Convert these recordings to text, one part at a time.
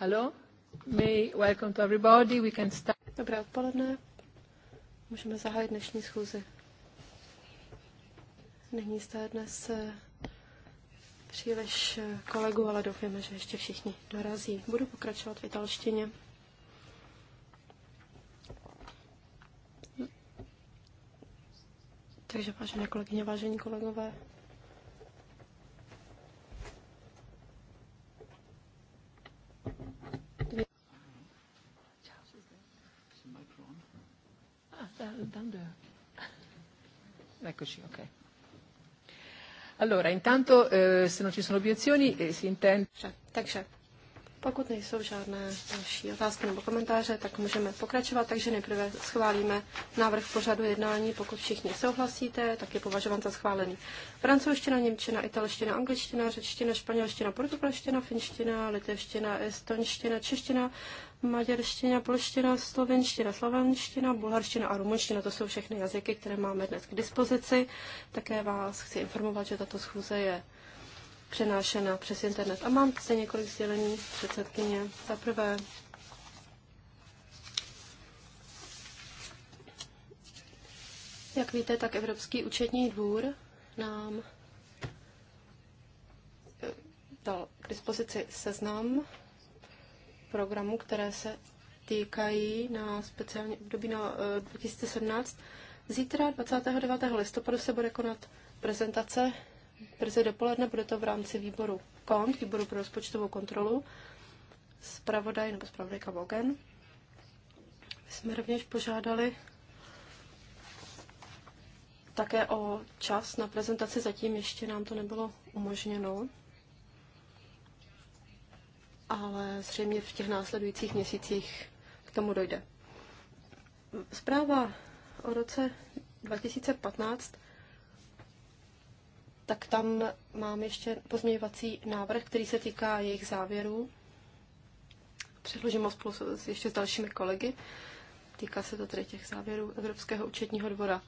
Hello, may welcome to everybody. We can start. Dobré odpoledne. Můžeme zahájit dnešní schůzi. Není zde dnes eh, příliš eh, kolegů, ale doufáme, že ještě všichni dorazí. Budu pokračovat v italštině. Takže vážené kolegyně, vážení kolegové, Allora, intanto, eh, se non ci sono obiezioni, eh, si intende... Takže pokud nejsou žádné další otázky nebo komentáře, tak můžeme pokračovat. Takže nejprve schválíme návrh pořadu jednání. Pokud všichni souhlasíte, tak je považován za schválený. Francouzština, němčina, italština, angličtina, řečtina, španělština, portugalština, finština, litevština, estonština, čeština, maďarština, polština, slovenština, slovenština, bulharština a rumunština. To jsou všechny jazyky, které máme dnes k dispozici. Také vás chci informovat, že tato schůze je přenášena přes internet. A mám se několik sdělení předsedkyně. Za prvé, jak víte, tak Evropský účetní dvůr nám eh, dal k dispozici seznam programů, které se týkají na speciální období na 2017. Eh, Zítra 29. listopadu se bude konat prezentace brzy dopoledne, bude to v rámci výboru KONT, výboru pro rozpočtovou kontrolu, zpravodaj nebo zpravodajka Vogen. My jsme rovněž požádali také o čas na prezentaci, zatím ještě nám to nebylo umožněno, ale zřejmě v těch následujících měsících k tomu dojde. Zpráva o roce 2015 tak tam mám ještě pozměňovací návrh, který se týká jejich závěrů. Předložím ho spolu s, ještě s dalšími kolegy. Týká se to tedy těch závěrů Evropského účetního dvora.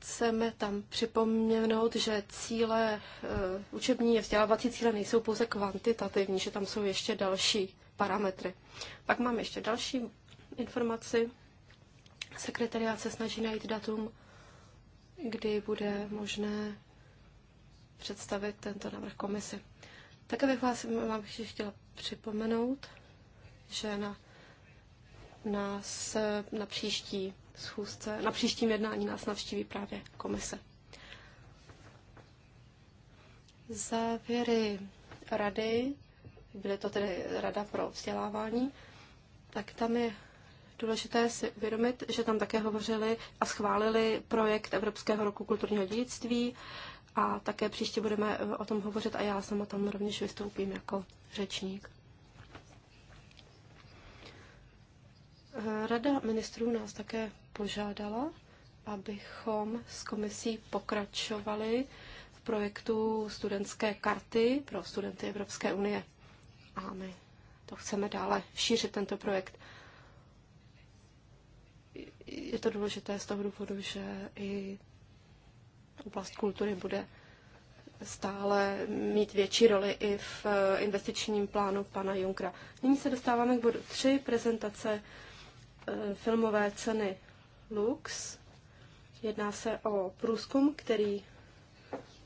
Chceme tam připomněnout, že cíle eh, učební a vzdělávací cíle nejsou pouze kvantitativní, že tam jsou ještě další parametry. Pak mám ještě další informaci. Sekretariát se snaží najít datum kdy bude možné představit tento návrh komisi. Také bych vás vám chtěla připomenout, že na, nás, na příští schůzce, na příštím jednání nás navštíví právě komise. Závěry rady, byly to tedy Rada pro vzdělávání, tak tam je důležité si uvědomit, že tam také hovořili a schválili projekt Evropského roku kulturního dědictví a také příště budeme eh, o tom hovořit a já sama tam rovněž vystoupím jako řečník. Eh, Rada ministrů nás také požádala, abychom s komisí pokračovali v projektu studentské karty pro studenty Evropské unie. A my to chceme dále šířit, tento projekt je to důležité z toho důvodu, že i oblast kultury bude stále mít větší roli i v eh, investičním plánu pana Junkra. Nyní se dostáváme k bodu 3, prezentace eh, filmové ceny Lux. Jedná se o průzkum, který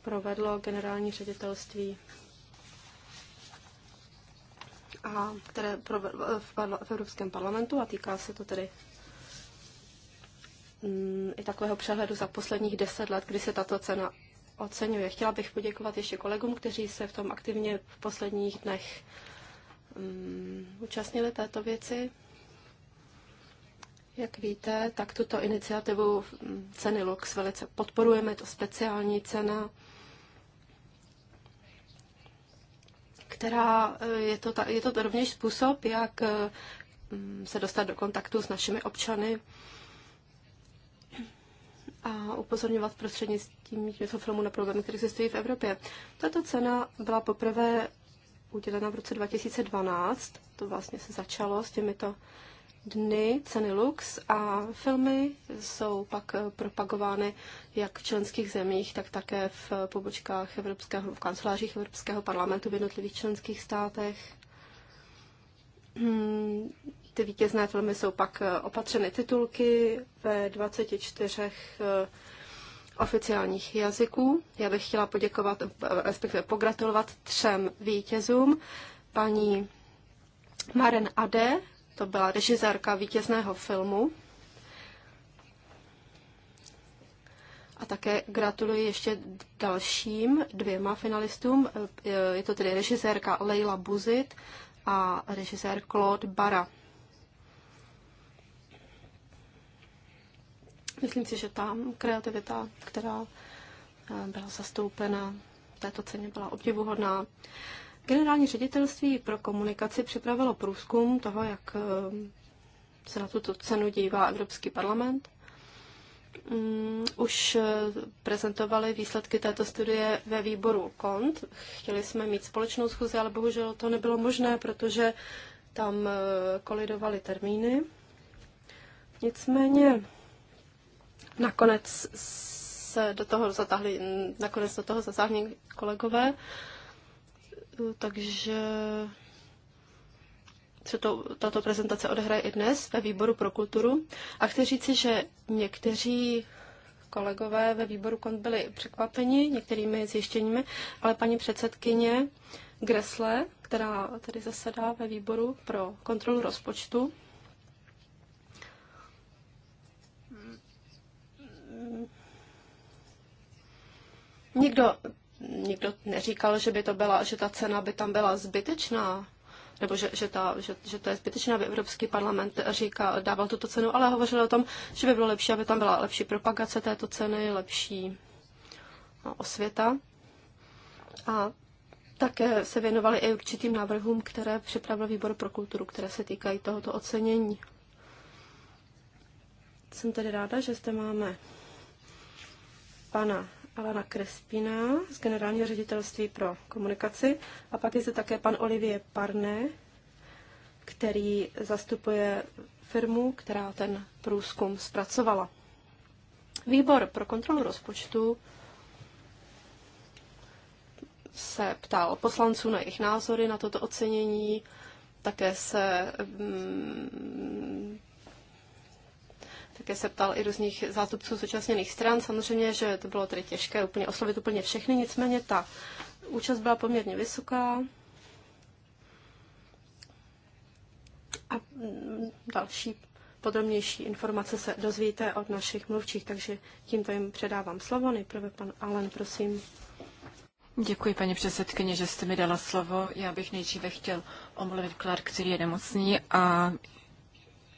provedlo generální ředitelství a které eh, v Evropském parlamentu a týká se to tedy Mm, i takového přehledu za posledních deset let, kdy se tato cena oceňuje. Chtěla bych poděkovat ještě kolegům, kteří se v tom aktivně v posledních dnech um, účastnili této věci. Jak víte, tak tuto iniciativu mm, ceny Lux velice podporujeme, je to speciální cena, která eh, je to, je to rovněž způsob, jak eh, se dostat do kontaktu s našimi občany a upozorňovat prostřednictvím těchto filmů na problémy, které existují v Evropě. Tato cena byla poprvé udělena v roce 2012, to vlastně se začalo s těmito dny ceny Lux a filmy jsou pak propagovány jak v členských zemích, tak také v pobočkách Evropského, v kancelářích Evropského parlamentu v jednotlivých členských státech. Hmm. Ty vítězné filmy jsou pak eh, opatřeny titulky ve 24 eh, oficiálních jazyků. Já bych chtěla poděkovat, eh, respektive pogratulovat třem vítězům. Paní Maren Ade, to byla režisérka vítězného filmu. A také gratuluji ještě dalším dvěma finalistům. Je to tedy režisérka Leila Buzit a režisér Claude Bara. Myslím si, že tam kreativita, která eh, byla zastoupena v této ceně, byla obdivuhodná. Generální ředitelství pro komunikaci připravilo průzkum toho, jak eh, se na tuto cenu dívá Evropský parlament. Mm, už eh, prezentovali výsledky této studie ve výboru KONT. Chtěli jsme mít společnou schůzi, ale bohužel to nebylo možné, protože tam kolidovaly termíny. Nicméně Nakonec se do toho zatáhli, nakonec do toho zasáhli kolegové, takže se to, tato prezentace odehraje i dnes ve výboru pro kulturu. A chci říci, že někteří kolegové ve výboru KONT byli překvapeni některými zjištěními, ale paní předsedkyně Gresle, která tady zasedá ve výboru pro kontrolu rozpočtu, Nikdo, nikdo neříkal, že by to byla, že ta cena by tam byla zbytečná, nebo že, že, ta, že, že to je zbytečné, aby Evropský parlament říká, dával tuto cenu, ale hovořil o tom, že by bylo lepší, aby tam byla lepší propagace této ceny, lepší no, osvěta. A také se věnovali i určitým návrhům, které připravil výbor pro kulturu, které se týkají tohoto ocenění. Jsem tedy ráda, že zde máme pana Alana Krespina z Generálního ředitelství pro komunikaci a pak je zde také pan Olivier Parné, který zastupuje firmu, která ten průzkum zpracovala. Výbor pro kontrolu rozpočtu se ptal poslanců na jejich názory na toto ocenění, také se mm, také se ptal i různých zástupců zúčastněných stran. Samozřejmě, že to bylo tedy těžké úplně oslovit úplně všechny, nicméně ta účast byla poměrně vysoká. A mm, další podrobnější informace se dozvíte od našich mluvčích, takže tímto jim předávám slovo. Nejprve pan Allen, prosím. Děkuji, paní předsedkyně, že jste mi dala slovo. Já bych nejdříve chtěl omluvit Clark, který je nemocný a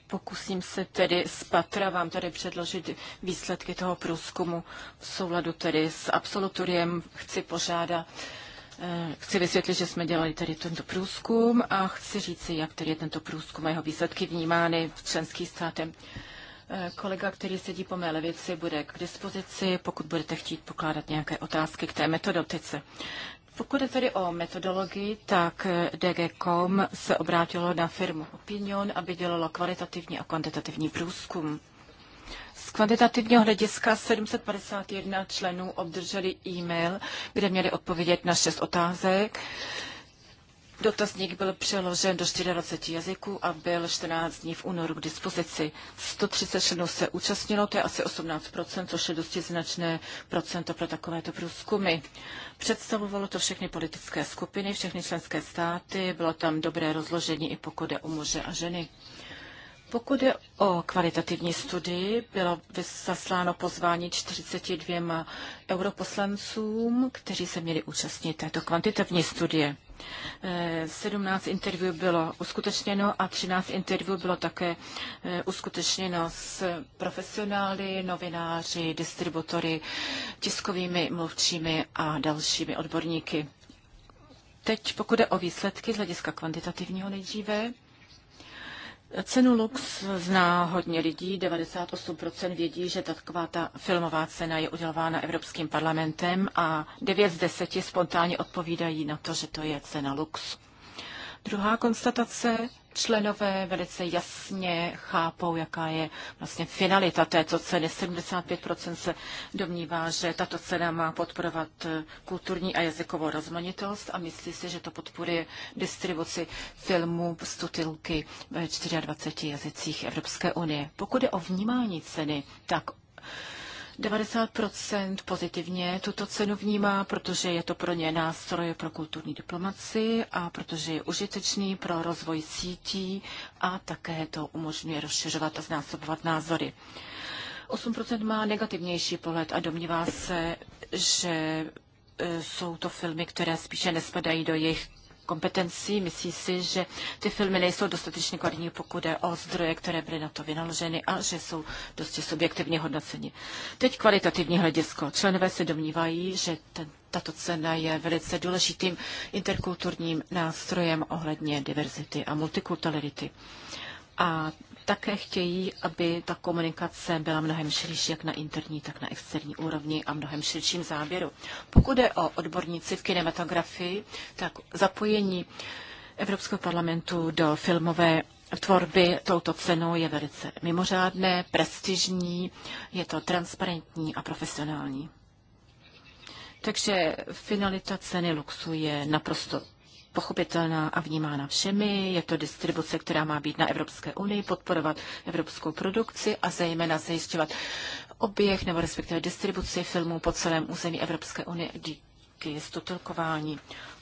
Pokusím se tedy z patra vám tady předložit výsledky toho průzkumu v souladu tedy s absolutoriem. Chci požádat, eh, chci vysvětlit, že jsme dělali tady tento průzkum a chci říci, jak tedy je tento průzkum a jeho výsledky vnímány v členských státem. Eh, kolega, který sedí po mé levici, bude k dispozici, pokud budete chtít pokládat nějaké otázky k té metodotice. Pokud je tedy o metodologii, tak eh, DG.com se obrátilo na firmu Opinion, aby dělalo kvalitativní a kvantitativní průzkum. Z kvantitativního hlediska 751 členů obdrželi e-mail, kde měli odpovědět na šest otázek. Dotazník byl přeložen do 24 jazyků a byl 14 dní v únoru k dispozici. 130 členů se účastnilo, to je asi 18%, což je dosti značné procento pro takovéto průzkumy. Představovalo to všechny politické skupiny, všechny členské státy, bylo tam dobré rozložení i pokud je o muže a ženy. Pokud je o kvalitativní studii, bylo zasláno pozvání 42 europoslancům, kteří se měli účastnit této kvantitativní studie. 17 eh, interview bylo uskutečněno a 13 interview bylo také eh, uskutečněno s profesionály, novináři, distributory, tiskovými mluvčími a dalšími odborníky. Teď pokud jde o výsledky z hlediska kvantitativního nejdříve, Cenu Lux zná hodně lidí, 98% vědí, že taková ta filmová cena je udělována Evropským parlamentem a 9 z 10 spontánně odpovídají na to, že to je cena Lux. Druhá konstatace členové velice jasně chápou, jaká je vlastně finalita této ceny. 75% se domnívá, že tato cena má podporovat eh, kulturní a jazykovou rozmanitost a myslí si, že to podporuje distribuci filmů z tutilky ve 24 jazycích Evropské unie. Pokud je o vnímání ceny, tak 90 pozitivně tuto cenu vnímá, protože je to pro ně nástroj pro kulturní diplomaci a protože je užitečný pro rozvoj sítí a také to umožňuje rozšiřovat a znásobovat názory. 8 má negativnější pohled a domnívá se, že e, jsou to filmy, které spíše nespadají do jejich kompetencí. Myslí si, že ty filmy nejsou dostatečně kvalitní, pokud jde o zdroje, které byly na to vynaloženy a že jsou dosti subjektivně hodnoceni. Teď kvalitativní hledisko. Členové se domnívají, že ten, tato cena je velice důležitým interkulturním nástrojem ohledně diverzity a multikulturality. A také chtějí, aby ta komunikace byla mnohem širší, jak na interní, tak na externí úrovni a mnohem širším záběru. Pokud je o odborníci v kinematografii, tak zapojení Evropského parlamentu do filmové tvorby touto cenou je velice mimořádné, prestižní, je to transparentní a profesionální. Takže finalita ceny luxu je naprosto pochopitelná a vnímána všemi. Je to distribuce, která má být na Evropské unii, podporovat evropskou produkci a zejména zajišťovat oběh nebo respektive distribuci filmů po celém území Evropské unie díky stotelkování.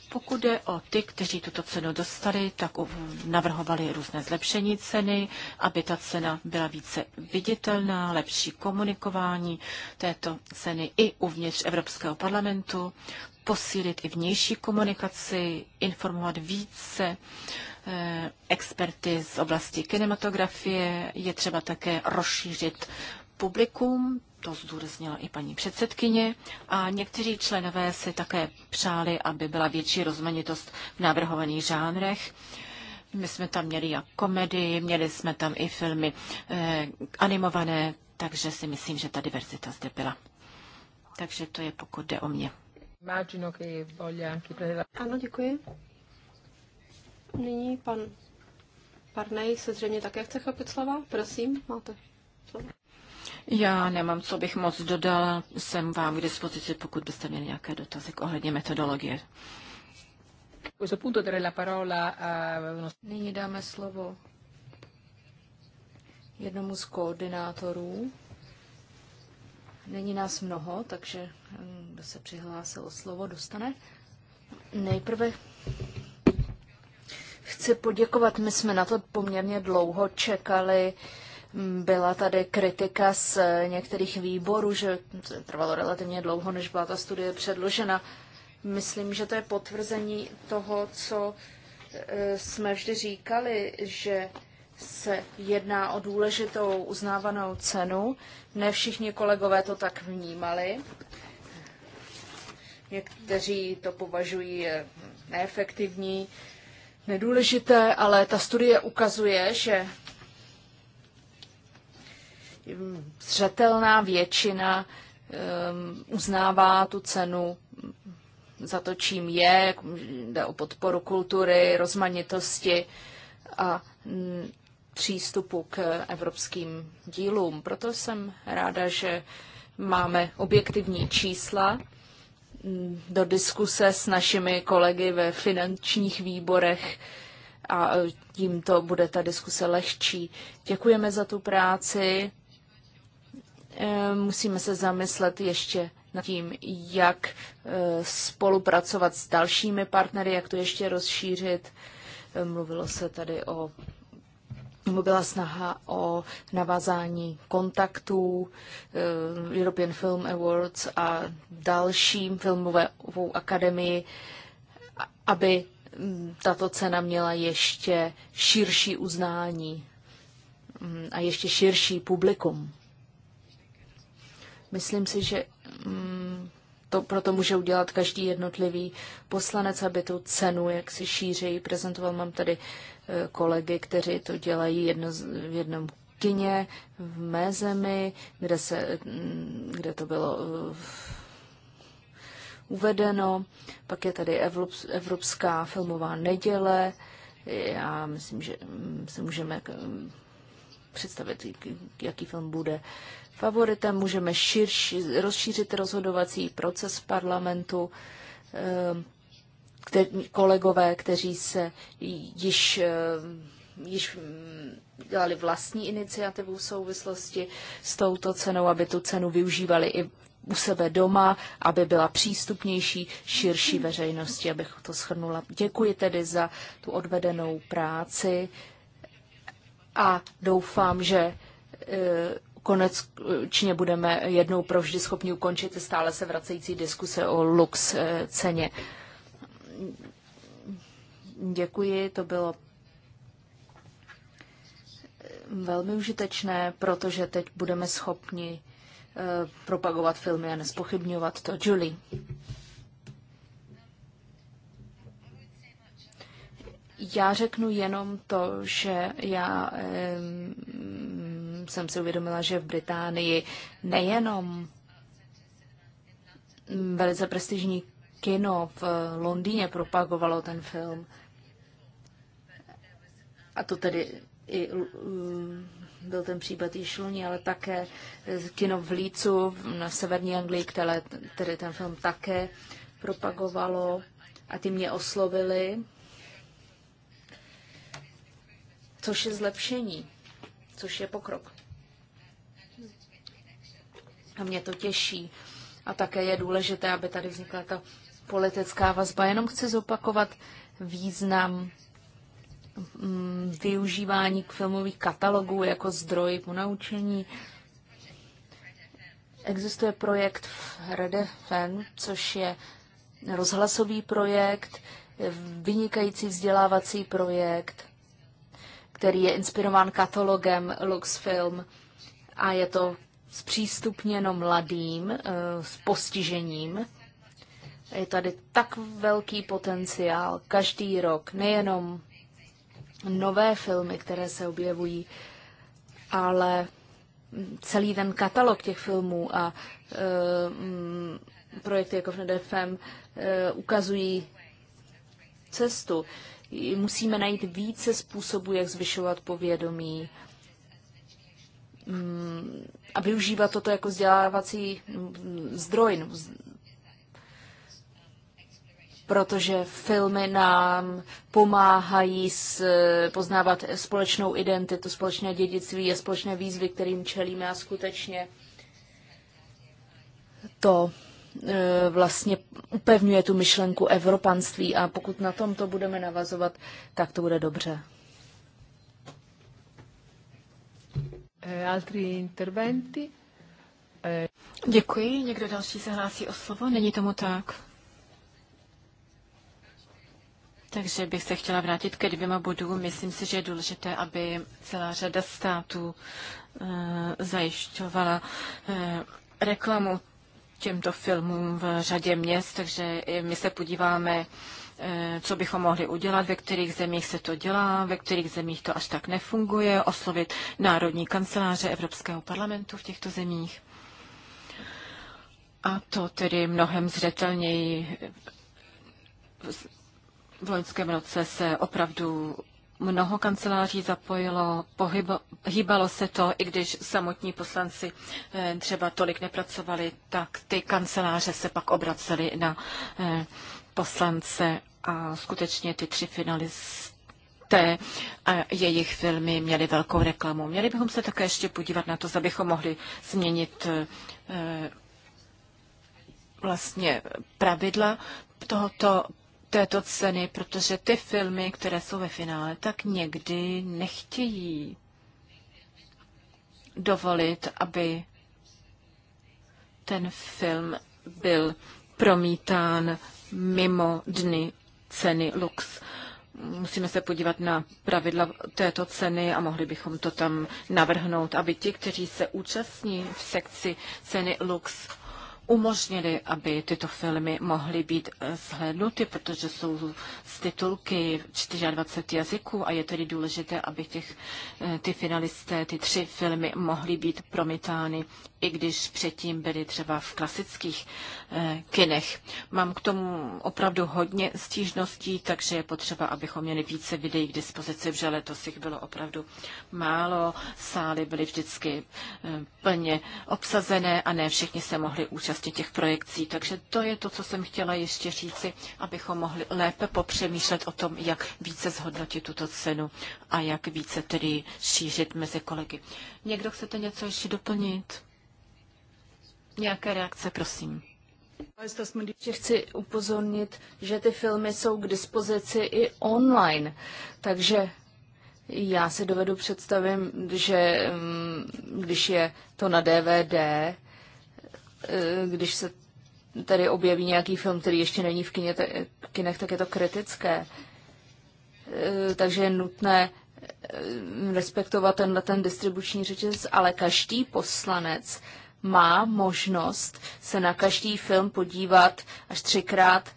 Pokud jde o ty, kteří tuto cenu dostali, tak navrhovali různé zlepšení ceny, aby ta cena byla více viditelná, lepší komunikování této ceny i uvnitř Evropského parlamentu posílit i vnější komunikaci, informovat více eh, experty z oblasti kinematografie. Je třeba také rozšířit publikum, to zdůraznila i paní předsedkyně, a někteří členové si také přáli, aby byla větší rozmanitost v navrhovaných žánrech. My jsme tam měli jak komedii, měli jsme tam i filmy eh, animované, takže si myslím, že ta diverzita zde byla. Takže to je pokud jde o mě. Immagino che voglia anche prendere Ano, děkuji. Nyní pan Parnej se zřejmě také chce chopit slova. Prosím, máte slovo. Já nemám, co bych moc dodala. Jsem vám k dispozici, pokud byste měli nějaké dotazy k ohledně metodologie. Nyní dáme slovo jednomu z koordinátorů Není nás mnoho, takže kdo se přihlásil o slovo, dostane. Nejprve chci poděkovat. My jsme na to poměrně dlouho čekali. Byla tady kritika z některých výborů, že trvalo relativně dlouho, než byla ta studie předložena. Myslím, že to je potvrzení toho, co e, jsme vždy říkali, že se jedná o důležitou uznávanou cenu. Ne všichni kolegové to tak vnímali. Někteří to považují eh, neefektivní, nedůležité, ale ta studie ukazuje, že zřetelná většina ehm, uznává tu cenu za to, čím je, jde o podporu kultury, rozmanitosti a přístupu k evropským dílům. Proto jsem ráda, že máme objektivní čísla do diskuse s našimi kolegy ve finančních výborech a tímto bude ta diskuse lehčí. Děkujeme za tu práci. Eh, musíme se zamyslet ještě nad tím, jak eh, spolupracovat s dalšími partnery, jak to ještě rozšířit. Eh, mluvilo se tady o byla snaha o navázání kontaktů, eh, European Film Awards a dalším filmovou akademii, aby tato cena měla ještě širší uznání mm, a ještě širší publikum. Myslím si, že mm, to proto může udělat každý jednotlivý poslanec, aby tu cenu, jak si šířejí, prezentoval. Mám tady e, kolegy, kteří to dělají jedno, v jednom kině v mé zemi, kde, se, mm, kde to bylo e, uvedeno. Pak je tady Evropská filmová neděle. Já myslím, že mm, se můžeme mm, představit, jaký film bude favoritem, můžeme širš, rozšířit rozhodovací proces parlamentu. Ehm, Který, kolegové, kteří se již, ehm, již mm, dělali vlastní iniciativu v souvislosti s touto cenou, aby tu cenu využívali i u sebe doma, aby byla přístupnější širší veřejnosti, abych to shrnula. Děkuji tedy za tu odvedenou práci a doufám, že eh, konečně budeme jednou provždy schopni ukončit stále se vracející diskuse o lux eh, ceně. Děkuji, to bylo velmi užitečné, protože teď budeme schopni eh, propagovat filmy a nespochybňovat to. Julie. Já řeknu jenom to, že já jsem si uvědomila, že v Británii nejenom velice prestižní kino v Londýně propagovalo ten film, a to tedy i byl ten případ již loni, ale také kino v Lícu na severní Anglii, které tedy ten film také propagovalo a ty mě oslovili, což je zlepšení což je pokrok. A mě to těší. A také je důležité, aby tady vznikla ta politická vazba. Jenom chci zopakovat význam mm, využívání k filmových katalogů jako zdroj po naučení. Existuje projekt v Redefen, což je rozhlasový projekt, vynikající vzdělávací projekt, který je inspirován katalogem Luxfilm a je to zpřístupněno mladým eh, s postižením. Je tady tak velký potenciál každý rok, nejenom nové filmy, které se objevují, ale celý ten katalog těch filmů a eh, mm, projekty jako v NDFM eh, ukazují cestu. Musíme najít více způsobů, jak zvyšovat povědomí mm, a využívat toto jako vzdělávací mm, zdroj, protože filmy nám pomáhají s, poznávat společnou identitu, společné dědictví a společné výzvy, kterým čelíme a skutečně to E, vlastně upevňuje tu myšlenku evropanství a pokud na tom to budeme navazovat, tak to bude dobře. E, altri interventi? E, Děkuji. Někdo další se hlásí o slovo? Není tomu tak. Takže bych se chtěla vrátit ke dvěma bodům. Myslím si, že je důležité, aby celá řada států e, zajišťovala e, reklamu těmto filmům v řadě měst, takže my se podíváme, eh, co bychom mohli udělat, ve kterých zemích se to dělá, ve kterých zemích to až tak nefunguje, oslovit národní kanceláře Evropského parlamentu v těchto zemích. A to tedy mnohem zřetelněji v loňském roce se opravdu mnoho kanceláří zapojilo, pohybo, hýbalo se to, i když samotní poslanci eh, třeba tolik nepracovali, tak ty kanceláře se pak obracely na eh, poslance a skutečně ty tři finalisty a eh, jejich filmy měly velkou reklamu. Měli bychom se také ještě podívat na to, abychom mohli změnit vlastně pravidla tohoto této ceny, protože ty filmy, které jsou ve finále, tak někdy nechtějí dovolit, aby ten film byl promítán mimo dny ceny Lux. Musíme se podívat na pravidla této ceny a mohli bychom to tam navrhnout, aby ti, kteří se účastní v sekci ceny Lux, umožnili, aby tyto filmy mohly být zhlédnuty, eh, protože jsou z titulky 24 jazyků a je tedy důležité, aby těch, eh, ty finalisté, ty tři filmy mohly být promítány i když předtím byly třeba v klasických eh, kinech. Mám k tomu opravdu hodně stížností, takže je potřeba, abychom měli více videí k dispozici, protože letos jich bylo opravdu málo, sály byly vždycky eh, plně obsazené a ne všichni se mohli účastnit těch projekcí. Takže to je to, co jsem chtěla ještě říci, abychom mohli lépe popřemýšlet o tom, jak více zhodnotit tuto cenu a jak více tedy šířit mezi kolegy. Někdo chcete něco ještě doplnit? Nějaké reakce, prosím. chci upozornit, že ty filmy jsou k dispozici i online, takže já si dovedu představit, že mm, když je to na DVD, eh, když se tady objeví nějaký film, který ještě není v kině, kinech, tak je to kritické. Eh, takže je nutné eh, respektovat tenhle ten distribuční řetěz, ale každý poslanec má možnost se na každý film podívat až třikrát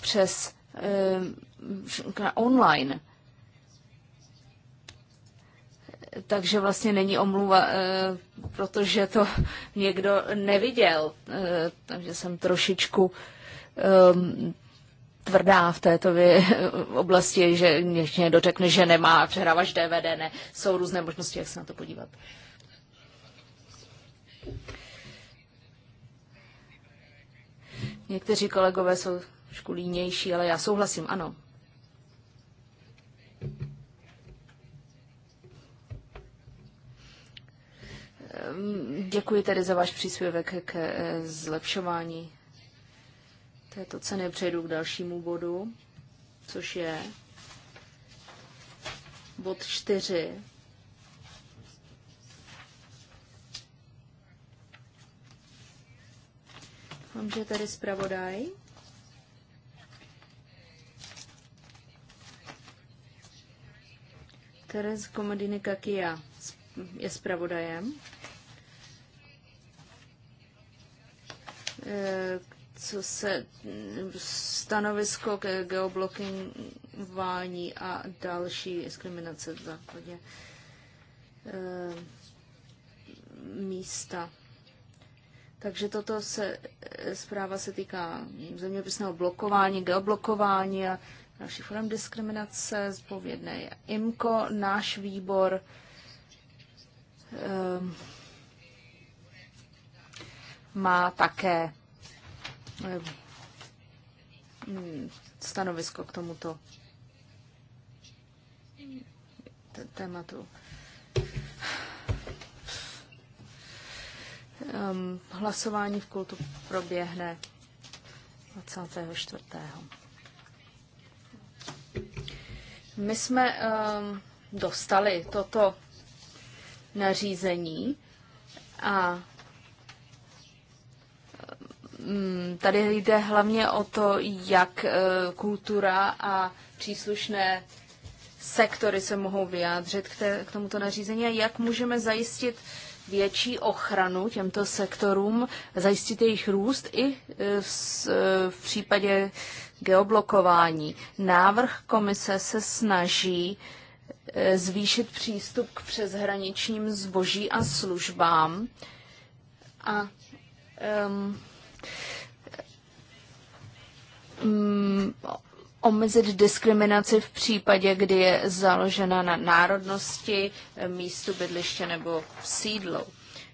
přes eh, online. Takže vlastně není omluva, eh, protože to někdo neviděl. Eh, takže jsem trošičku eh, tvrdá v této vě- oblasti, že někdo dotekne, že nemá přehrávač DVD, ne. Jsou různé možnosti, jak se na to podívat. Někteří kolegové jsou škulínější, ale já souhlasím, ano. Ehm, děkuji tedy za váš příspěvek k eh, zlepšování této ceny. Přejdu k dalšímu bodu, což je bod 4. Mám, že tady zpravodaj. Teres Komodiny Kakia je zpravodajem. Eh, co se mm, stanovisko k geoblokování a další diskriminace v západě eh, místa. Takže toto se, eh, zpráva se týká zeměpisného blokování, geoblokování a další form diskriminace. Zpovědné je IMCO, náš výbor. Um, má také ehm, stanovisko k tomuto tématu. Um, hlasování v kultu proběhne 24. My jsme um, dostali toto nařízení a um, tady jde hlavně o to, jak uh, kultura a příslušné sektory se mohou vyjádřit k, té, k tomuto nařízení a jak můžeme zajistit uh, větší ochranu těmto sektorům, zajistit jejich růst i e, e, v případě geoblokování. Návrh komise se snaží e, zvýšit přístup k přeshraničním zboží a službám a um, omezit diskriminaci v případě, kdy je založena na národnosti, eh, místu bydliště nebo sídlu.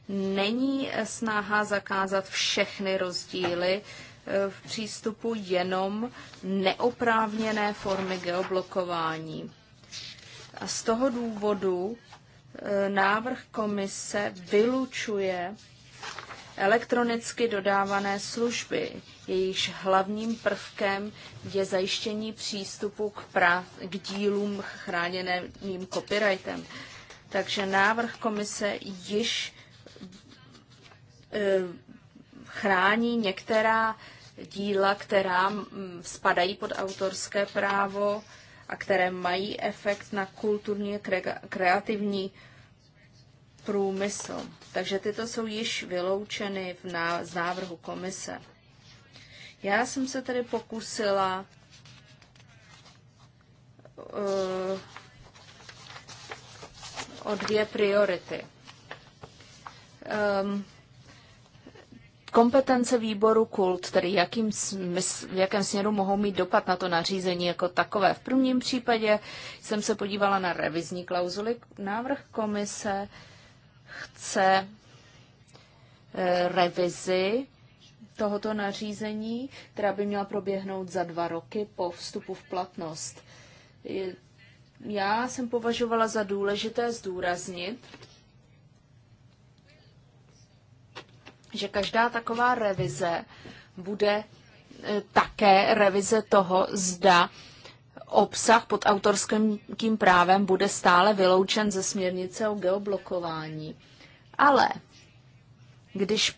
Není eh, snaha zakázat všechny rozdíly eh, v přístupu jenom neoprávněné formy geoblokování. A z toho důvodu návrh komise vylučuje elektronicky dodávané služby, jejichž hlavním prvkem je zajištění přístupu k, práv, k dílům chráněným copyrightem. Takže návrh komise již e, chrání některá díla, která spadají pod autorské právo a které mají efekt na kulturně kreativní průmysl. Takže tyto jsou již vyloučeny v z návrhu komise. Já jsem se tady pokusila uh, o dvě priority. Um, kompetence výboru kult, tedy jakým smysl, v jakém směru mohou mít dopad na to nařízení jako takové. V prvním případě jsem se podívala na revizní klauzuly. Návrh komise chce eh, revizi tohoto nařízení, která by měla proběhnout za dva roky po vstupu v platnost. Já jsem považovala za důležité zdůraznit, že každá taková revize bude e, také revize toho, zda obsah pod autorským právem bude stále vyloučen ze směrnice o geoblokování. Ale když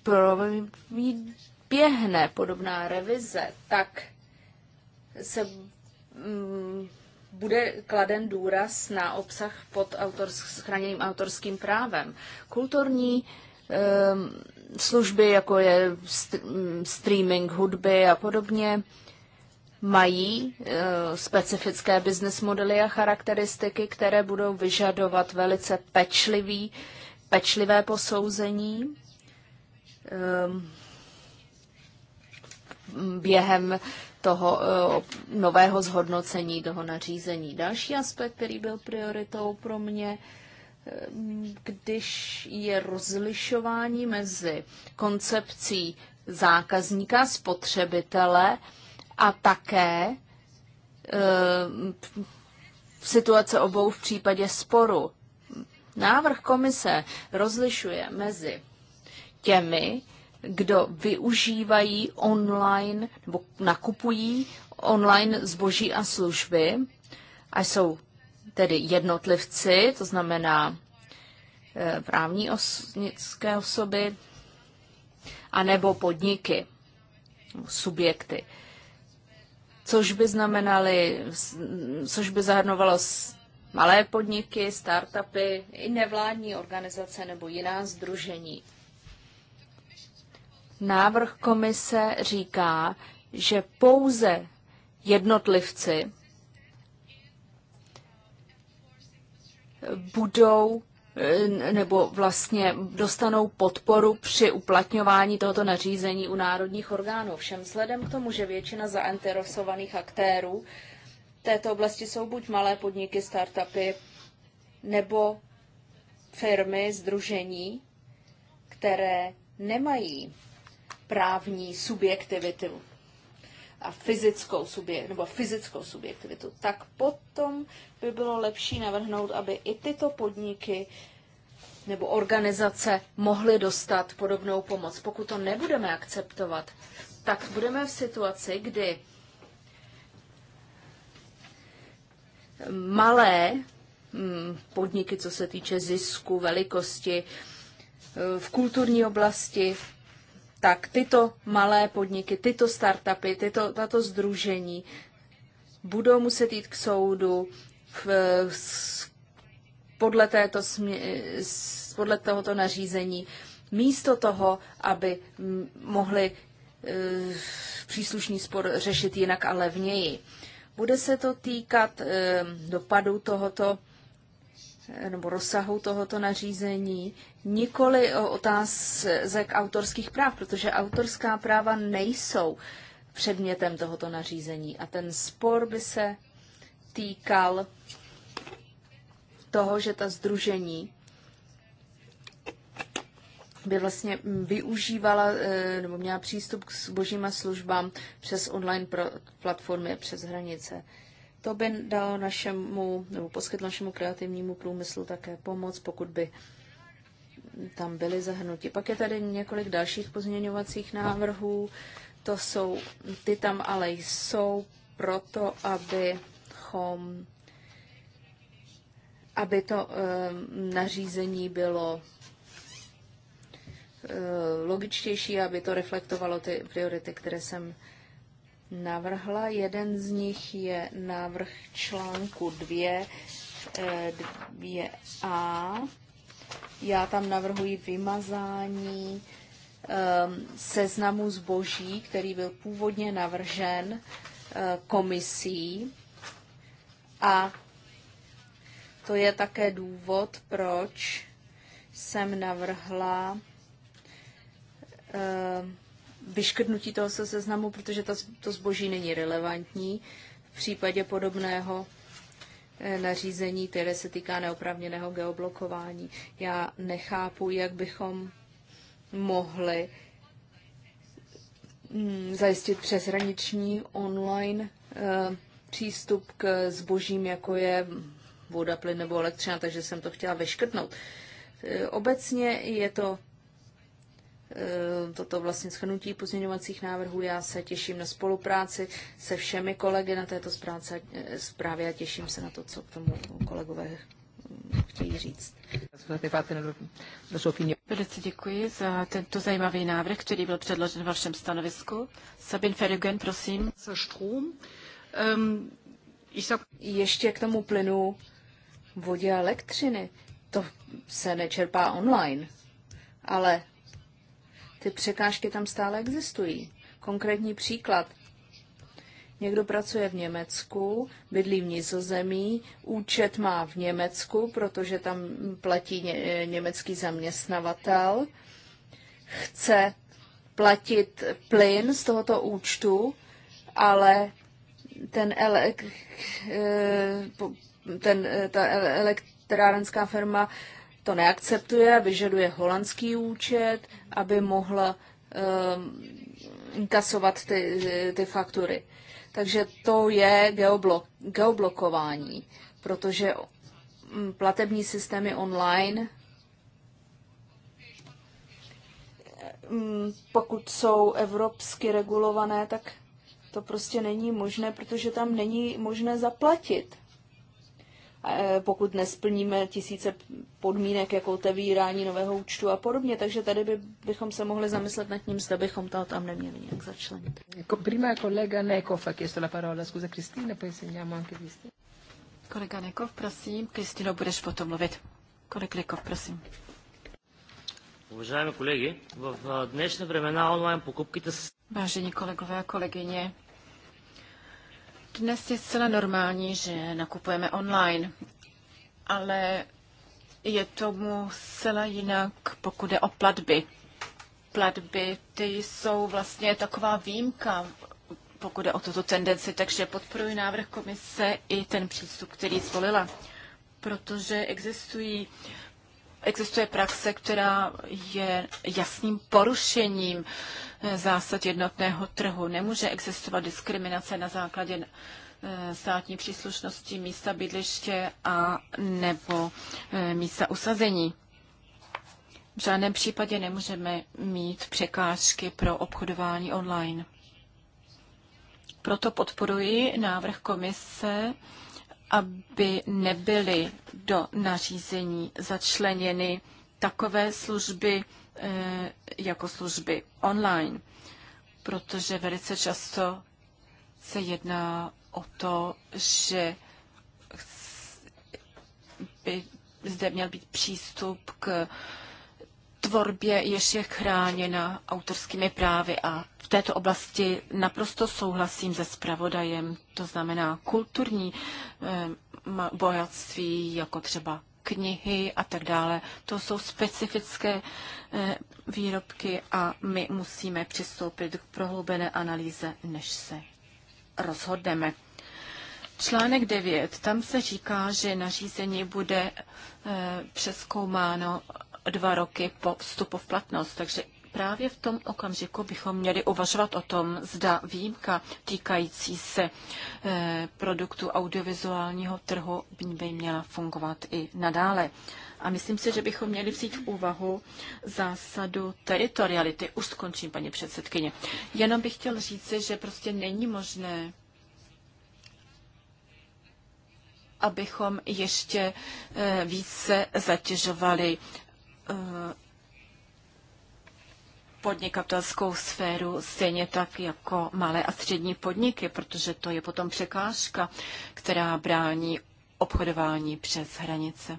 proběhne podobná revize, tak se mm, bude kladen důraz na obsah pod autorsk, chráněným autorským právem. Kulturní um, služby, jako je st- mm, streaming hudby a podobně, mají uh, specifické business modely a charakteristiky, které budou vyžadovat velice pečlivý, pečlivé posouzení. Um, během toho eh, nového zhodnocení toho nařízení. Další aspekt, který byl prioritou pro mě, eh, když je rozlišování mezi koncepcí zákazníka, spotřebitele a také eh, situace obou v případě sporu. Návrh komise rozlišuje mezi těmi, kdo využívají online nebo nakupují online zboží a služby a jsou tedy jednotlivci, to znamená eh, právní osnické osoby, anebo podniky, subjekty. Což by znamenaly, což by zahrnovalo malé podniky, startupy, i nevládní organizace nebo jiná združení. Návrh komise říká, že pouze jednotlivci budou eh, nebo vlastně dostanou podporu při uplatňování tohoto nařízení u národních orgánů. Všem sledem k tomu, že většina zainteresovaných aktérů této oblasti jsou buď malé podniky, startupy, nebo firmy, združení, které nemají právní subjektivitu a fyzickou subje, nebo fyzickou subjektivitu, tak potom by bylo lepší navrhnout, aby i tyto podniky nebo organizace mohly dostat podobnou pomoc. Pokud to nebudeme akceptovat, tak budeme v situaci, kdy malé hm, podniky, co se týče zisku, velikosti, eh, v kulturní oblasti, tak tyto malé podniky, tyto startupy, tyto, tato združení budou muset jít k soudu v, podle, této smě, podle tohoto nařízení, místo toho, aby mohli e, příslušný spor řešit jinak a levněji. Bude se to týkat e, dopadu tohoto nebo rozsahu tohoto nařízení, nikoli o otázek autorských práv, protože autorská práva nejsou předmětem tohoto nařízení. A ten spor by se týkal toho, že ta združení by vlastně využívala eh, nebo měla přístup k božíma službám přes online platformy přes hranice. To by dalo našemu, nebo poskytlo našemu kreativnímu průmyslu také pomoc, pokud by tam byly zahrnuti. Pak je tady několik dalších pozměňovacích návrhů. To jsou, ty tam ale jsou proto, abychom, aby to e, nařízení bylo e, logičtější, aby to reflektovalo ty priority, které jsem navrhla. Jeden z nich je návrh článku 2, 2a. Eh, Já tam navrhuji vymazání ehm, seznamu zboží, který byl původně navržen eh, komisí. A to je také důvod, proč jsem navrhla ehm, vyškrtnutí toho se seznamu, protože to, to zboží není relevantní. V případě podobného eh, nařízení, které se týká neoprávněného geoblokování. Já nechápu, jak bychom mohli mm, zajistit přeshraniční online eh, přístup k zbožím, jako je voda, plyn nebo elektřina, takže jsem to chtěla vyškrtnout. Eh, obecně je to Eh, toto vlastně schrnutí pozměňovacích návrhů. Já se těším na spolupráci se všemi kolegy na této eh, zprávě a těším se na to, co k tomu kolegové eh, chtějí říct. Velice děkuji za tento zajímavý návrh, který byl předložen v vašem stanovisku. Sabin Ferugen, prosím. Ehm, Ještě k tomu plynu vodě a elektřiny. To se nečerpá online, ale ty překážky tam stále existují. Konkrétní příklad. Někdo pracuje v Německu, bydlí v Nizozemí, účet má v Německu, protože tam platí ně, německý zaměstnavatel, chce platit plyn z tohoto účtu, ale ten, elek, eh, ten eh, ta elektrárenská firma to neakceptuje vyžaduje holandský účet, aby mohla ehm, inkasovat ty, ty faktury. Takže to je geoblok, geoblokování, protože mm, platební systémy online, mm, pokud jsou evropsky regulované, tak to prostě není možné, protože tam není možné zaplatit. Eh, pokud nesplníme tisíce podmínek, jako otevírání nového účtu a podobně. Takže tady by, bychom se mohli zamyslet nad tím, zda bychom to tam neměli nějak začlenit. Jako prima kolega Nekov ha chiesto la parola. Scusa Cristina, poi segniamo anche Cristina. Kolega Nekov, prosím. Kristýno, budeš potom mluvit. Kolega Nekov, prosím. Уважаеми колеги, в днешни времена онлайн покупките са... Vážení kolegové a kolegyně, dnes je zcela normální, že nakupujeme online, ale je tomu zcela jinak, pokud je o platby. Platby ty jsou vlastně taková výjimka, pokud je o tuto tendenci, takže podporuji návrh komise i ten přístup, který zvolila, protože existují existuje praxe, která je jasným porušením eh, zásad jednotného trhu. Nemůže existovat diskriminace na základě eh, státní příslušnosti, místa bydliště a nebo eh, místa usazení. V žádném případě nemůžeme mít překážky pro obchodování online. Proto podporuji návrh komise aby nebyly do nařízení začleněny takové služby eh, jako služby online, protože velice často se jedná o to, že by zde měl být přístup k tvorbě, jež je chráněna autorskými právy a v této oblasti naprosto souhlasím se spravodajem, to znamená kulturní eh, bohatství, jako třeba knihy a tak dále. To jsou specifické eh, výrobky a my musíme přistoupit k prohloubené analýze, než se rozhodneme. Článek 9. Tam se říká, že nařízení bude eh, přeskoumáno dva roky po vstupu v platnost. Takže právě v tom okamžiku bychom měli uvažovat o tom, zda výjimka týkající se eh, produktu audiovizuálního trhu by měla fungovat i nadále. A myslím si, že bychom měli vzít v úvahu zásadu teritoriality. Už skončím, paní předsedkyně. Jenom bych chtěl říci, že prostě není možné abychom ještě eh, více zatěžovali Eh, podnikatelskou sféru stejně tak jako malé a střední podniky, protože to je potom překážka, která brání obchodování přes hranice.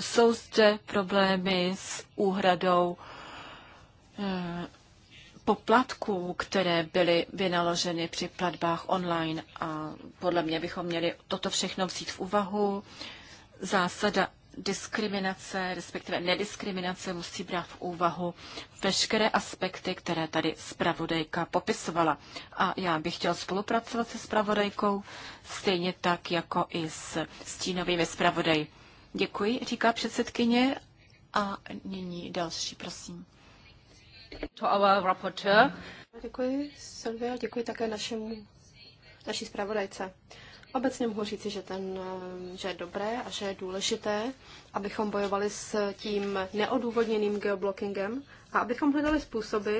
Jsou zde problémy s úhradou eh, poplatků, které byly vynaloženy při platbách online. A podle mě bychom měli toto všechno vzít v úvahu. Zásada diskriminace, respektive nediskriminace musí brát v úvahu veškeré aspekty, které tady zpravodajka popisovala. A já bych chtěl spolupracovat se zpravodajkou, stejně tak jako i s stínovými zpravodaji. Děkuji, říká předsedkyně. A nyní další, prosím. To our rapporteur. Děkuji, Silvia, děkuji také našemu, naší zpravodajce. Obecně mohu říci, že, ten, že je dobré a že je důležité, abychom bojovali s tím neodůvodněným geoblockingem a abychom hledali způsoby,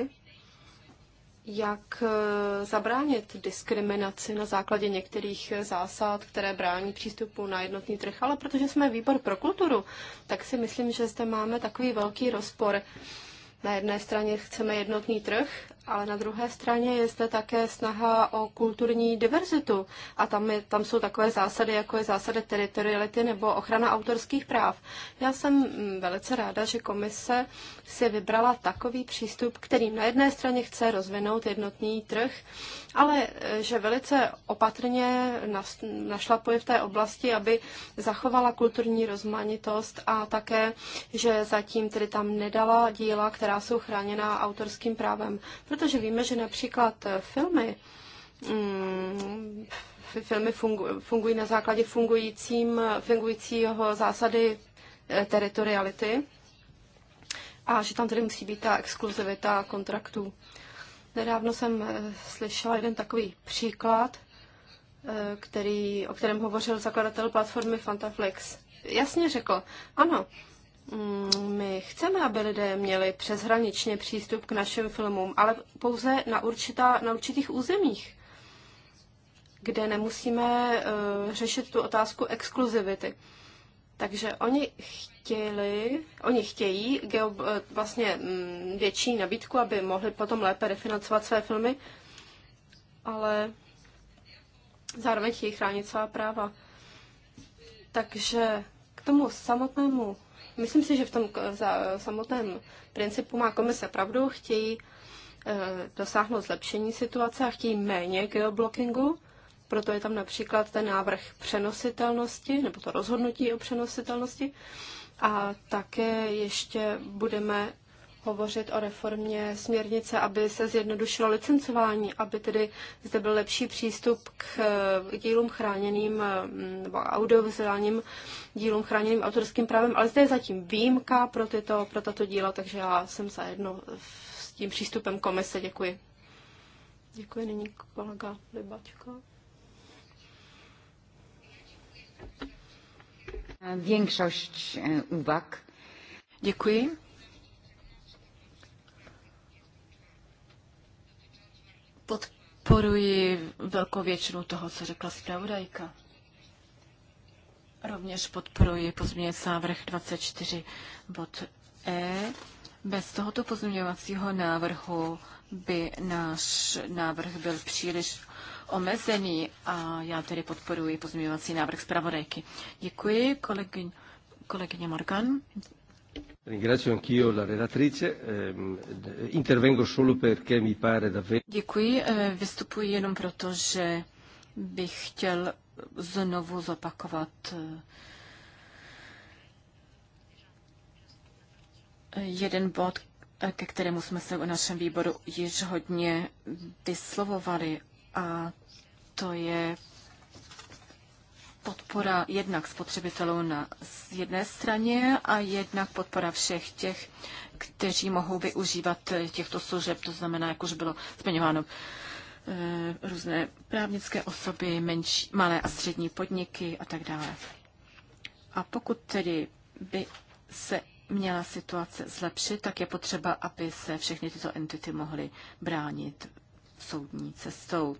jak eh, zabránit diskriminaci na základě některých zásad, které brání přístupu na jednotný trh, ale protože jsme výbor pro kulturu, tak si myslím, že zde máme takový velký rozpor. Na jedné straně chceme jednotný trh ale na druhé straně je zde také snaha o kulturní diverzitu a tam, je, tam jsou takové zásady, jako je zásada teritoriality nebo ochrana autorských práv. Já jsem mm, velice ráda, že komise si vybrala takový přístup, kterým na jedné straně chce rozvinout jednotný trh, ale e, že velice opatrně našlapuje v té oblasti, aby zachovala kulturní rozmanitost a také, že zatím tedy tam nedala díla, která jsou chráněná autorským právem protože víme, že například eh, filmy, mm, filmy fungu, fungují na základě fungujícím, fungujícího zásady eh, teritoriality a že tam tedy musí být ta exkluzivita kontraktů. Nedávno jsem eh, slyšela jeden takový příklad, který, o kterém hovořil zakladatel platformy Fantaflex. Jasně řekl, ano, Mm, my chceme, aby lidé měli přeshraničně přístup k našim filmům, ale pouze na, určitá, na určitých územích, kde nemusíme uh, řešit tu otázku exkluzivity. Takže oni chtěli, oni chtějí geo, eh, vlastně mm, větší nabídku, aby mohli potom lépe refinancovat své filmy, ale zároveň chtějí chránit svá práva. Takže k tomu samotnému Myslím si, že v tom eh, samotném principu má komise pravdu, chtějí eh, dosáhnout zlepšení situace a chtějí méně geoblockingu, proto je tam například ten návrh přenositelnosti, nebo to rozhodnutí o přenositelnosti. A také ještě budeme hovořit o reformě směrnice, aby se zjednodušilo licencování, aby tedy zde byl lepší přístup k eh, dílům chráněným eh, nebo audiovizuálním dílům chráněným autorským právem, ale zde je zatím výjimka pro, tyto, pro tato díla, takže já jsem zajedno s tím přístupem komise. Děkuji. Děkuji, nyní kolega Libačka. Większość eh, uwag. Děkuji. Podporuji velkou většinu toho, co řekla zpravodajka. Rovněž podporuji pozměňovací návrh 24 bod E. Bez tohoto pozměňovacího návrhu by náš návrh byl příliš omezený a já tedy podporuji pozměňovací návrh zpravodajky. Děkuji, kolegyň, kolegyně Morgan. Ehm, Děkuji, eh, vystupuji jenom proto, že bych chtěl znovu zopakovat eh, jeden bod, eh, ke kterému jsme se v našem výboru již hodně vyslovovali, a to je podpora jednak spotřebitelů na jedné straně a jednak podpora všech těch, kteří mohou využívat těchto služeb, to znamená, jak už bylo zmiňováno, eh, různé právnické osoby, menší, malé a střední podniky a tak dále. A pokud tedy by se měla situace zlepšit, tak je potřeba, aby se všechny tyto entity mohly bránit soudní cestou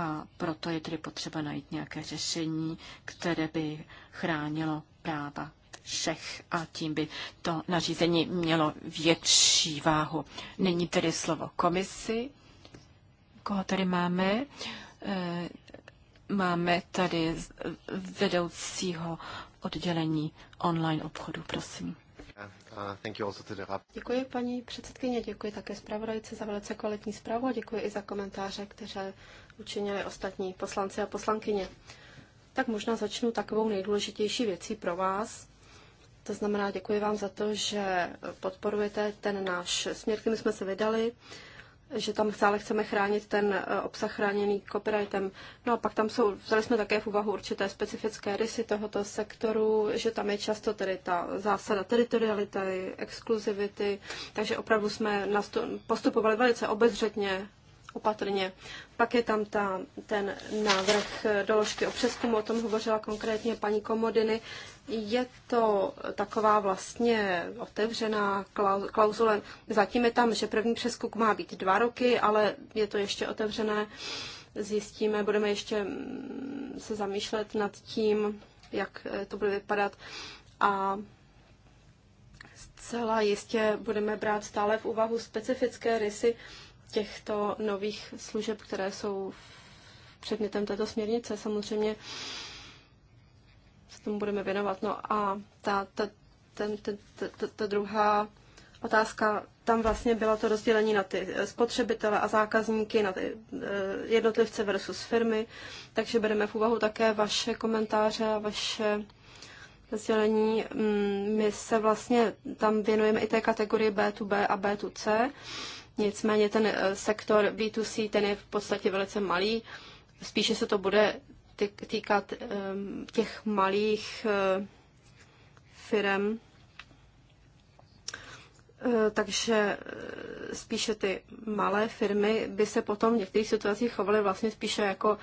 a proto je tedy potřeba najít nějaké řešení, které by chránilo práva všech a tím by to nařízení mělo větší váhu. Není tedy slovo komisi. Koho tady máme? Eh, máme tady vedoucího oddělení online obchodu, prosím. Děkuji paní předsedkyně, děkuji také zpravodajce za velice kvalitní zprávu a děkuji i za komentáře, které učinili ostatní poslanci a poslankyně. Tak možná začnu takovou nejdůležitější věcí pro vás. To znamená, děkuji vám za to, že podporujete ten náš směr, kterým jsme se vydali, že tam stále chceme chránit ten eh, obsah chráněný copyrightem. No a pak tam jsou, vzali jsme také v úvahu určité specifické rysy tohoto sektoru, že tam je často tedy ta zásada teritoriality, exkluzivity, takže opravdu jsme postupovali velice obezřetně opatrně. Pak je tam ta, ten návrh doložky o přeskumu, o tom hovořila konkrétně paní Komodiny. Je to taková vlastně otevřená klauzule. Zatím je tam, že první přeskuk má být dva roky, ale je to ještě otevřené. Zjistíme, budeme ještě mm, se zamýšlet nad tím, jak eh, to bude vypadat. A zcela jistě budeme brát stále v úvahu specifické rysy těchto nových služeb, které jsou předmětem této směrnice. Samozřejmě se tomu budeme věnovat. No a ta, ta, ten, ten, ta, ta druhá otázka, tam vlastně bylo to rozdělení na ty spotřebitele a zákazníky, na ty eh, jednotlivce versus firmy, takže bereme v úvahu také vaše komentáře a vaše sdělení. Mm, my se vlastně tam věnujeme i té kategorii B2B a B2C. Nicméně ten eh, sektor B2C, ten je v podstatě velice malý. Spíše se to bude týkat ehm, těch malých eh, firm, eh, takže spíše ty malé firmy by se potom v některých situacích chovaly vlastně spíše jako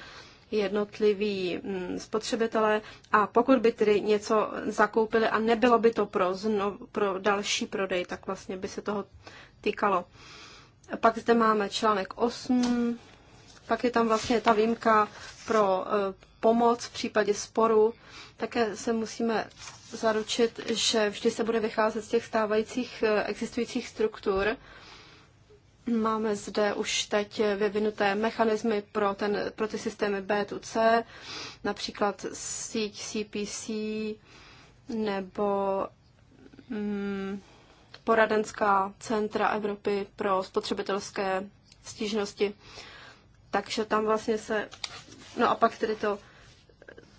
jednotliví hm, spotřebitelé a pokud by tedy něco zakoupili a nebylo by to pro, zno, pro další prodej, tak vlastně by se toho týkalo pak zde máme článek 8, pak je tam vlastně ta výjimka pro e, pomoc v případě sporu. Také se musíme zaručit, že vždy se bude vycházet z těch stávajících e, existujících struktur. Máme zde už teď vyvinuté mechanismy pro, ten, pro ty systémy B2C, například síť CPC nebo mm, poradenská centra Evropy pro spotřebitelské stížnosti. Takže tam vlastně se, no a pak tedy to,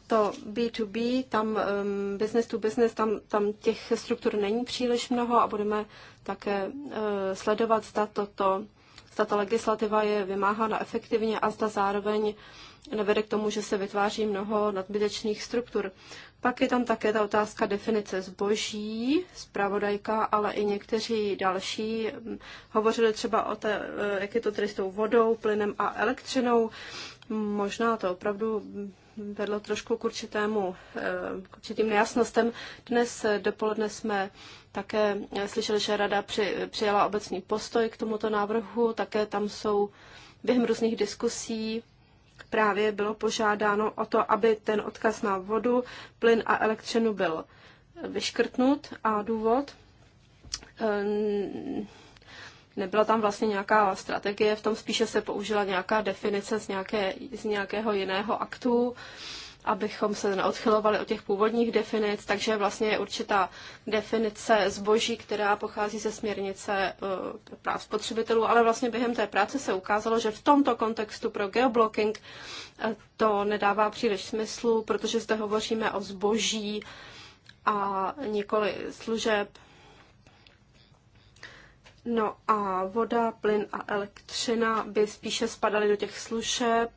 to B2B, tam um, business to business, tam, tam těch struktur není příliš mnoho a budeme také uh, sledovat, zda toto, zda ta legislativa je vymáhána efektivně a zda zároveň nevede k tomu, že se vytváří mnoho nadbytečných struktur. Pak je tam také ta otázka definice zboží, zpravodajka, ale i někteří další mm, hovořili třeba o té, eh, jak je to tedy s tou vodou, plynem a elektřinou. Možná to opravdu mm, vedlo trošku k, určitému, eh, k určitým nejasnostem. Dnes eh, dopoledne jsme také slyšeli, že rada při, přijala obecný postoj k tomuto návrhu, také tam jsou během různých diskusí právě bylo požádáno o to, aby ten odkaz na vodu, plyn a elektřinu byl vyškrtnut a důvod. Ehm, nebyla tam vlastně nějaká strategie, v tom spíše se použila nějaká definice z, nějaké, z nějakého jiného aktu abychom se neodchylovali od těch původních definic, takže vlastně je určitá definice zboží, která pochází ze směrnice eh, práv spotřebitelů, ale vlastně během té práce se ukázalo, že v tomto kontextu pro geoblocking eh, to nedává příliš smyslu, protože zde hovoříme o zboží a nikoli služeb. No a voda, plyn a elektřina by spíše spadaly do těch služeb,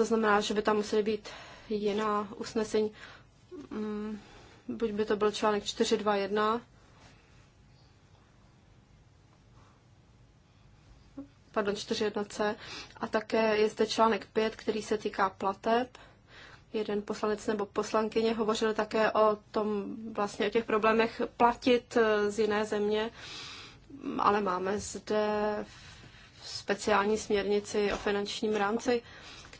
to znamená, že by tam museli být jiná usnesení. Mm, buď by to byl článek 421, pardon, 4.1c. A také je zde článek 5, který se týká plateb. Jeden poslanec nebo poslankyně hovořil také o tom, vlastně o těch problémech platit eh, z jiné země, ale máme zde speciální směrnici o finančním rámci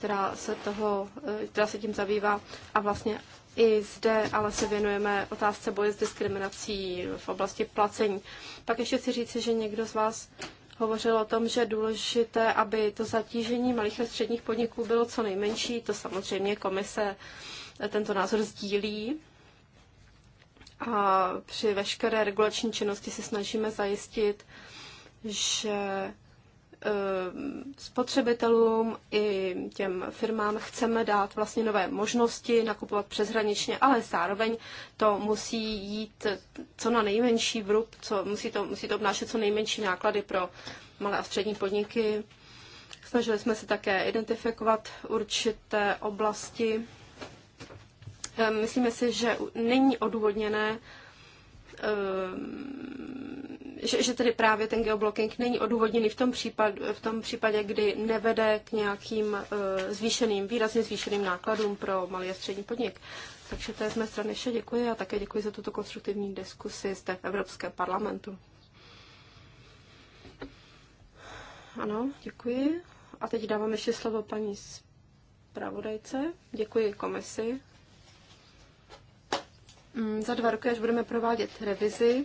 která se, toho, eh, která se tím zabývá. A vlastně i zde ale se věnujeme otázce boje s diskriminací v oblasti placení. Pak ještě chci říct, že někdo z vás hovořil o tom, že je důležité, aby to zatížení malých a středních podniků bylo co nejmenší. To samozřejmě komise eh, tento názor sdílí. A při veškeré regulační činnosti se snažíme zajistit, že Eh, spotřebitelům i těm firmám chceme dát vlastně nové možnosti nakupovat přeshraničně, ale zároveň to musí jít co na nejmenší vrub, co, musí, to, musí to obnášet co nejmenší náklady pro malé a střední podniky. Snažili jsme se také identifikovat určité oblasti. Eh, myslíme si, že není odůvodněné eh, že, že tedy právě ten geoblocking není odůvodněný v tom, případ, v tom případě, kdy nevede k nějakým uh, zvýšeným, výrazně zvýšeným nákladům pro malý a střední podnik. Takže to je z mé strany vše. Děkuji a také děkuji za tuto konstruktivní diskusi zde v Evropském parlamentu. Ano, děkuji. A teď dávám ještě slovo paní zpravodajce. Děkuji komisi. Mm, za dva roky, až budeme provádět revizi,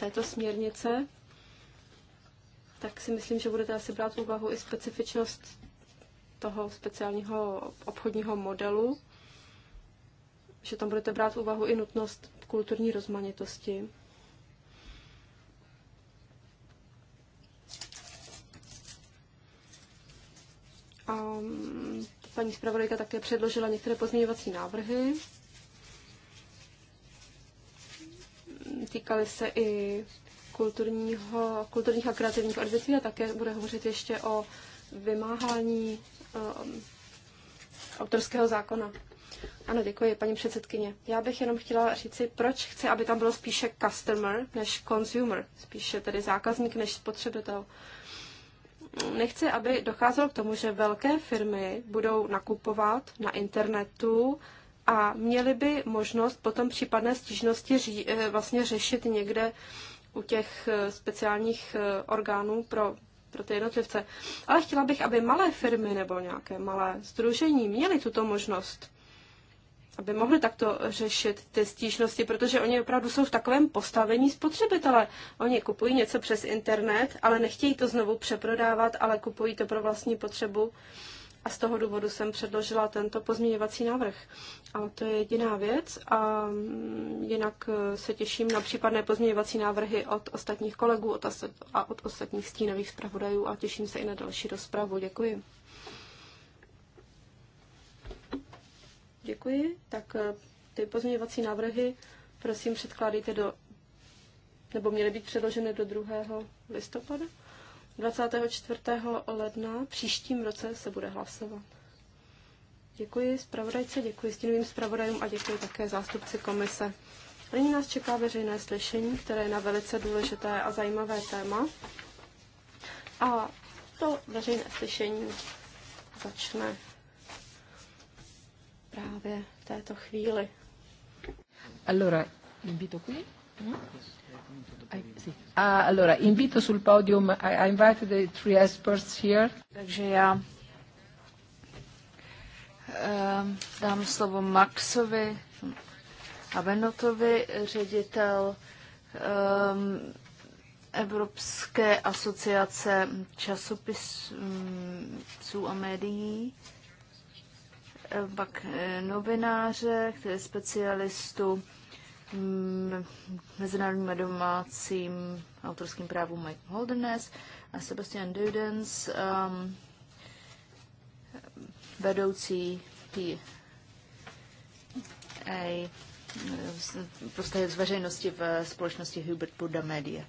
této směrnice, tak si myslím, že budete asi brát v úvahu i specifičnost toho speciálního obchodního modelu, že tam budete brát v úvahu i nutnost kulturní rozmanitosti. A mm, paní zpravodajka také předložila některé pozměňovací návrhy. týkaly se i kulturního, kulturních a kreativních odvětví a také bude hovořit ještě o vymáhání um, autorského zákona. Ano, děkuji, paní předsedkyně. Já bych jenom chtěla říci, proč chci, aby tam bylo spíše customer než consumer, spíše tedy zákazník než spotřebitel. Nechci, aby docházelo k tomu, že velké firmy budou nakupovat na internetu a měli by možnost potom případné stížnosti ří, eh, vlastně řešit někde u těch eh, speciálních eh, orgánů pro, pro ty jednotlivce. Ale chtěla bych, aby malé firmy nebo nějaké malé združení měly tuto možnost, aby mohly takto řešit ty stížnosti, protože oni opravdu jsou v takovém postavení spotřebitele. Oni kupují něco přes internet, ale nechtějí to znovu přeprodávat, ale kupují to pro vlastní potřebu. Uh, a z toho důvodu jsem předložila tento pozměňovací návrh. Ale to je jediná věc a mm, jinak eh, se těším na případné pozměňovací návrhy od ostatních kolegů od a od ostatních stínových zpravodajů a těším se i na další rozpravu. Děkuji. Děkuji. Tak eh, ty pozměňovací návrhy prosím předkládejte do, nebo měly být předloženy do 2. listopadu. 24. ledna příštím roce se bude hlasovat. Děkuji zpravodajce, děkuji stínovým zpravodajům a děkuji také zástupci komise. Nyní nás čeká veřejné slyšení, které je na velice důležité a zajímavé téma. A to veřejné slyšení začne právě v této chvíli. Allora, invito qui. Mhm. Ah, allora, invito sul podium, I, I invite the three experts here. Takže já ehm, dám slovo Maxovi Abenotovi, ředitel um, Evropské asociace časopisů a médií eh, pak eh, novináře, který je specialistu Mm, mezinárodním a domácím autorským právům Mike Holderness a Sebastian Dudens, um, vedoucí PA prostě z veřejnosti v společnosti Hubert Buddha Media.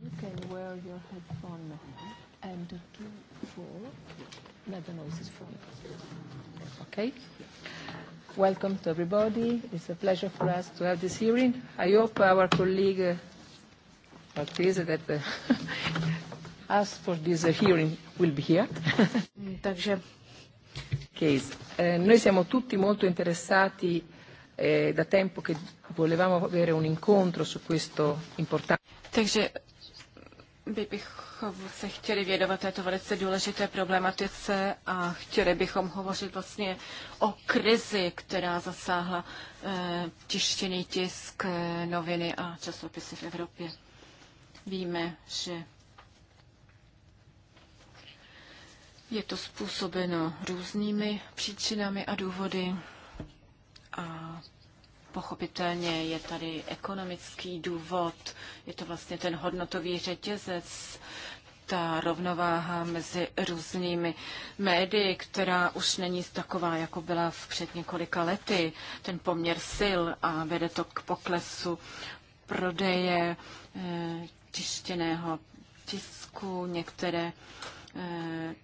You can wear your headphone and do for, not the noise is Okay. Welcome to everybody. It's a pleasure for us to have this hearing. I hope our colleague Maltese uh, that uh, asked for this uh, hearing will be here. Mm, takže case. Eh, noi siamo tutti molto interessati eh, da tempo che volevamo avere un incontro su questo importante. Takže by bychom se chtěli vědovat této velice důležité problematice a chtěli bychom hovořit vlastně o krizi, která zasáhla eh, tištěný tisk, eh, noviny a časopisy v Evropě. Víme, že je to způsobeno různými příčinami a důvody a Pochopitelně je tady ekonomický důvod, je to vlastně ten hodnotový řetězec, ta rovnováha mezi různými médii, která už není taková, jako byla v před několika lety, ten poměr sil a vede to k poklesu prodeje eh, tištěného tisku, některé eh,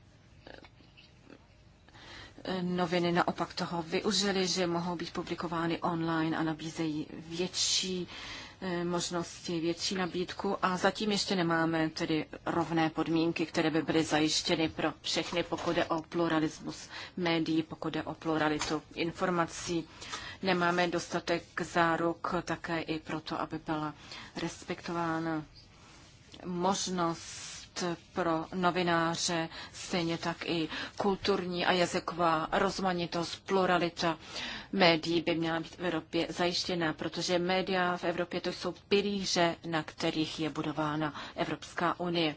noviny naopak toho využili, že mohou být publikovány online a nabízejí větší eh, možnosti, větší nabídku a zatím ještě nemáme tedy rovné podmínky, které by byly zajištěny pro všechny, pokud je o pluralismus médií, pokud je o pluralitu informací. Nemáme dostatek záruk také i proto, aby byla respektována možnost pro novináře, stejně tak i kulturní a jazyková rozmanitost, pluralita médií by měla být v Evropě zajištěna, protože média v Evropě to jsou pilíře, na kterých je budována Evropská unie.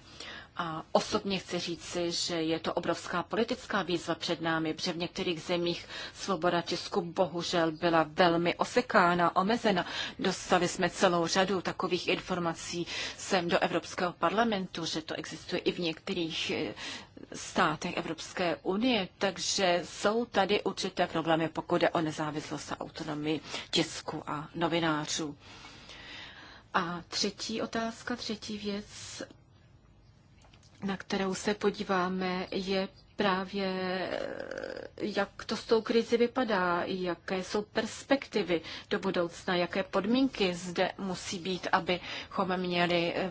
A osobně chci říci, že je to obrovská politická výzva před námi, protože v některých zemích svoboda tisku bohužel byla velmi osekána, omezena. Dostali jsme celou řadu takových informací sem do Evropského parlamentu, že to existuje i v některých eh, státech Evropské unie, takže jsou tady určité problémy, pokud jde o nezávislost a autonomii tisku a novinářů. A třetí otázka, třetí věc, na kterou se podíváme, je právě, eh, jak to s tou krizi vypadá, jaké jsou perspektivy do budoucna, jaké podmínky zde musí být, abychom měli eh,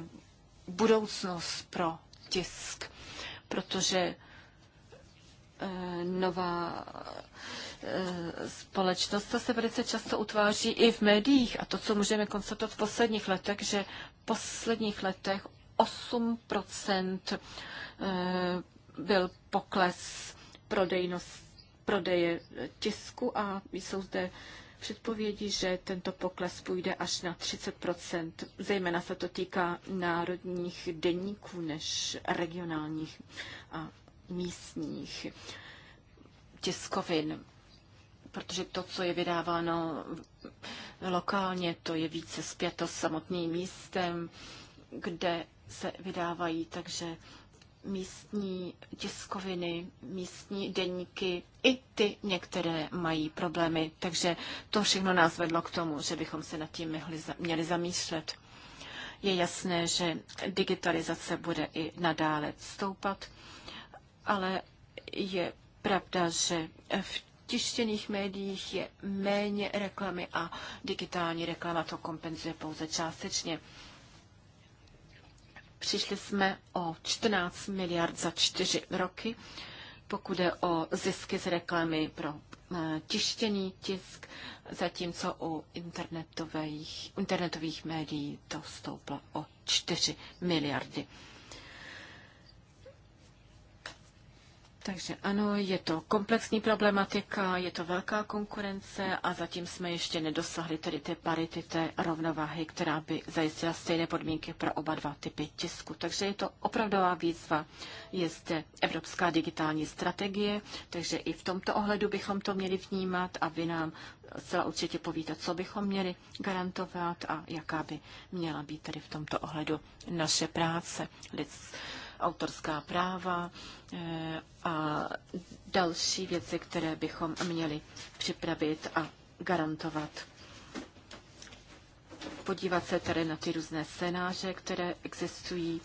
budoucnost pro tisk. Protože eh, nová společnost, to se velice často utváří i v médiích. A to, co můžeme konstatovat v posledních letech, že v posledních letech 8 eh, byl pokles prodejnost, prodeje tisku a jsou zde předpovědi, že tento pokles půjde až na 30 Zejména se to týká národních denníků než regionálních a místních tiskovin. Protože to, co je vydáváno lokálně, to je více zpěto s samotným místem, kde se vydávají, takže místní tiskoviny, místní denníky, i ty některé mají problémy. Takže to všechno nás vedlo k tomu, že bychom se nad tím měli zamýšlet. Je jasné, že digitalizace bude i nadále stoupat, ale je pravda, že v tištěných médiích je méně reklamy a digitální reklama to kompenzuje pouze částečně. Přišli jsme o 14 miliard za čtyři roky, pokud je o zisky z reklamy pro eh, tištěný tisk, zatímco u internetových, internetových médií to stouplo o 4 miliardy. Takže ano, je to komplexní problematika, je to velká konkurence a zatím jsme ještě nedosáhli tedy té parity, té rovnováhy, která by zajistila stejné podmínky pro oba dva typy tisku. Takže je to opravdová výzva. Je zde Evropská digitální strategie, takže i v tomto ohledu bychom to měli vnímat a vy nám zcela určitě povíte, co bychom měli garantovat a jaká by měla být tedy v tomto ohledu naše práce autorská práva eh, a další věci, které bychom měli připravit a garantovat. Podívat se tady na ty různé scénáře, které existují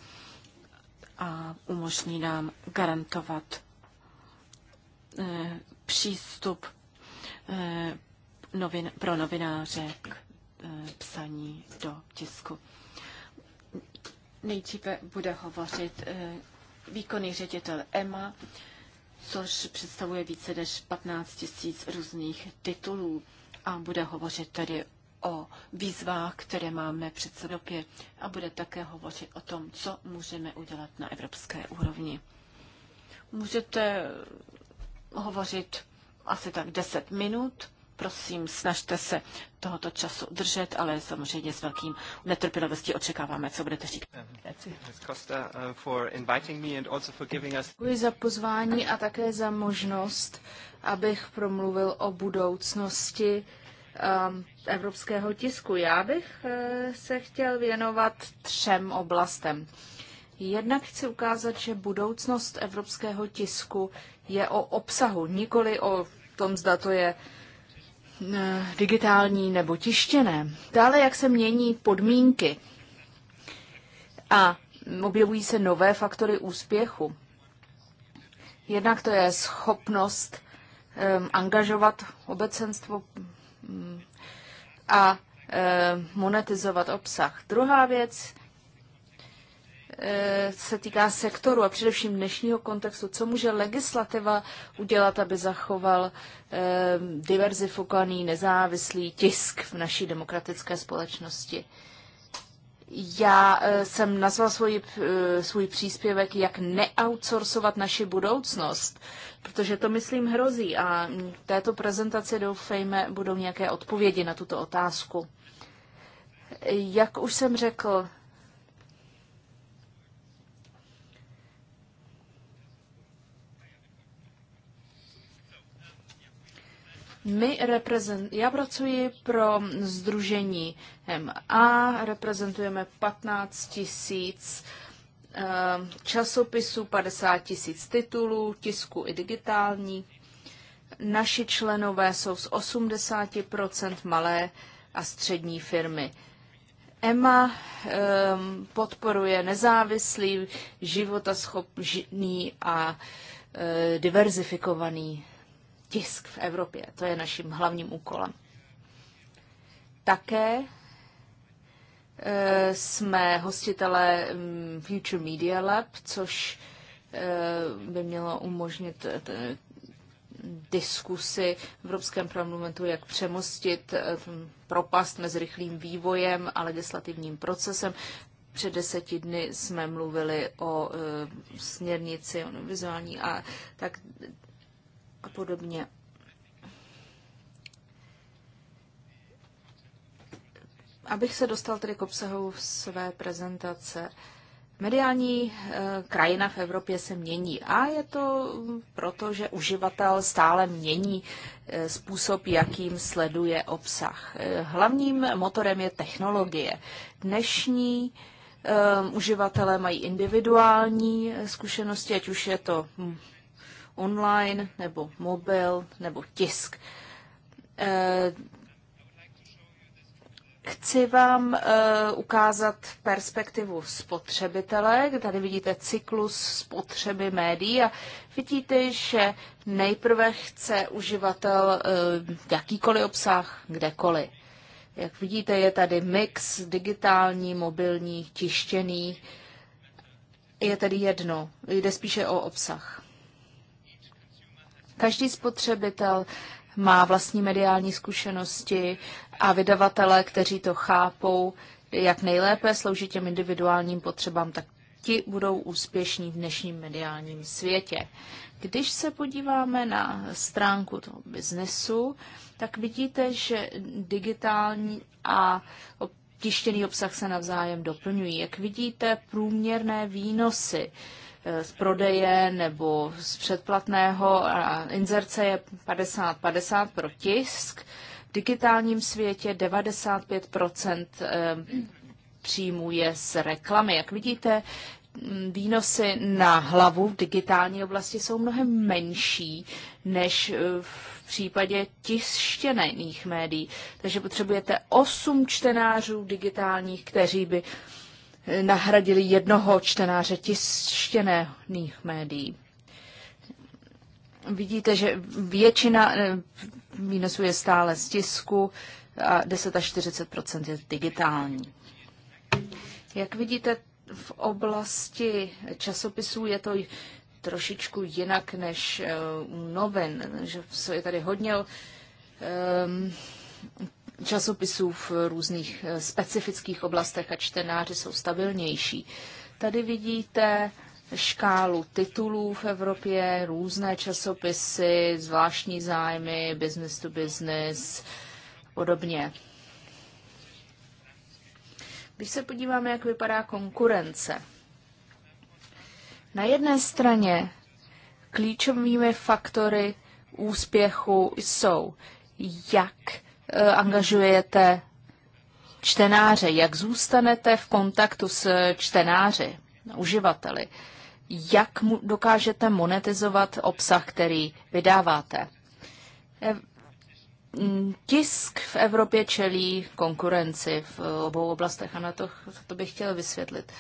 a umožní nám garantovat eh, přístup eh, novin, pro novináře k psaní do tisku. Nejdříve bude hovořit eh, výkonný ředitel EMA, což představuje více než 15 tisíc různých titulů a bude hovořit tedy o výzvách, které máme před sobě a bude také hovořit o tom, co můžeme udělat na evropské úrovni. Můžete hovořit asi tak 10 minut Prosím, snažte se tohoto času držet, ale samozřejmě s velkým netrpělivostí očekáváme, co budete říkat. Děkuji za pozvání a také za možnost, abych promluvil o budoucnosti um, evropského tisku. Já bych eh, se chtěl věnovat třem oblastem. Jednak chci ukázat, že budoucnost evropského tisku je o obsahu, nikoli o tom, zda to je uh, Eh, digitální nebo tištěné. Dále, jak se mění podmínky a objevují se nové faktory úspěchu. Jednak to je schopnost um, angažovat obecenstvo mm, a um, monetizovat obsah. Druhá věc Eh, se týká sektoru a především dnešního kontextu, co může legislativa udělat, aby zachoval eh, diverzifikovaný nezávislý tisk v naší demokratické společnosti. Já eh, jsem nazval svůj, svůj příspěvek, jak neoutsourcovat naši budoucnost, protože to, myslím, hrozí a v této prezentaci doufejme budou nějaké odpovědi na tuto otázku. Jak už jsem řekl, My reprezent, já pracuji pro združení MA, reprezentujeme 15 tisíc eh, časopisů, 50 tisíc titulů, tisku i digitální. Naši členové jsou z 80% malé a střední firmy. EMA um, eh, podporuje nezávislý, životaschopný a uh, diverzifikovaný tisk v Evropě. To je naším hlavním úkolem. Také e, jsme hostitele mm, Future Media Lab, což e, by mělo umožnit e, diskusy v Evropském parlamentu, jak přemostit propast mezi rychlým vývojem a legislativním procesem. Před deseti dny jsme mluvili o e, směrnici o vizuální a tak a podobně. Abych se dostal tedy k obsahu své prezentace. Mediální eh, krajina v Evropě se mění a je to proto, že uživatel stále mění eh, způsob, jakým sleduje obsah. Eh, hlavním motorem je technologie. Dnešní uživatelé mají individuální zkušenosti, ať už je to hm, online nebo mobil nebo tisk. Eh, chci vám eh, ukázat perspektivu spotřebitele. Tady vidíte cyklus spotřeby médií a vidíte, že nejprve chce uživatel eh, jakýkoliv obsah kdekoliv. Jak vidíte, je tady mix digitální, mobilní, tištěný. Je tady jedno, jde spíše o obsah. Každý spotřebitel má vlastní mediální zkušenosti a vydavatele, kteří to chápou, jak nejlépe slouží těm individuálním potřebám, tak ti budou úspěšní v dnešním mediálním světě. Když se podíváme na stránku toho biznesu, tak vidíte, že digitální a tištěný obsah se navzájem doplňují. Jak vidíte, průměrné výnosy Eh, z prodeje nebo z předplatného. A inzerce je 50-50 pro tisk. V digitálním světě 95 eh, příjmů je z reklamy. Jak vidíte, mm, výnosy na hlavu v digitální oblasti jsou mnohem menší než eh, v případě tištěných médií. Takže potřebujete osm čtenářů digitálních, kteří by nahradili jednoho čtenáře tištěných médií. Vidíte, že většina eh, výnosů je stále z tisku a 10 až 40 je digitální. Jak vidíte, v oblasti časopisů je to trošičku jinak než eh, u novin, že je tady hodně um, časopisů v různých eh, specifických oblastech a čtenáři jsou stabilnější. Tady vidíte škálu titulů v Evropě, různé časopisy, zvláštní zájmy, business to business, podobně. Když se podíváme, jak vypadá konkurence. Na jedné straně klíčovými faktory úspěchu jsou, jak Eh, angažujete čtenáře, jak zůstanete v kontaktu s čtenáři, uživateli, jak mu dokážete monetizovat obsah, který vydáváte. Eh, mm, tisk v Evropě čelí konkurenci v obou oblastech a na to, to bych chtěl vysvětlit.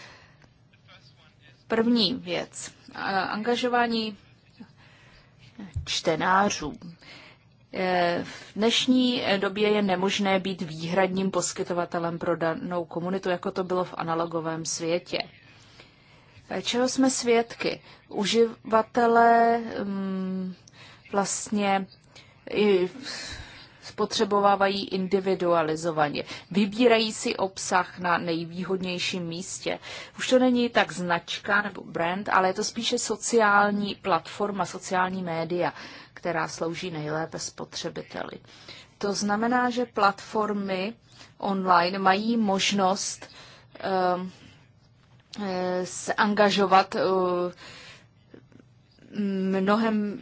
První věc. Eh, angažování čtenářů. V dnešní době je nemožné být výhradním poskytovatelem pro danou komunitu, jako to bylo v analogovém světě. Čeho jsme svědky? Uživatelé mm, vlastně spotřebovávají individualizovaně. Vybírají si obsah na nejvýhodnějším místě. Už to není tak značka nebo brand, ale je to spíše sociální platforma, sociální média která slouží nejlépe spotřebiteli. To znamená, že platformy online mají možnost ehm, eh, se angažovat eh, mnohem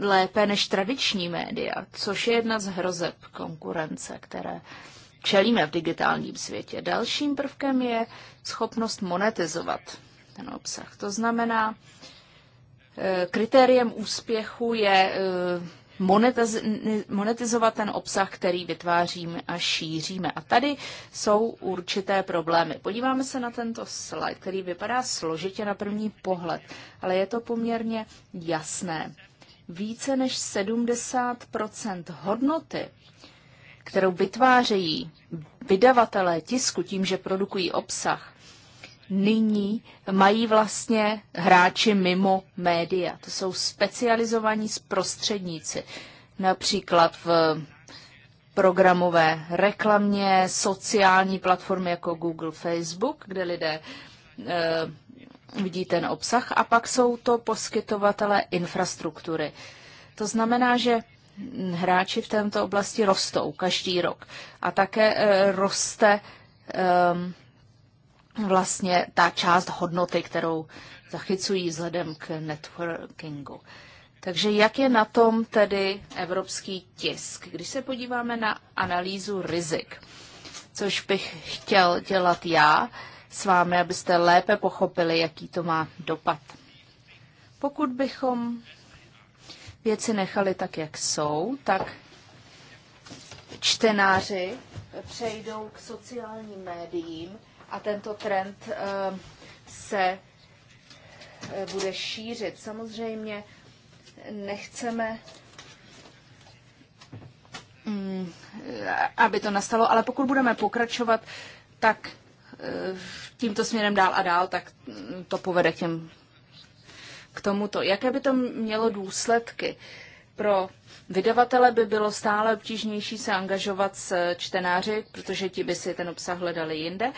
lépe než tradiční média, což je jedna z hrozeb konkurence, které čelíme v digitálním světě. Dalším prvkem je schopnost monetizovat ten obsah. To znamená, Kritériem úspěchu je eh, monetizovat ten obsah, který vytváříme a šíříme. A tady jsou určité problémy. Podíváme se na tento slide, který vypadá složitě na první pohled, ale je to poměrně jasné. Více než 70 hodnoty, kterou vytvářejí vydavatelé tisku tím, že produkují obsah, nyní mají vlastně hráči mimo média. To jsou specializovaní zprostředníci. Například v programové reklamě, sociální platformy jako Google, Facebook, kde lidé e, vidí ten obsah a pak jsou to poskytovatele infrastruktury. To znamená, že hráči v této oblasti rostou každý rok a také e, roste e, vlastně ta část hodnoty, kterou zachycují vzhledem k networkingu. Takže jak je na tom tedy evropský tisk? Když se podíváme na analýzu rizik, což bych chtěl dělat já s vámi, abyste lépe pochopili, jaký to má dopad. Pokud bychom věci nechali tak, jak jsou, tak čtenáři přejdou k sociálním médiím, a tento trend eh, se eh, bude šířit. Samozřejmě nechceme, mm, aby to nastalo, ale pokud budeme pokračovat, tak eh, tímto směrem dál a dál, tak mm, to povede k, těm, k tomuto. Jaké by to mělo důsledky? Pro vydavatele by bylo stále obtížnější se angažovat s čtenáři, protože ti by si ten obsah hledali jinde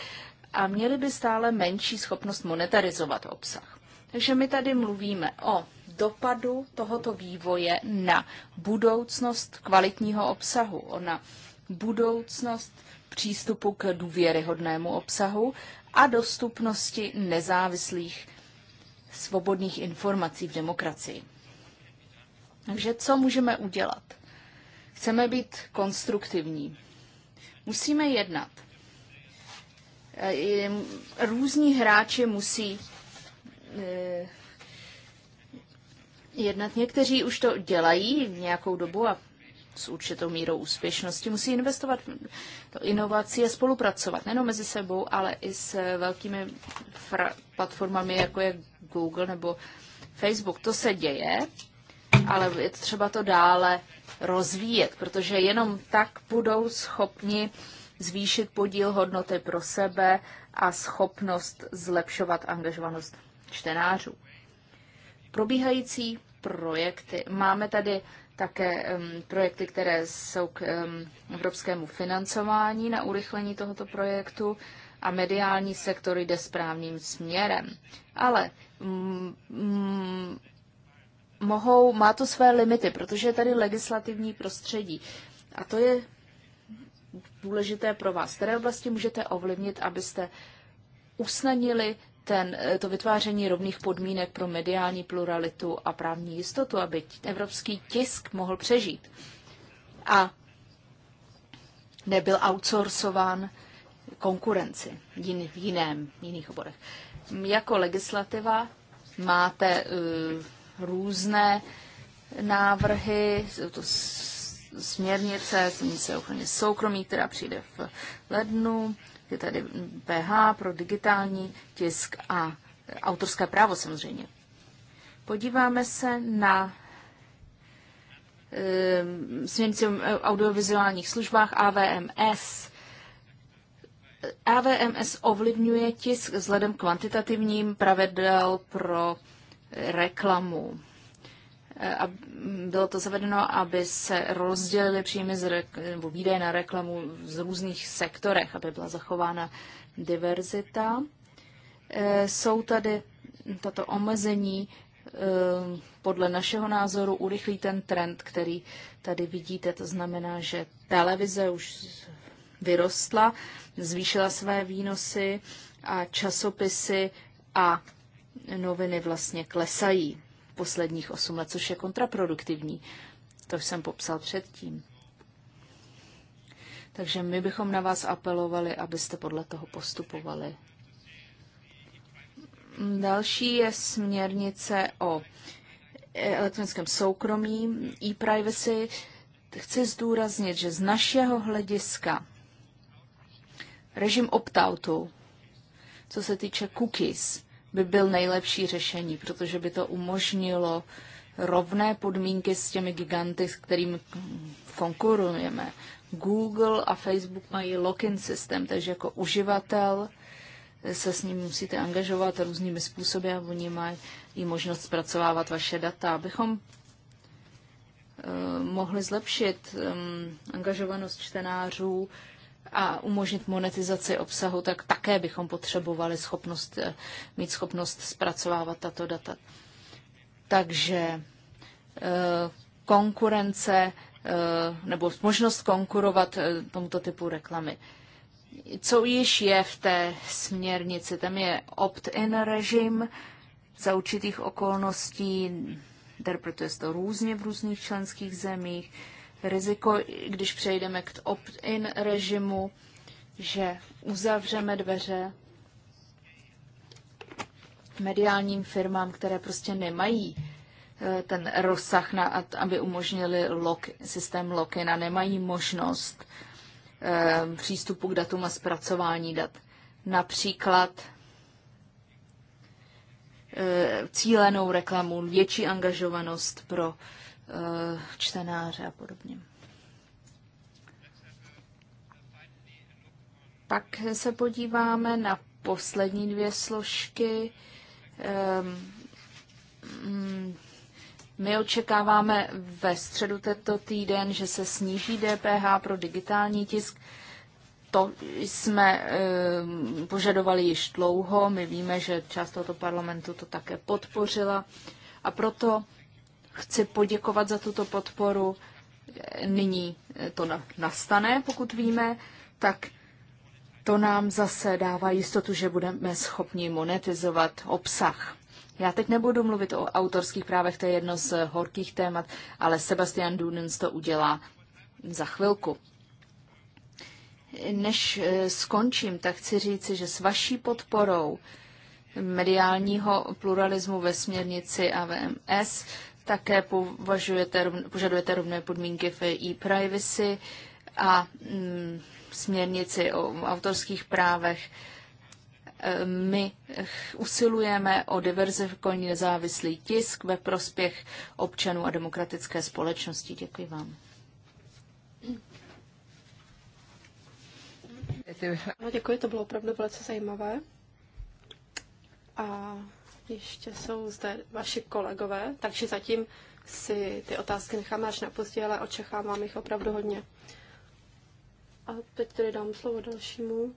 a měly by stále menší schopnost monetarizovat obsah. Takže my tady mluvíme o dopadu tohoto vývoje na budoucnost kvalitního obsahu, na budoucnost přístupu k důvěryhodnému obsahu a dostupnosti nezávislých svobodných informací v demokracii. Takže co můžeme udělat? Chceme být konstruktivní. Musíme jednat. Eh, různí hráči musí eh, jednat. Někteří už to dělají nějakou dobu a s určitou mírou úspěšnosti musí investovat do inovací a spolupracovat nejen mezi sebou, ale i s velkými platformami, jako je Google nebo Facebook. To se děje, ale je třeba to dále rozvíjet, protože jenom tak budou schopni uh, zvýšit podíl hodnoty pro sebe a schopnost zlepšovat angažovanost čtenářů. Probíhající projekty. Máme tady také um, projekty, které jsou k um, evropskému financování na urychlení tohoto projektu a mediální sektor jde správným směrem. Ale mm, mm, mohou, má to své limity, protože je tady legislativní prostředí. A to je důležité pro vás? Které oblasti můžete ovlivnit, abyste usnadnili ten, eh, to vytváření rovných podmínek pro mediální pluralitu a právní jistotu, aby evropský tisk mohl přežít a nebyl outsourcován konkurenci v jiném, jiných oborech. Mm, jako legislativa máte uh, různé návrhy, to směrnice, směrnice ochrany soukromí, která přijde v lednu. Je tady PH pro digitální tisk a autorské právo samozřejmě. Podíváme se na e, směrnici o audiovizuálních službách AVMS. AVMS ovlivňuje tisk vzhledem kvantitativním pravidel pro reklamu. Eh, a bylo to zavedeno, aby se rozdělily příjmy z nebo výdaje na reklamu z různých sektorech, aby byla zachována diverzita. Eh, jsou tady tato omezení eh, podle našeho názoru urychlí ten trend, který tady vidíte. To znamená, že televize už vyrostla, zvýšila své výnosy a časopisy a noviny vlastně klesají posledních 8 let, což je kontraproduktivní. To jsem popsal předtím. Takže my bychom na vás apelovali, abyste podle toho postupovali. Další je směrnice o elektronickém soukromí, e-privacy. Chci zdůraznit, že z našeho hlediska režim opt-outu, co se týče cookies, by byl nejlepší řešení, protože by to umožnilo rovné podmínky s těmi giganty, s kterými konkurujeme. Google a Facebook mají lock-in systém, takže jako uživatel se s ním musíte angažovat různými způsoby a oni mají i možnost zpracovávat vaše data. Abychom eh, mohli zlepšit ehm, angažovanost čtenářů, a umožnit monetizaci obsahu, tak také bychom potřebovali schopnost, eh, mít schopnost zpracovávat tato data. Takže eh, konkurence eh, nebo možnost konkurovat tomuto typu reklamy. Co již je v té směrnici? Tam je opt-in režim za určitých okolností, interpretuje se to různě v různých členských zemích riziko, když přejdeme k opt-in režimu, že uzavřeme dveře mediálním firmám, které prostě nemají eh, ten rozsah, na, aby umožnili lock, systém lock-in a nemají možnost eh, přístupu k datům a zpracování dat. Například eh, cílenou reklamu, větší angažovanost pro Eh, čtenáře a podobně. Pak se podíváme na poslední dvě složky. Ehm, mm, my očekáváme ve středu tento týden, že se sníží DPH pro digitální tisk. To jsme ehm, požadovali již dlouho. My víme, že část tohoto parlamentu to také podpořila. A proto chci poděkovat za tuto podporu. Nyní to nastane, pokud víme, tak to nám zase dává jistotu, že budeme schopni monetizovat obsah. Já teď nebudu mluvit o autorských právech, to je jedno z horkých témat, ale Sebastian Dunens to udělá za chvilku. Než eh, skončím, tak chci říci, že s vaší podporou mediálního pluralismu ve směrnici AVMS také považujete, požadujete rovné podmínky v e-privacy a mm, směrnici o autorských právech. My usilujeme o diverzifikovaný nezávislý tisk ve prospěch občanů a demokratické společnosti. Děkuji vám. No, děkuji, to bylo opravdu velice zajímavé. A ještě jsou zde vaši kolegové, takže zatím si ty otázky necháme až na později, ale očekávám jich opravdu hodně. A teď tedy dám slovo dalšímu,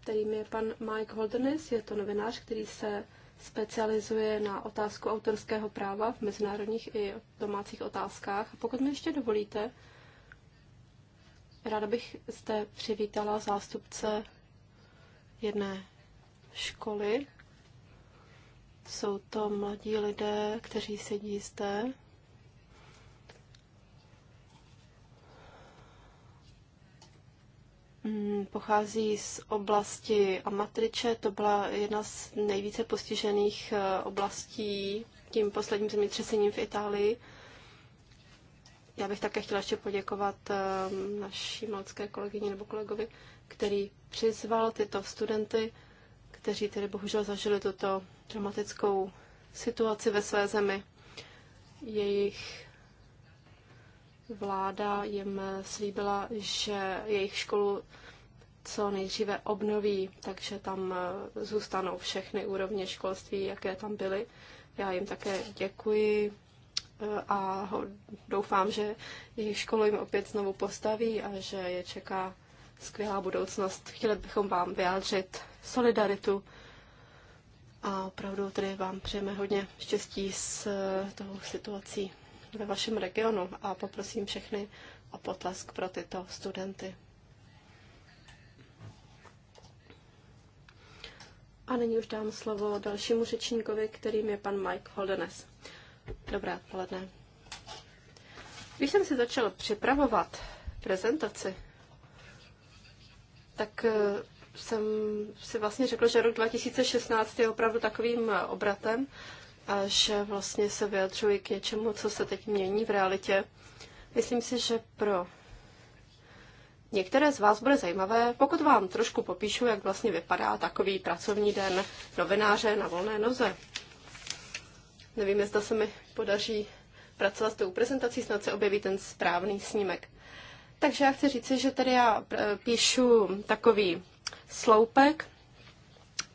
kterým je pan Mike Holdenis. Je to novinář, který se specializuje na otázku autorského práva v mezinárodních i domácích otázkách. A pokud mi ještě dovolíte, ráda bych zde přivítala zástupce jedné školy, jsou to mladí lidé, kteří sedí zde. Mm, pochází z oblasti Amatriče, to byla jedna z nejvíce postižených eh, oblastí tím posledním zemětřesením v Itálii. Já bych také chtěla ještě poděkovat eh, naší malcké kolegyni nebo kolegovi, který přizval tyto studenty kteří tedy bohužel zažili tuto dramatickou situaci ve své zemi. Jejich vláda jim slíbila, že jejich školu co nejdříve obnoví, takže tam eh, zůstanou všechny úrovně školství, jaké tam byly. Já jim také děkuji eh, a doufám, že jejich školu jim opět znovu postaví a že je čeká skvělá budoucnost. Chtěli bychom vám vyjádřit solidaritu a opravdu tedy vám přejeme hodně štěstí s eh, tou situací ve vašem regionu a poprosím všechny o potlesk pro tyto studenty. A nyní už dám slovo dalšímu řečníkovi, kterým je pan Mike Holdenes. Dobré odpoledne. Když jsem si začal připravovat prezentaci, tak eh, jsem si vlastně řekl, že rok 2016 je opravdu takovým eh, obratem a že eh, vlastně se vyjadřuji k něčemu, co se teď mění v realitě. Myslím si, že pro Některé z vás bude zajímavé, pokud vám trošku popíšu, jak vlastně vypadá takový pracovní den novináře na volné noze. Nevím, jestli se mi podaří pracovat s tou prezentací, snad se objeví ten správný snímek. Takže já chci říci, že tady já eh, píšu takový sloupek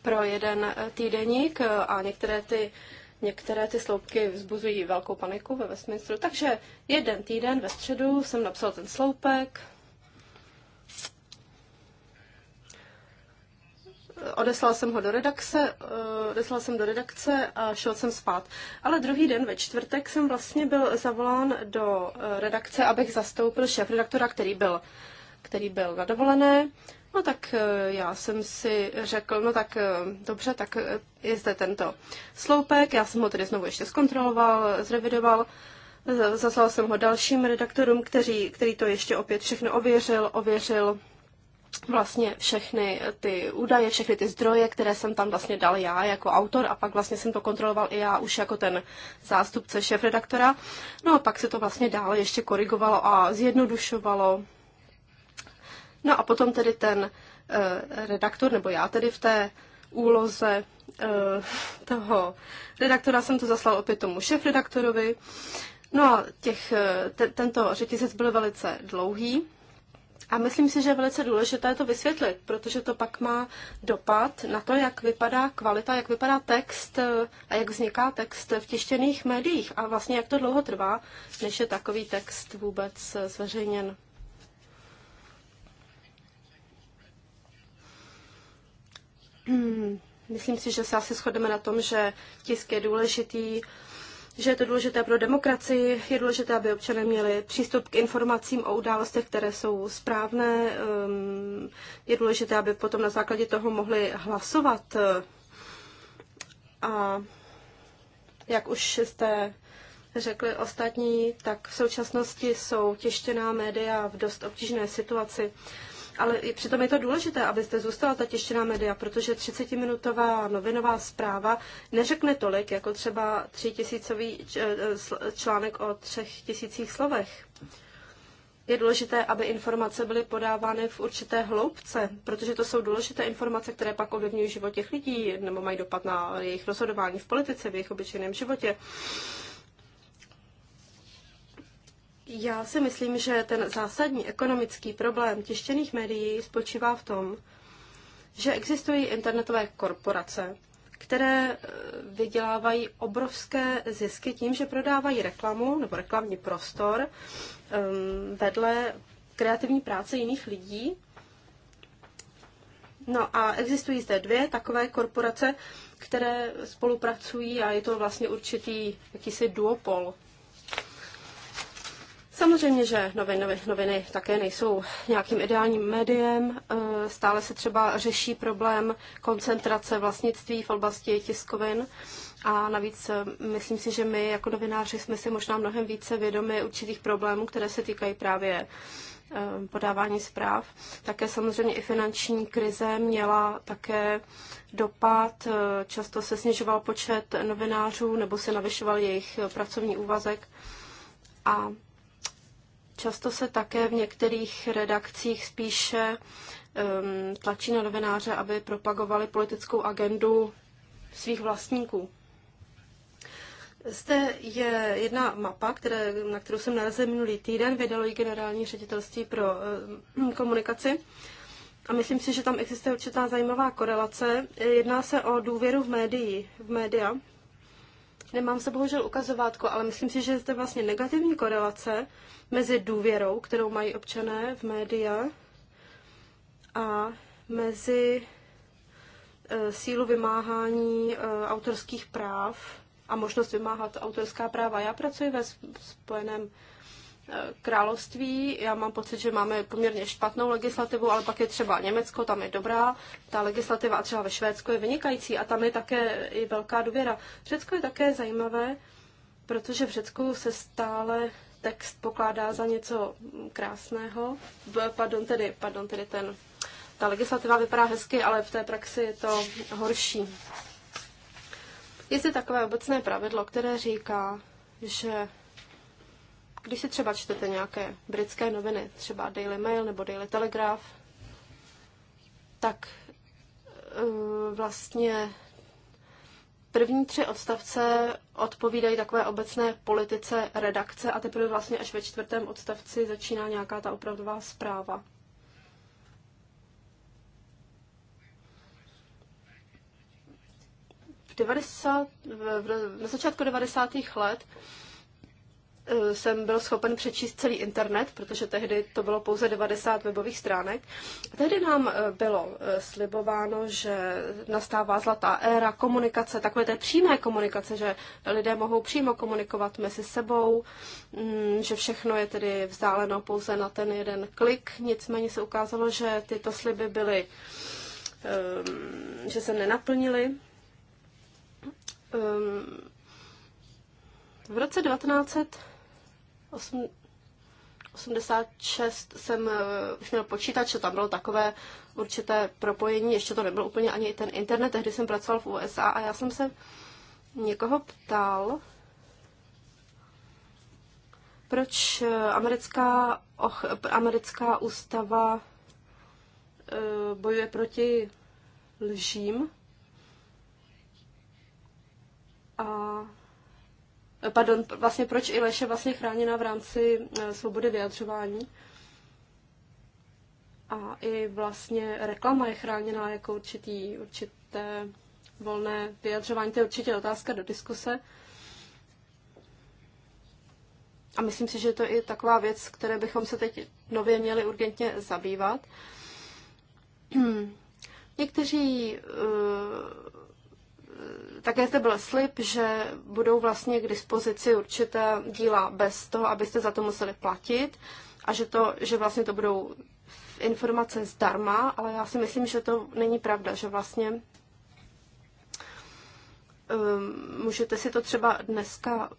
pro jeden eh, týdeník eh, a některé ty Některé ty sloupky vzbuzují velkou paniku ve Westminsteru, takže jeden týden ve středu jsem napsal ten sloupek, odeslal jsem ho do redakce, eh, odeslal jsem do redakce a šel jsem spát. Ale druhý den ve čtvrtek jsem vlastně byl zavolán do eh, redakce, abych zastoupil šéf-redaktora, který byl, který byl na dovolené. No tak eh, já jsem si řekl, no tak dobře, tak je zde tento sloupek, já jsem ho tedy znovu ještě zkontroloval, zrevidoval, zaslal jsem ho dalším redaktorům, kteří, který to ještě opět všechno ověřil, ověřil vlastně všechny ty údaje, všechny ty zdroje, které jsem tam vlastně dal já jako autor a pak vlastně jsem to kontroloval i já už jako ten zástupce šéf-redaktora. No a pak se to vlastně dále ještě korigovalo a zjednodušovalo. No a potom tedy ten uh, redaktor, nebo já tedy v té úloze uh, toho redaktora jsem to zaslal opět tomu šéf-redaktorovi. No a těch, eh, te, tento řetězec byl velice dlouhý, a myslím si, že je velice důležité to vysvětlit, protože to pak má dopad na to, jak vypadá kvalita, jak vypadá text eh, a jak vzniká text v tištěných médiích a vlastně jak to dlouho trvá, než je takový text vůbec eh, zveřejněn. Hmm, myslím si, že se asi shodeme na tom, že tisk je důležitý, že je to důležité pro demokracii, je důležité, aby občané měli přístup k informacím o událostech, které jsou správné, ehm, je důležité, aby potom na základě toho mohli hlasovat. A jak už jste řekli ostatní, tak v současnosti jsou těštěná média v dost obtížné situaci ale i přitom je to důležité, abyste zůstala ta tištěná média, protože 30-minutová novinová zpráva neřekne tolik, jako třeba tisícový eh, článek o třech tisících slovech. Je důležité, aby informace byly podávány v určité hloubce, protože to jsou důležité informace, které pak ovlivňují život těch lidí nebo mají dopad na jejich rozhodování v politice, v jejich obyčejném životě. Já si myslím, že ten zásadní ekonomický problém tištěných médií spočívá v tom, že existují internetové korporace, které eh, vydělávají obrovské zisky tím, že prodávají reklamu nebo reklamní prostor ehm, vedle kreativní práce jiných lidí. No a existují zde dvě takové korporace, které spolupracují a je to vlastně určitý jakýsi duopol Samozřejmě, že noviny, noviny také nejsou nějakým ideálním médiem. Eh, stále se třeba řeší problém koncentrace vlastnictví v oblasti tiskovin. A navíc eh, myslím si, že my jako novináři jsme si možná mnohem více vědomi určitých problémů, které se týkají právě eh, podávání zpráv. Také samozřejmě i finanční krize měla také dopad. Často se snižoval počet novinářů nebo se navyšoval jejich pracovní úvazek. A Často se také v některých redakcích spíše um, tlačí na novináře, aby propagovali politickou agendu svých vlastníků. Zde je jedna mapa, které, na kterou jsem narazil minulý týden, vydalo ji generální ředitelství pro uh, komunikaci. A myslím si, že tam existuje určitá zajímavá korelace. Jedná se o důvěru v médii, v média. Nemám se bohužel ukazovátko, ale myslím si, že je zde vlastně negativní korelace mezi důvěrou, kterou mají občané v média, a mezi e, sílu vymáhání e, autorských práv a možnost vymáhat autorská práva. Já pracuji ve Spojeném království. Já mám pocit, že máme poměrně špatnou legislativu, ale pak je třeba Německo, tam je dobrá ta legislativa třeba ve Švédsku je vynikající a tam je také i velká důvěra. Řecko je také zajímavé, protože v Řecku se stále text pokládá za něco krásného. Pardon tedy, pardon tedy ten, ta legislativa vypadá hezky, ale v té praxi je to horší. Je zde takové obecné pravidlo, které říká, že když si třeba čtete nějaké britské noviny, třeba Daily Mail nebo Daily Telegraph, tak eh, vlastně první tři odstavce odpovídají takové obecné politice redakce a teprve vlastně až ve čtvrtém odstavci začíná nějaká ta opravdová zpráva. V 90, v, v, na začátku 90. let Eh, jsem byl schopen přečíst celý internet, protože tehdy to bylo pouze 90 webových stránek. Tehdy nám eh, bylo eh, slibováno, že nastává zlatá éra komunikace, takové té přímé komunikace, že lidé mohou přímo komunikovat mezi sebou, mm, že všechno je tedy vzdáleno pouze na ten jeden klik. Nicméně se ukázalo, že tyto sliby byly, ehm, že se nenaplnily. Ehm, v roce 1900 8, 86 jsem eh, už měl počítač, že tam bylo takové určité propojení, ještě to nebyl úplně ani ten internet, tehdy jsem pracoval v USA a já jsem se někoho ptal, proč eh, americká, och, americká ústava eh, bojuje proti lžím. A pardon, vlastně proč i lež je vlastně chráněna v rámci eh, svobody vyjadřování. A i vlastně reklama je chráněna jako určitý, určité volné vyjadřování. To je určitě otázka do diskuse. A myslím si, že to je taková věc, které bychom se teď nově měli urgentně zabývat. Někteří uh, také zde byl slib, že budou vlastně k dispozici určité díla bez toho, abyste za to museli platit a že, to, že vlastně to budou informace zdarma, ale já si myslím, že to není pravda, že vlastně um, můžete si to třeba dneska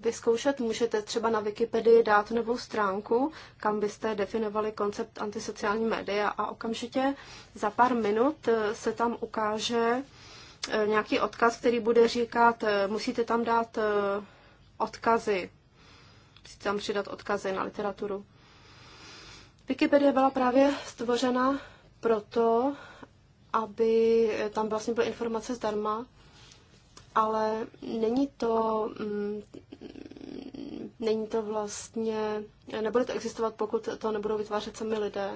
vyzkoušet, můžete třeba na Wikipedii dát novou stránku, kam byste definovali koncept antisociální média a okamžitě za pár minut eh, se tam ukáže Eh, nějaký odkaz, který bude říkat, eh, musíte tam dát eh, odkazy, musíte tam přidat odkazy na literaturu. Wikipedie byla právě stvořena proto, aby tam vlastně byly informace zdarma, ale není to, mm, mm, není to vlastně, nebude to existovat, pokud to nebudou vytvářet sami lidé.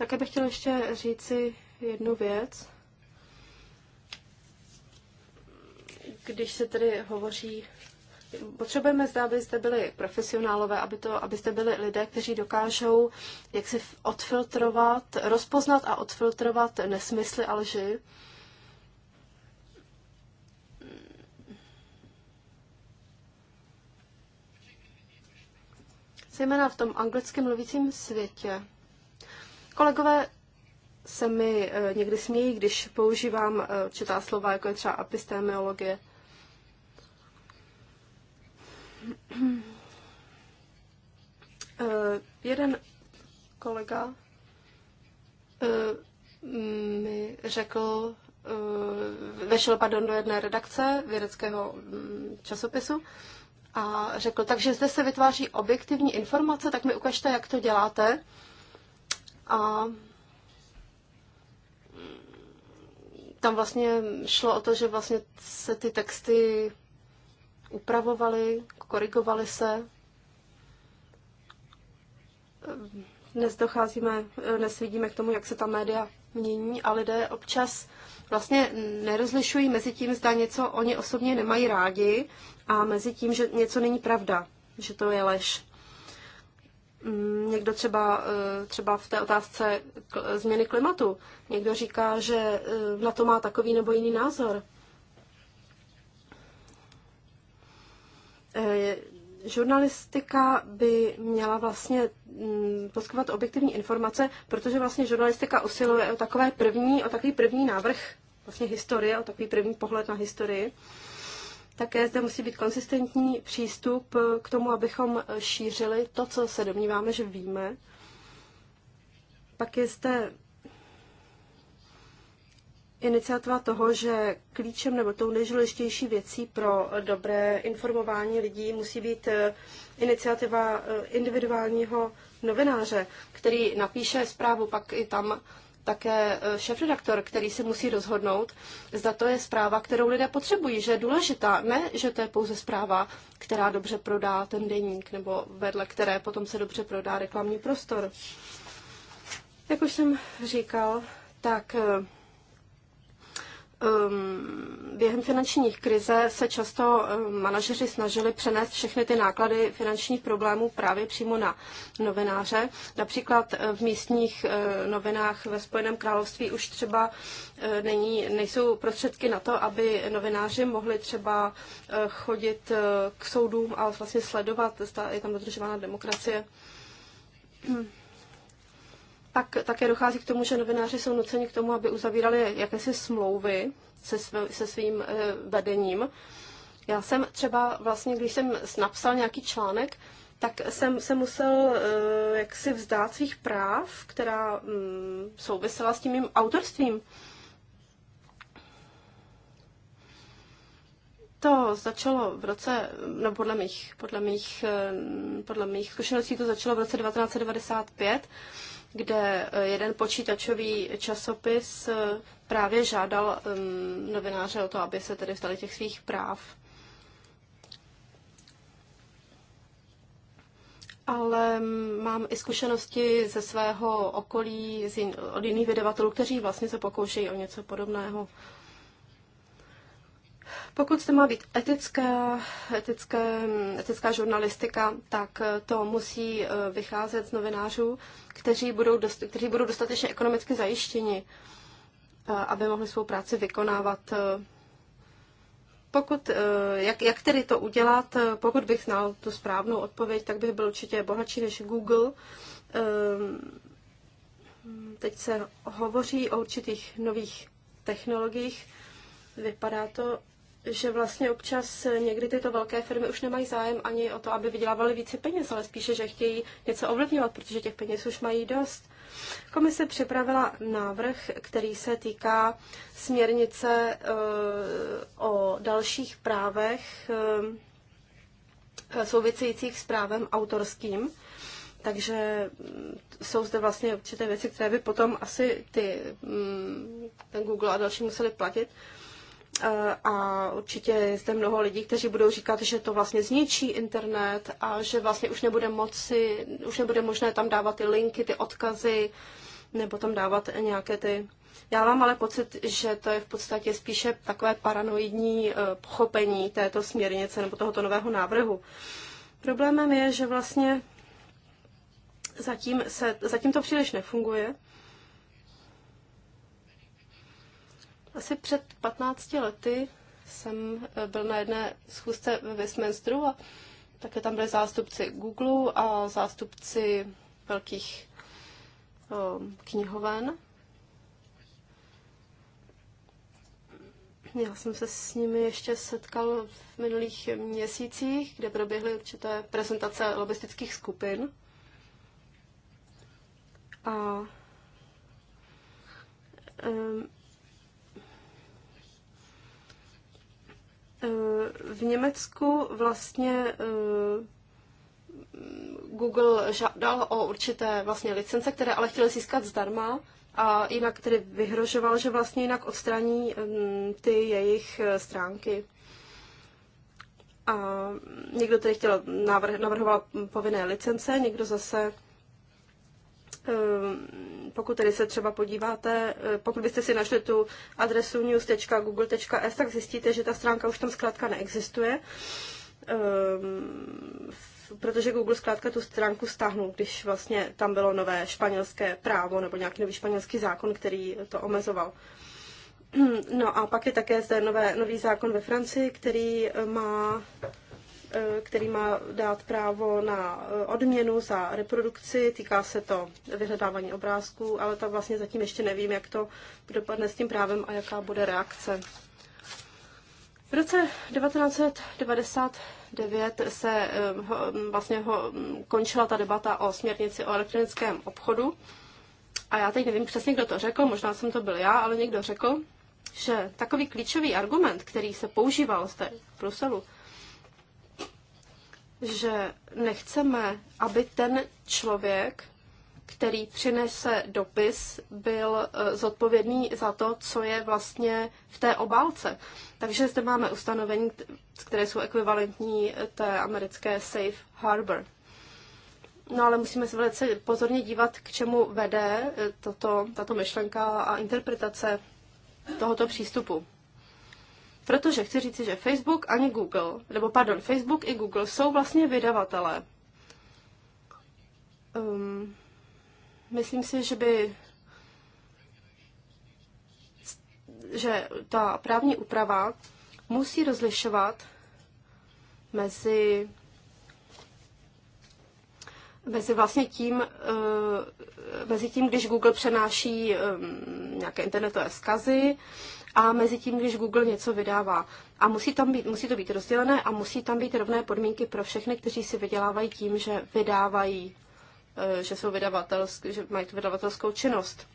Také bych chtěl ještě říci jednu věc. Když se tedy hovoří potřebujeme zde, abyste byli profesionálové, aby to, abyste byli lidé, kteří dokážou jak si odfiltrovat, rozpoznat a odfiltrovat nesmysly a lži. Zejména v tom anglicky mluvícím světě Kolegové se mi eh, někdy smějí, když používám eh, určitá slova, jako je třeba epistemologie. Eh, jeden kolega mm, mi řekl, vešel pardon, do jedné redakce vědeckého mm, časopisu a řekl, takže zde se vytváří objektivní informace, tak mi ukažte, jak to děláte. A tam vlastně šlo o to, že vlastně se ty texty upravovaly, korigovaly se. Dnes docházíme, dnes vidíme k tomu, jak se ta média mění a lidé občas vlastně nerozlišují mezi tím, zda něco oni osobně nemají rádi a mezi tím, že něco není pravda, že to je lež. Mm, někdo třeba, eh, třeba v té otázce změny klimatu, někdo říká, že eh, na to má takový nebo jiný názor. Eh, žurnalistika by měla vlastně mm, poskytovat objektivní informace, protože vlastně žurnalistika usiluje o takové první, o takový první návrh vlastně historie, o takový první pohled na historii. Také zde musí být konsistentní přístup k tomu, abychom šířili to, co se domníváme, že víme. Pak je zde iniciativa toho, že klíčem nebo tou nejdůležitější věcí pro dobré informování lidí musí být eh, iniciativa eh, individuálního novináře, který napíše zprávu, pak i tam také eh, šéfredaktor, který si musí rozhodnout, zda to je zpráva, kterou lidé potřebují, že je důležitá. Ne, že to je pouze zpráva, která dobře prodá ten deník, nebo vedle které potom se dobře prodá reklamní prostor. Jak už jsem říkal, tak eh, um, během finančních krize se často um, manažeři snažili přenést všechny ty náklady finančních problémů právě přímo na novináře. Například eh, v místních uh, novinách ve Spojeném království už třeba uh, není, nejsou prostředky na to, aby novináři mohli třeba uh, chodit uh, k soudům a vlastně sledovat, zda je tam dodržována demokracie. Hmm. Pak také dochází k tomu, že novináři jsou nuceni k tomu, aby uzavírali jakési smlouvy se, svý, se svým eh, vedením. Já jsem třeba vlastně, když jsem napsal nějaký článek, tak jsem se musel eh, jaksi vzdát svých práv, která mm, souvisela s tím mým autorstvím. To začalo v roce, no podle mých, podle mých, eh, podle mých zkušeností to začalo v roce 1995 kde eh, jeden počítačový časopis eh, právě žádal ehm, novináře o to, aby se tedy vzdali těch svých práv. ale mm, mám i zkušenosti ze svého okolí z jin, od jiných vydavatelů, kteří vlastně se pokoušejí o něco podobného. Pokud to má být etické, etické, etická žurnalistika, tak eh, to musí eh, vycházet z novinářů, kteří budou, dost, kteří budou dostatečně ekonomicky zajištěni, eh, aby mohli svou práci vykonávat. Pokud, jak, jak tedy to udělat, pokud bych znal tu správnou odpověď, tak bych byl určitě bohatší než Google. Teď se hovoří o určitých nových technologiích. Vypadá to, že vlastně občas někdy tyto velké firmy už nemají zájem ani o to, aby vydělávaly více peněz, ale spíše, že chtějí něco ovlivňovat, protože těch peněz už mají dost. Komise připravila návrh, který se týká směrnice eh, o dalších právech eh, souvisejících s právem autorským. Takže mm, jsou zde vlastně určité věci, které by potom asi ty, mm, ten Google a další museli platit. Eh, a určitě je zde mnoho lidí, kteří budou říkat, že to vlastně zničí internet a že vlastně už nebude moci, už nebude možné tam dávat ty linky, ty odkazy, nebo tam dávat nějaké ty... Já mám ale pocit, že to je v podstatě spíše takové paranoidní eh, pochopení této směrnice nebo tohoto nového návrhu. Problémem je, že vlastně zatím, se, zatím to příliš nefunguje Asi před 15 lety jsem eh, byl na jedné schůzce ve Westminsteru a také tam byli zástupci Google a zástupci velkých eh, knihoven. Já jsem se s nimi ještě setkal v minulých měsících, kde proběhly určité prezentace lobistických skupin. A um, Eh, v Německu vlastně eh, Google žádal o určité vlastně licence, které ale chtěli získat zdarma a jinak tedy vyhrožoval, že vlastně jinak odstraní mm, ty jejich eh, stránky. A někdo tedy chtěl navrhovat navrhoval povinné licence, někdo zase Ehm, pokud tedy se třeba podíváte, eh, pokud byste si našli tu adresu news.google.s, tak zjistíte, že ta stránka už tam zkrátka neexistuje, ehm, protože Google zkrátka tu stránku stáhnul, když vlastně tam bylo nové španělské právo nebo nějaký nový španělský zákon, který to omezoval. Ehm, no a pak je také zde nové, nový zákon ve Francii, který eh, má Eh, který má dát právo na eh, odměnu za reprodukci. Týká se to vyhledávání obrázků, ale tam vlastně zatím ještě nevím, jak to dopadne s tím právem a jaká bude reakce. V roce 1999 se eh, vlastně ho, končila ta debata o směrnici o elektronickém obchodu. A já teď nevím přesně, kdo to řekl, možná jsem to byl já, ale někdo řekl, že takový klíčový argument, který se používal z té Bruselu, že nechceme, aby ten člověk, který přinese dopis, byl eh, zodpovědný za to, co je vlastně v té obálce. Takže zde máme ustanovení, které jsou ekvivalentní eh, té americké Safe Harbor. No ale musíme se velice pozorně dívat, k čemu vede eh, toto, tato myšlenka a interpretace tohoto přístupu. Protože chci říct, že Facebook ani Google, nebo pardon, Facebook i Google jsou vlastně vydavatelé. Um, myslím si, že by že ta právní úprava musí rozlišovat mezi mezi vlastně tím, uh, mezi tím, když Google přenáší um, nějaké internetové zkazy, a mezi tím, když Google něco vydává. A musí, tam být, musí to být rozdělené a musí tam být rovné podmínky pro všechny, kteří si vydělávají tím, že vydávají, eh, že, jsou vydavatelsk, že mají tu vydavatelskou činnost.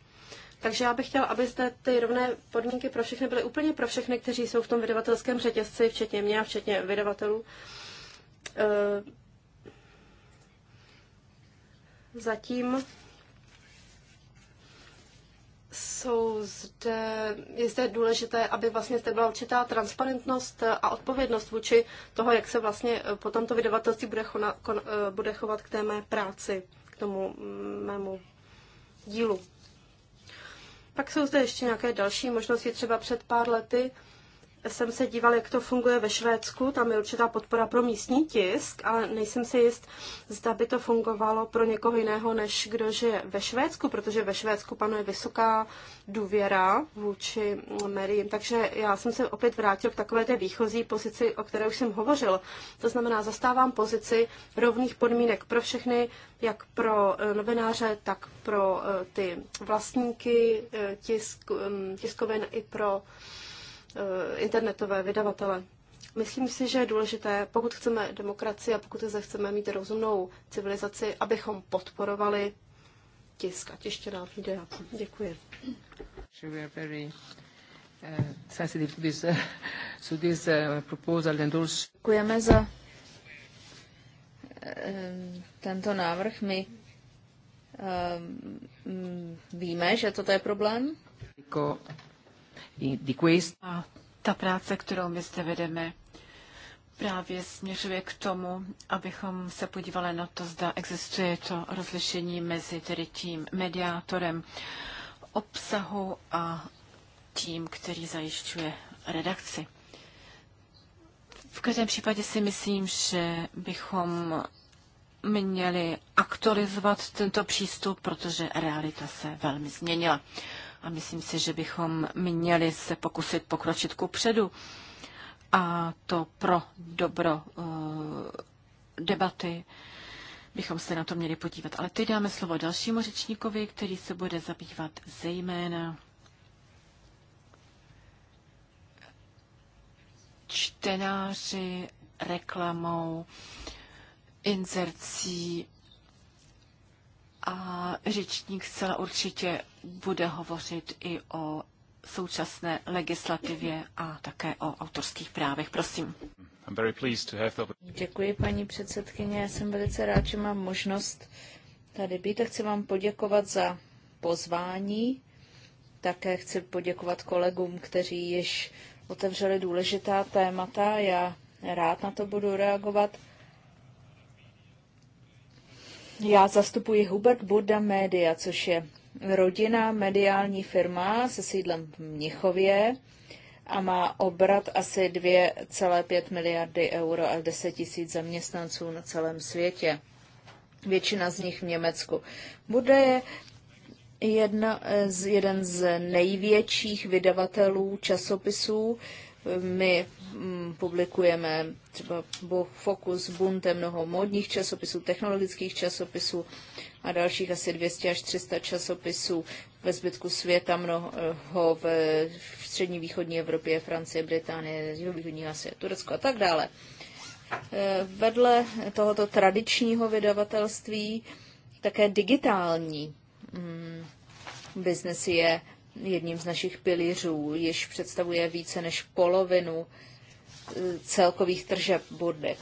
Takže já bych chtěla, aby zde ty rovné podmínky pro všechny byly úplně pro všechny, kteří jsou v tom vydavatelském řetězci, včetně mě a včetně vydavatelů. Eh, zatím jsou zde, je zde důležité, aby vlastně zde byla určitá transparentnost a odpovědnost vůči toho, jak se vlastně eh, potom to vydavatelství bude, chona, kon, eh, bude chovat k té mé práci, k tomu mm, mému dílu. Pak jsou zde ještě nějaké další možnosti. Třeba před pár lety jsem se díval, jak to funguje ve Švédsku, tam je určitá podpora pro místní tisk, ale nejsem si jist, zda by to fungovalo pro někoho jiného, než kdo žije ve Švédsku, protože ve Švédsku panuje vysoká důvěra vůči médiím. Takže já jsem se opět vrátil k takové té výchozí pozici, o které už jsem hovořil. To znamená, zastávám pozici rovných podmínek pro všechny, jak pro eh, novináře, tak pro eh, ty vlastníky eh, tisk, mm, tiskovin i pro Eh, internetové vydavatele. Myslím si, že je důležité, pokud chceme demokracii a pokud se chceme mít rozumnou civilizaci, abychom podporovali tisk a tištěná videa. Děkuji. Eh, eh, Děkujeme za tento návrh. My víme, že toto je problém. Jako- di questo. A ta práce, kterou my zde vedeme, právě směřuje k tomu, abychom se podívali na to, zda existuje to rozlišení mezi tedy tím mediátorem obsahu a tím, který zajišťuje redakci. V každém případě si myslím, že bychom měli aktualizovat tento přístup, protože realita se velmi změnila. A myslím si, že bychom měli se pokusit pokročit ku předu. A to pro dobro eh, debaty bychom se na to měli podívat. Ale teď dáme slovo dalšímu řečníkovi, který se bude zabývat zejména čtenáři, reklamou, inzercí a řečník zcela určitě bude hovořit i o současné legislativě a také o autorských právech. Prosím. Děkuji, paní předsedkyně. Já jsem velice rád, že mám možnost tady být a chci vám poděkovat za pozvání. Také chci poděkovat kolegům, kteří již otevřeli důležitá témata. Já rád na to budu reagovat. Já zastupuji Hubert Burda Media, což je rodina mediální firma se sídlem v Mnichově a má obrat asi 2,5 miliardy euro a 10 tisíc zaměstnanců na celém světě. Většina z nich v Německu. Bude je jedna z, jeden z největších vydavatelů časopisů. My Mm, publikujeme třeba Focus, Bunte, mnoho módních časopisů, technologických časopisů a dalších asi 200 až 300 časopisů ve zbytku světa, mnoho v, v střední východní Evropě, Francie, Británie, jihovýchodní Asie, Turecko a tak dále. E, vedle tohoto tradičního vydavatelství také digitální mm, biznes je jedním z našich pilířů, již představuje více než polovinu celkových tržeb burdy.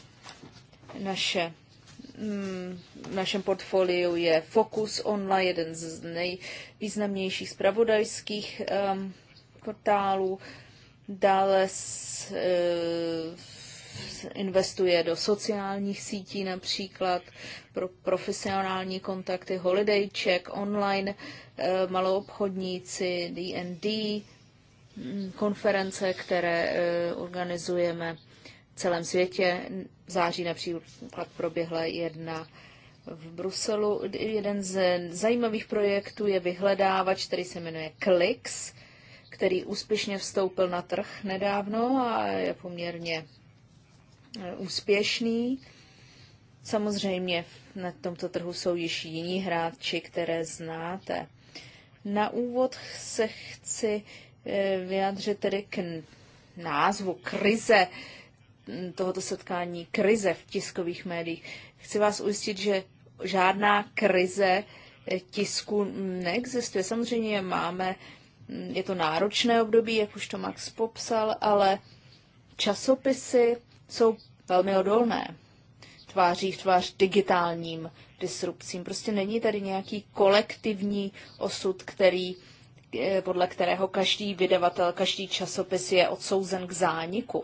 Naše mm, v našem portfoliu je Focus Online, jeden z nejvýznamnějších spravodajských um, portálů. Dále s, eh, investuje do sociálních sítí například pro profesionální kontakty Holiday Check, online eh, maloobchodníci, D&D, konference, které eh, organizujeme v celém světě. V září například proběhla jedna v Bruselu. Jeden z zajímavých projektů je vyhledávač, který se jmenuje Klix, který úspěšně vstoupil na trh nedávno a je poměrně eh, úspěšný. Samozřejmě na tomto trhu jsou již jiní hráči, které znáte. Na úvod se chci E, vyjádřit tedy k názvu krize tohoto setkání, krize v tiskových médiích. Chci vás ujistit, že žádná krize e, tisku neexistuje. Samozřejmě máme, je to náročné období, jak už to Max popsal, ale časopisy jsou velmi odolné tváří v tvář digitálním disrupcím. Prostě není tady nějaký kolektivní osud, který Eh, podle kterého každý vydavatel, každý časopis je odsouzen k zániku.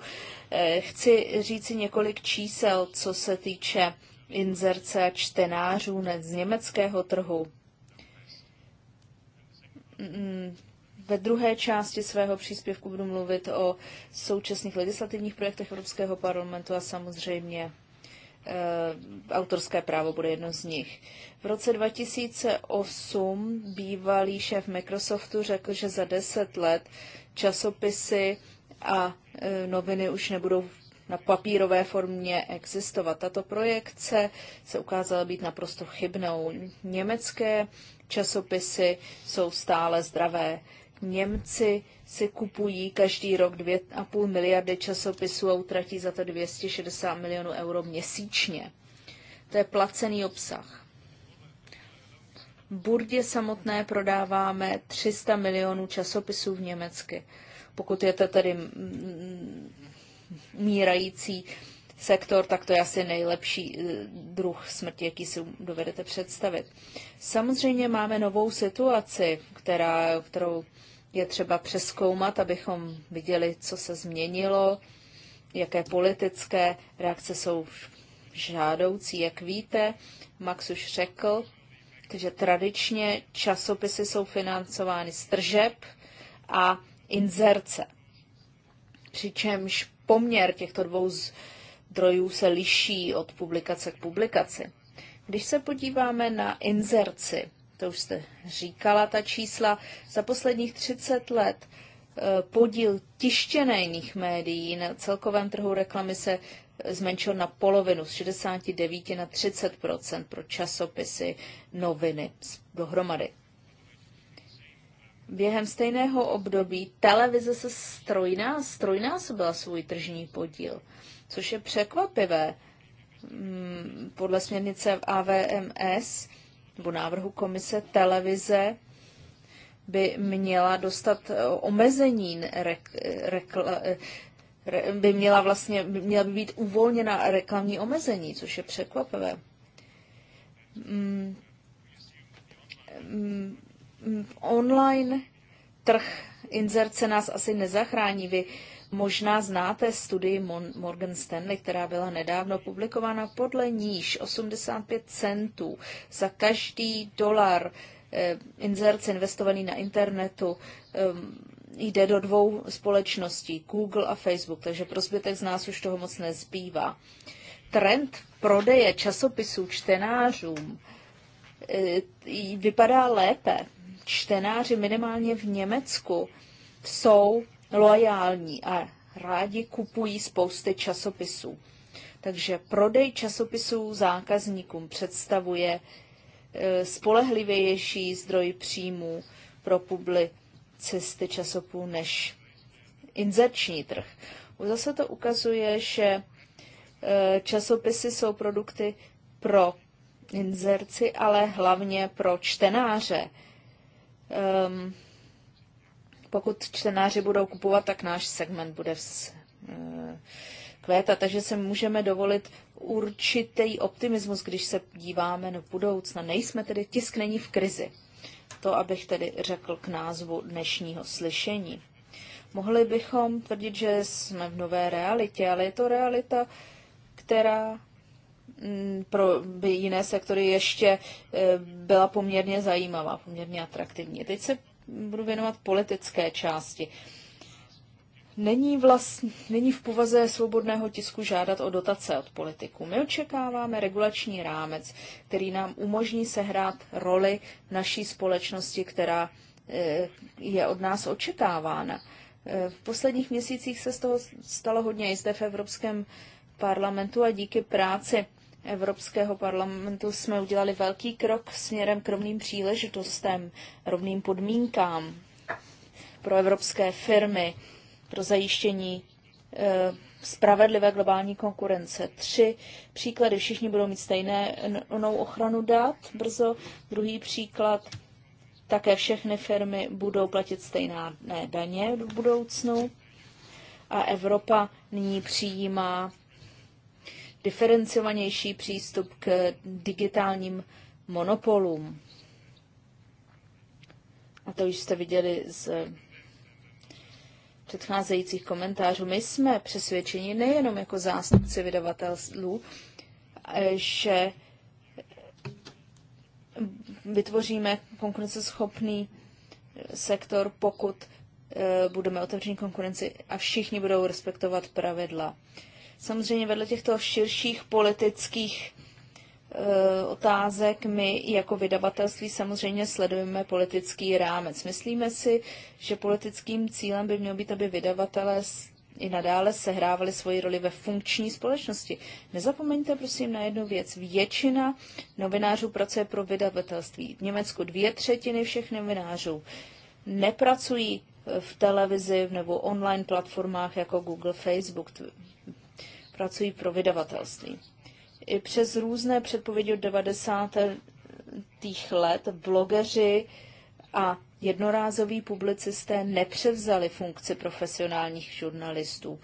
Eh, chci říci několik čísel, co se týče inzerce čtenářů z německého trhu. Mm, ve druhé části svého příspěvku budu mluvit o současných legislativních projektech Evropského parlamentu a samozřejmě Eh, autorské právo bude jedno z nich. V roce 2008 bývalý šéf Microsoftu řekl, že za deset let časopisy a eh, noviny už nebudou na papírové formě existovat. Tato projekce se ukázala být naprosto chybnou. Německé časopisy jsou stále zdravé. Němci si kupují každý rok 2,5 miliardy časopisů a utratí za to 260 milionů euro měsíčně. To je placený obsah. Burdě samotné prodáváme 300 milionů časopisů v Německy. Pokud je to tedy mírající sektor, tak to je asi nejlepší eh, druh smrti, jaký si dovedete představit. Samozřejmě máme novou situaci, která, kterou je třeba přeskoumat, abychom viděli, co se změnilo, jaké politické reakce jsou žádoucí. Jak víte, Max už řekl, že tradičně časopisy jsou financovány z tržeb a inzerce. Přičemž poměr těchto dvou zdrojů se liší od publikace k publikaci. Když se podíváme na inzerci, to už jste říkala ta čísla, za posledních 30 let eh, podíl tištěných médií na celkovém trhu reklamy se eh, zmenšil na polovinu, z 69 na 30 pro časopisy, noviny dohromady. Během stejného období televize se strojná, byla svůj tržní podíl což je překvapivé. Mm, podle směrnice AVMS nebo návrhu komise televize by měla dostat eh, omezení eh, by měla vlastně by měla by být uvolněna reklamní omezení, což je překvapivé. Mm, mm, online trh inzerce nás asi nezachrání. Vy Možná znáte studii Morgan Stanley, která byla nedávno publikována, podle níž 85 centů za každý dolar eh, inzerce investovaný na internetu eh, jde do dvou společností, Google a Facebook, takže pro zbytek z nás už toho moc nezbývá. Trend prodeje časopisů čtenářům eh, vypadá lépe. Čtenáři minimálně v Německu jsou loajální a rádi kupují spousty časopisů. Takže prodej časopisů zákazníkům představuje e, spolehlivější zdroj příjmů pro publicisty časopů než inzerční trh. Zase to ukazuje, že e, časopisy jsou produkty pro inzerci, ale hlavně pro čtenáře. Um, pokud čtenáři budou kupovat, tak náš segment bude eh, kvétat, takže se můžeme dovolit určitý optimismus, když se díváme do budoucna. Nejsme tedy, tisk není v krizi. To, abych tedy řekl k názvu dnešního slyšení. Mohli bychom tvrdit, že jsme v nové realitě, ale je to realita, která mm, pro by jiné sektory ještě eh, byla poměrně zajímavá, poměrně atraktivní. Teď se budu věnovat politické části. Není, vlastně, není v povaze svobodného tisku žádat o dotace od politiků. My očekáváme regulační rámec, který nám umožní sehrát roli naší společnosti, která eh, je od nás očekávána. Eh, v posledních měsících se z toho stalo hodně i zde v Evropském parlamentu a díky práci Evropského parlamentu jsme udělali velký krok směrem k rovným příležitostem, rovným podmínkám pro evropské firmy, pro zajištění e, spravedlivé globální konkurence. Tři příklady, všichni budou mít stejné onou ochranu dat brzo. Druhý příklad, také všechny firmy budou platit stejná ne, daně v budoucnu. A Evropa nyní přijímá diferencovanější přístup k digitálním monopolům. A to už jste viděli z předcházejících komentářů. My jsme přesvědčeni nejenom jako zástupci vydavatelů, že vytvoříme konkurenceschopný sektor, pokud eh, budeme otevření konkurenci a všichni budou respektovat pravidla. Samozřejmě vedle těchto širších politických eh, otázek my jako vydavatelství samozřejmě sledujeme politický rámec. Myslíme si, že politickým cílem by mělo být, aby vydavatelé i nadále sehrávali svoji roli ve funkční společnosti. Nezapomeňte prosím na jednu věc. Většina novinářů pracuje pro vydavatelství. V Německu dvě třetiny všech novinářů nepracují v televizi nebo online platformách jako Google, Facebook, pracují pro vydavatelství. I přes různé předpovědi od 90. let blogeři a jednorázoví publicisté nepřevzali funkci profesionálních žurnalistů.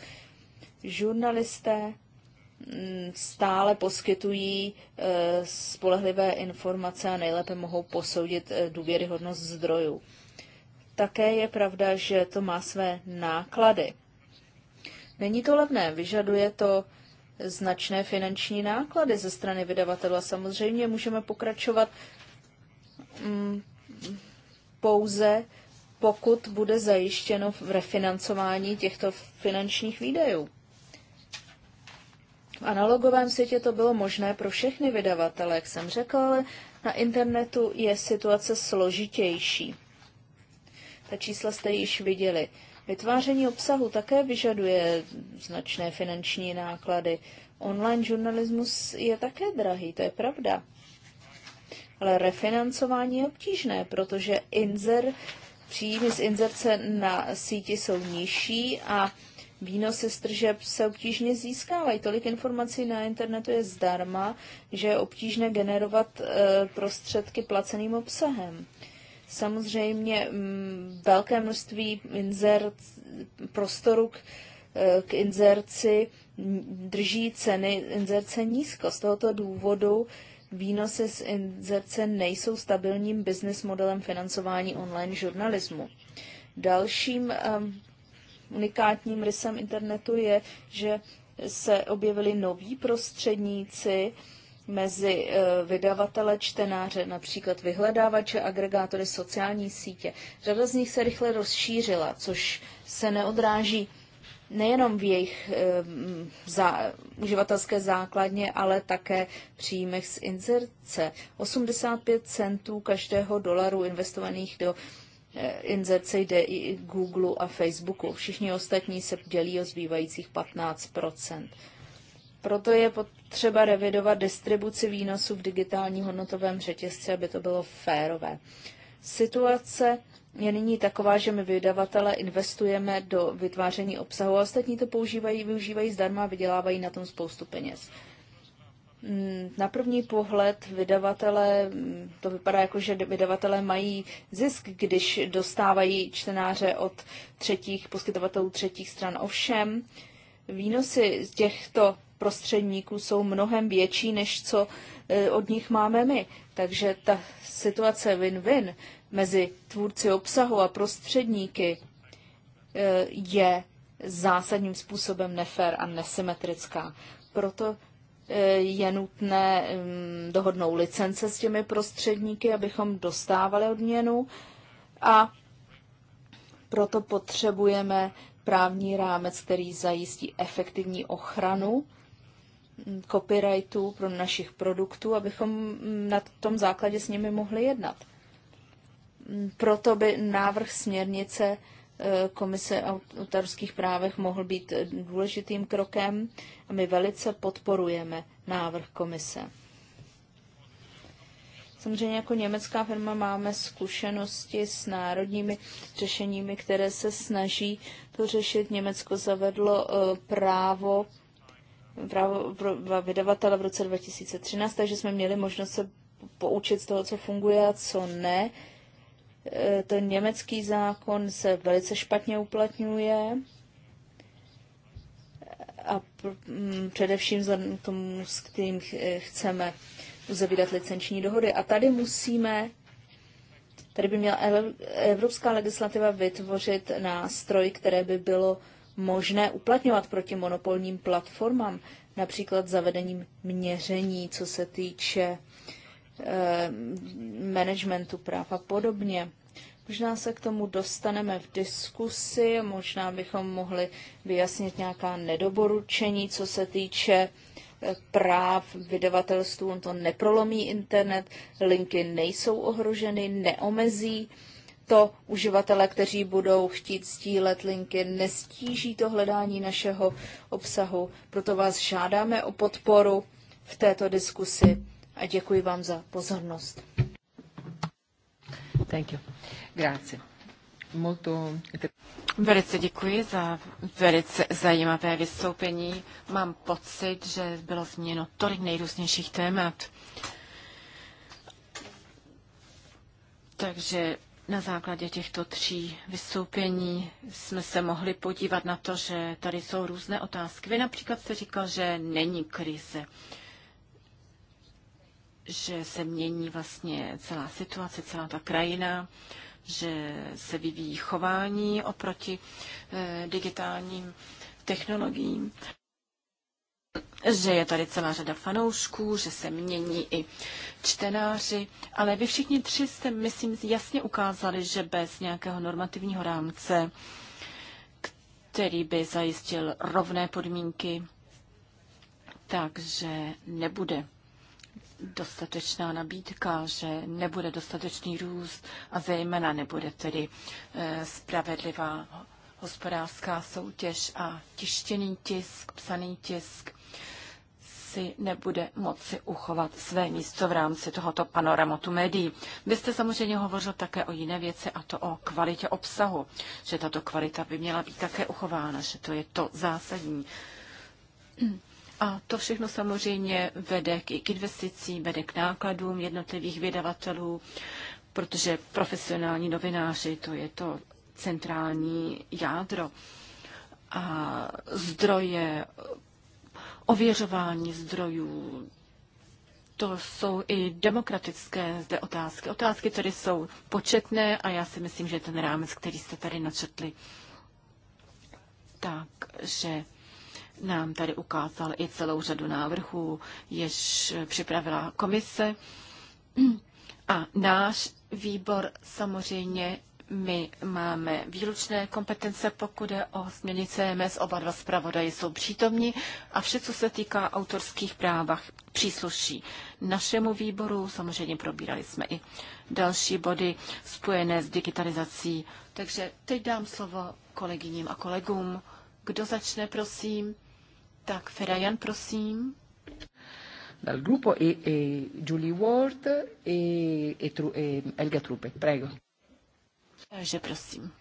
Žurnalisté mm, stále poskytují e, spolehlivé informace a nejlépe mohou posoudit e, důvěryhodnost zdrojů. Také je pravda, že to má své náklady Není to levné, vyžaduje to značné finanční náklady ze strany vydavatelů a samozřejmě můžeme pokračovat mm, pouze pokud bude zajištěno v refinancování těchto finančních výdajů. V analogovém světě to bylo možné pro všechny vydavatele, jak jsem řekl, ale na internetu je situace složitější. Ta čísla jste již viděli. Vytváření obsahu také vyžaduje značné finanční náklady. Online žurnalismus je také drahý, to je pravda. Ale refinancování je obtížné, protože inzer, příjmy z inzerce na síti jsou nižší a výnosy z tržeb se obtížně získávají. Tolik informací na internetu je zdarma, že je obtížné generovat eh, prostředky placeným obsahem. Samozřejmě mm, velké množství inzert, prostoru k, eh, k inzerci drží ceny inzerce nízko. Z tohoto důvodu výnosy z inzerce nejsou stabilním business modelem financování online žurnalismu. Dalším um, unikátním rysem internetu je, že se objevili noví prostředníci, uh, mezi eh, vydavatele čtenáře, například vyhledávače, agregátory, sociální sítě. Řada z nich se rychle rozšířila, což se neodráží nejenom v jejich eh, zá, uživatelské základně, ale také příjmech z inzerce. 85 centů každého dolaru investovaných do eh, inzerce jde i Google a Facebooku. Všichni ostatní se dělí o zbývajících 15 proto je potřeba revidovat distribuci výnosů v digitálním hodnotovém řetězci, aby to bylo férové. Situace je nyní taková, že my vydavatele investujeme do vytváření obsahu a ostatní to používají, využívají zdarma a vydělávají na tom spoustu peněz. Mm, na první pohled vydavatele, mm, to vypadá jako, že vydavatele mají zisk, když dostávají čtenáře od třetích, poskytovatelů třetích stran. Ovšem, výnosy z těchto prostředníků jsou mnohem větší, než co e, od nich máme my. Takže ta situace win-win mezi tvůrci obsahu a prostředníky e, je zásadním způsobem nefér a nesymetrická. Proto e, je nutné mm, dohodnout licence s těmi prostředníky, abychom dostávali odměnu a proto potřebujeme právní rámec, který zajistí efektivní ochranu copyrightů pro našich produktů, abychom na tom základě s nimi mohli jednat. Proto by návrh směrnice eh, Komise autorských právech mohl být důležitým krokem a my velice podporujeme návrh komise. Samozřejmě jako německá firma máme zkušenosti s národními řešeními, které se snaží to řešit. Německo zavedlo eh, právo právo vydavatele v roce 2013, takže jsme měli možnost se poučit z toho, co funguje a co ne. E, ten německý zákon se velice špatně uplatňuje a mm, především vzhledem k tomu, s kterým e, chceme uzavírat licenční dohody. A tady musíme, tady by měla evropská legislativa vytvořit nástroj, které by bylo možné uplatňovat proti monopolním platformám, například zavedením měření, co se týče eh, managementu práv a podobně. Možná se k tomu dostaneme v diskusi, možná bychom mohli vyjasnit nějaká nedoboručení, co se týče eh, práv vydavatelství, on to neprolomí internet, linky nejsou ohroženy, neomezí to uživatele, kteří budou chtít stílet linky, nestíží to hledání našeho obsahu. Proto vás žádáme o podporu v této diskusi a děkuji vám za pozornost. Thank you. Grazie. Molto... Velice děkuji za velice zajímavé vystoupení. Mám pocit, že bylo změno tolik nejrůznějších témat. Takže na základě těchto tří vystoupení jsme se mohli podívat na to, že tady jsou různé otázky. Vy například jste říkal, že není krize, že se mění vlastně celá situace, celá ta krajina, že se vyvíjí chování oproti eh, digitálním technologiím že je tady celá řada fanoušků, že se mění i čtenáři, ale vy všichni tři jste, myslím, jasně ukázali, že bez nějakého normativního rámce, který by zajistil rovné podmínky, takže nebude dostatečná nabídka, že nebude dostatečný růst a zejména nebude tedy eh, spravedlivá hospodářská soutěž a tištěný tisk, psaný tisk si nebude moci uchovat své místo v rámci tohoto panoramatu médií. Vy jste samozřejmě hovořil také o jiné věci, a to o kvalitě obsahu, že tato kvalita by měla být také uchována, že to je to zásadní. A to všechno samozřejmě vede k investicím, vede k nákladům jednotlivých vydavatelů, protože profesionální novináři, to je to centrální jádro. A zdroje, ověřování zdrojů, to jsou i demokratické zde otázky. Otázky tady jsou početné a já si myslím, že ten rámec, který jste tady načetli, takže nám tady ukázal i celou řadu návrhů, jež připravila komise. A náš výbor samozřejmě my máme výlučné kompetence, pokud je o změny CMS. Oba dva zpravodaje jsou přítomní a vše, co se týká autorských právách, přísluší našemu výboru. Samozřejmě probírali jsme i další body spojené s digitalizací. Takže teď dám slovo kolegyním a kolegům. Kdo začne, prosím? Tak Ferajan, prosím dal grupo e, e Julie Ward e, e, e Elga Trupe. Prego. Takže prosím.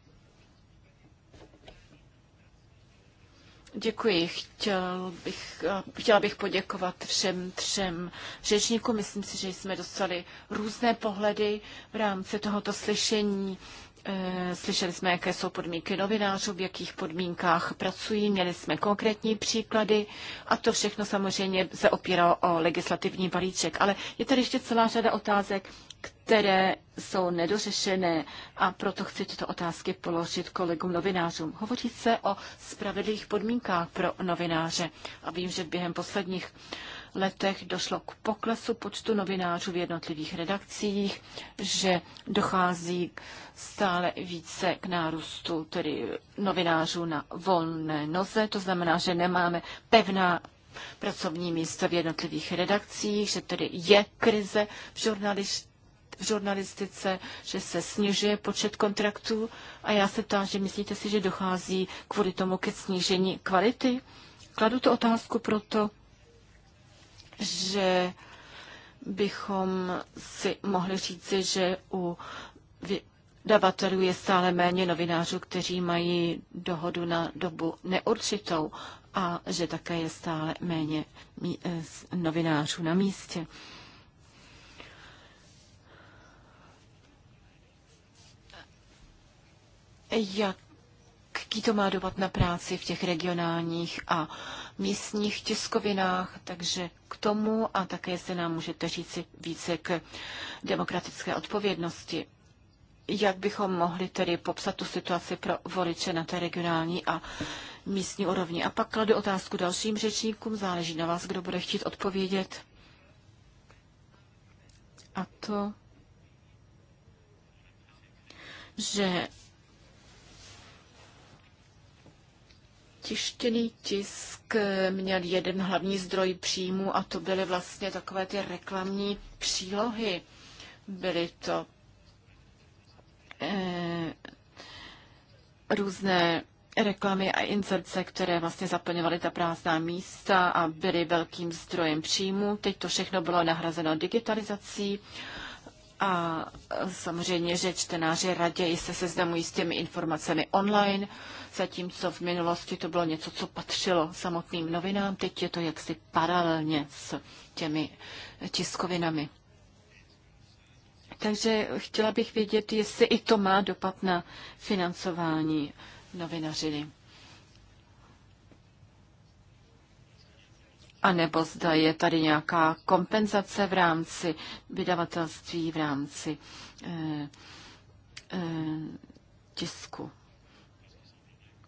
Děkuji. Chtěl bych, eh, chtěla bych poděkovat všem třem řečníkům. Myslím si, že jsme dostali různé pohledy v rámci tohoto slyšení. Eh, slyšeli jsme, jaké jsou podmínky novinářů, v jakých podmínkách pracují, měli jsme konkrétní příklady a to všechno samozřejmě se opíralo o legislativní balíček. Ale je tady ještě celá řada otázek, které jsou nedořešené a proto chci tyto otázky položit kolegům novinářům. Hovoří se o spravedlivých podmínkách pro novináře a vím, že během posledních letech došlo k poklesu počtu novinářů v jednotlivých redakcích, že dochází stále více k nárůstu tedy novinářů na volné noze, to znamená, že nemáme pevná pracovní místa v jednotlivých redakcích, že tedy je krize v žurnalistice v žurnalistice, že se snižuje počet kontraktů a já se ptám, že myslíte si, že dochází kvůli tomu ke snížení kvality? Kladu tu otázku proto, že bychom si mohli říci, že u vydavatelů je stále méně novinářů, kteří mají dohodu na dobu neurčitou a že také je stále méně eh, novinářů na místě. jaký to má dopad na práci v těch regionálních a místních tiskovinách, takže k tomu a také se nám můžete říci více k demokratické odpovědnosti. Jak bychom mohli tedy popsat tu situaci pro voliče na té regionální a místní úrovni? A pak kladu otázku dalším řečníkům, záleží na vás, kdo bude chtít odpovědět. A to, že tištěný tisk měl jeden hlavní zdroj příjmu a to byly vlastně takové ty reklamní přílohy. Byly to eh, různé reklamy a inzerce, které vlastně zaplňovaly ta prázdná místa a byly velkým zdrojem příjmu. Teď to všechno bylo nahrazeno digitalizací. Eh, a e, samozřejmě, že čtenáři raději se seznamují s těmi informacemi online, zatímco v minulosti to bylo něco, co patřilo samotným novinám, teď je to jaksi paralelně s těmi tiskovinami. Takže chtěla bych vědět, jestli i to má dopad na financování novinařiny. A nebo zda je tady nějaká kompenzace v rámci vydavatelství, v rámci eh, eh, tisku.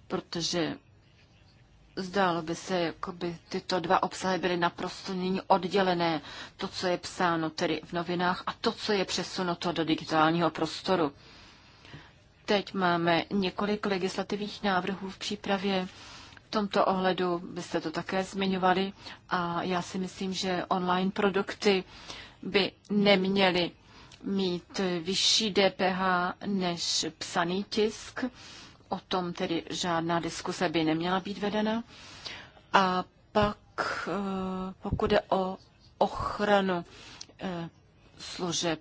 Protože zdálo by se, jako by tyto dva obsahy byly naprosto nyní oddělené, to, co je psáno tedy v novinách a to, co je přesunuto do digitálního prostoru. Teď máme několik legislativních návrhů v přípravě v tomto ohledu byste to také zmiňovali a já si myslím, že online produkty by neměly mít vyšší DPH než psaný tisk. O tom tedy žádná diskuse by neměla být vedena. A pak, eh, pokud je o ochranu eh, služeb,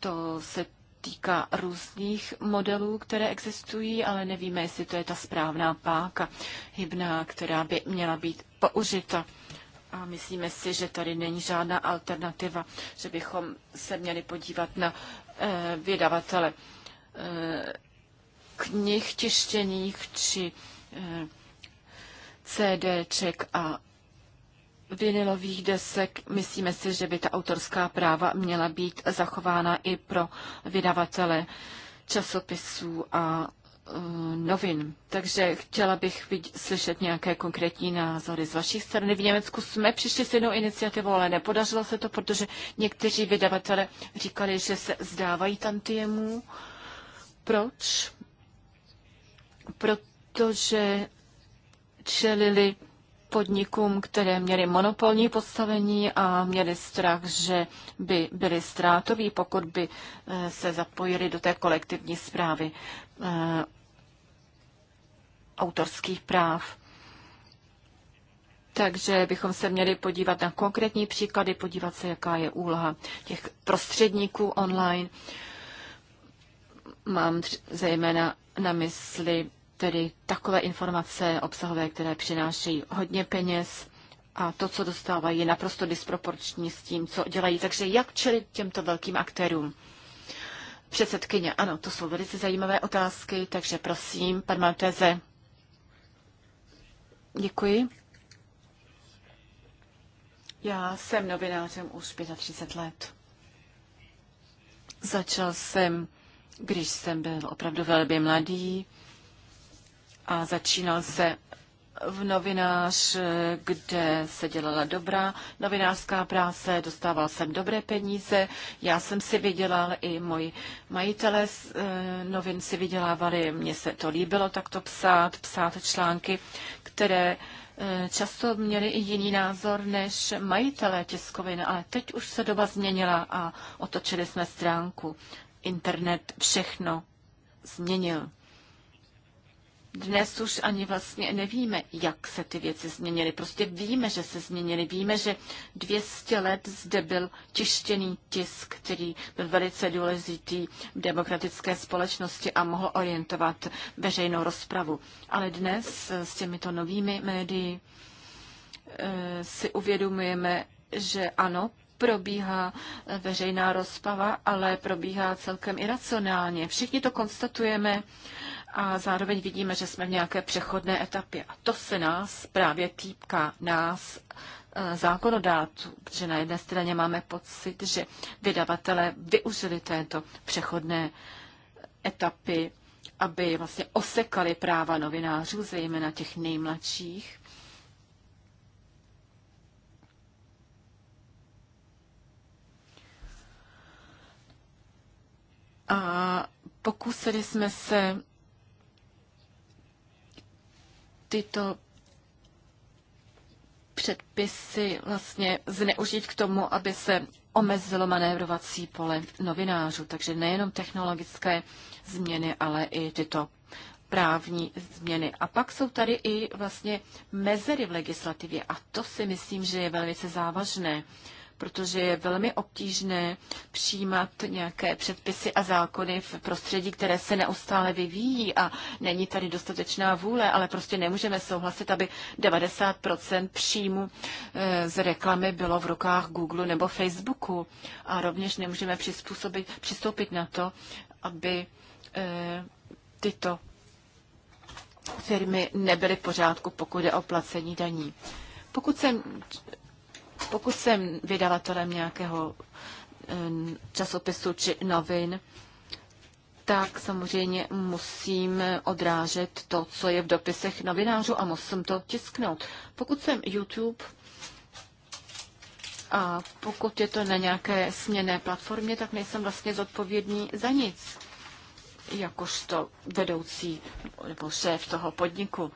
to se týká různých modelů, které existují, ale nevíme, jestli to je ta správná páka hybná, která by měla být použita. A myslíme si, že tady není žádná alternativa, že bychom se měli podívat na eh, vydavatele eh, knih tištěných či eh, CDček a vinilových desek, myslíme si, že by ta autorská práva měla být zachována i pro vydavatele časopisů a eh, novin. Takže chtěla bych vidět, slyšet nějaké konkrétní názory z vaší strany. V Německu jsme přišli s jednou iniciativou, ale nepodařilo se to, protože někteří vydavatele říkali, že se zdávají tantiemů. Proč? Protože čelili podnikům, které měly monopolní postavení a měly strach, že by byly ztrátoví, pokud by eh, se zapojili do té kolektivní zprávy eh, autorských práv. Takže bychom se měli podívat na konkrétní příklady, podívat se, jaká je úloha těch prostředníků online. Mám zejména na mysli tedy takové informace obsahové, které přinášejí hodně peněz a to, co dostávají, je naprosto disproporční s tím, co dělají. Takže jak čelit těmto velkým aktérům? Předsedkyně, ano, to jsou velice zajímavé otázky, takže prosím, pan Malteze. Děkuji. Já jsem novinářem už 35 let. Začal jsem, když jsem byl opravdu velmi mladý, a začínal se v novinář, kde se dělala dobrá novinářská práce, dostával jsem dobré peníze, já jsem si vydělal, i moji majitele z eh, novin si vydělávali, mně se to líbilo takto psát, psát články, které eh, často měli i jiný názor než majitelé tiskovin, ale teď už se doba změnila a otočili jsme stránku. Internet všechno změnil dnes už ani vlastně nevíme, jak se ty věci změnily. Prostě víme, že se změnily. Víme, že 200 let zde byl tištěný tisk, který byl velice důležitý v demokratické společnosti a mohl orientovat veřejnou rozpravu. Ale dnes eh, s těmito novými médii eh, si uvědomujeme, že ano, probíhá eh, veřejná rozpava, ale probíhá celkem iracionálně. Všichni to konstatujeme a zároveň vidíme, že jsme v nějaké přechodné etapě. A to se nás právě týká nás e, zákonodátů, protože na jedné straně máme pocit, že vydavatelé využili této přechodné etapy, aby vlastně osekali práva novinářů, zejména těch nejmladších. A pokusili jsme se tyto předpisy vlastně zneužít k tomu, aby se omezilo manévrovací pole novinářů. Takže nejenom technologické změny, ale i tyto právní změny. A pak jsou tady i vlastně mezery v legislativě a to si myslím, že je velice závažné protože je velmi obtížné přijímat nějaké předpisy a zákony v prostředí, které se neustále vyvíjí a není tady dostatečná vůle, ale prostě nemůžeme souhlasit, aby 90% příjmu eh, z reklamy bylo v rukách Google nebo Facebooku. A rovněž nemůžeme přizpůsobit, přistoupit na to, aby eh, tyto firmy nebyly v pořádku, pokud je o placení daní. Pokud jsem pokud jsem vydavatelem nějakého časopisu či novin, tak samozřejmě musím odrážet to, co je v dopisech novinářů a musím to tisknout. Pokud jsem YouTube a pokud je to na nějaké směné platformě, tak nejsem vlastně zodpovědný za nic, jakožto vedoucí nebo šéf toho podniku.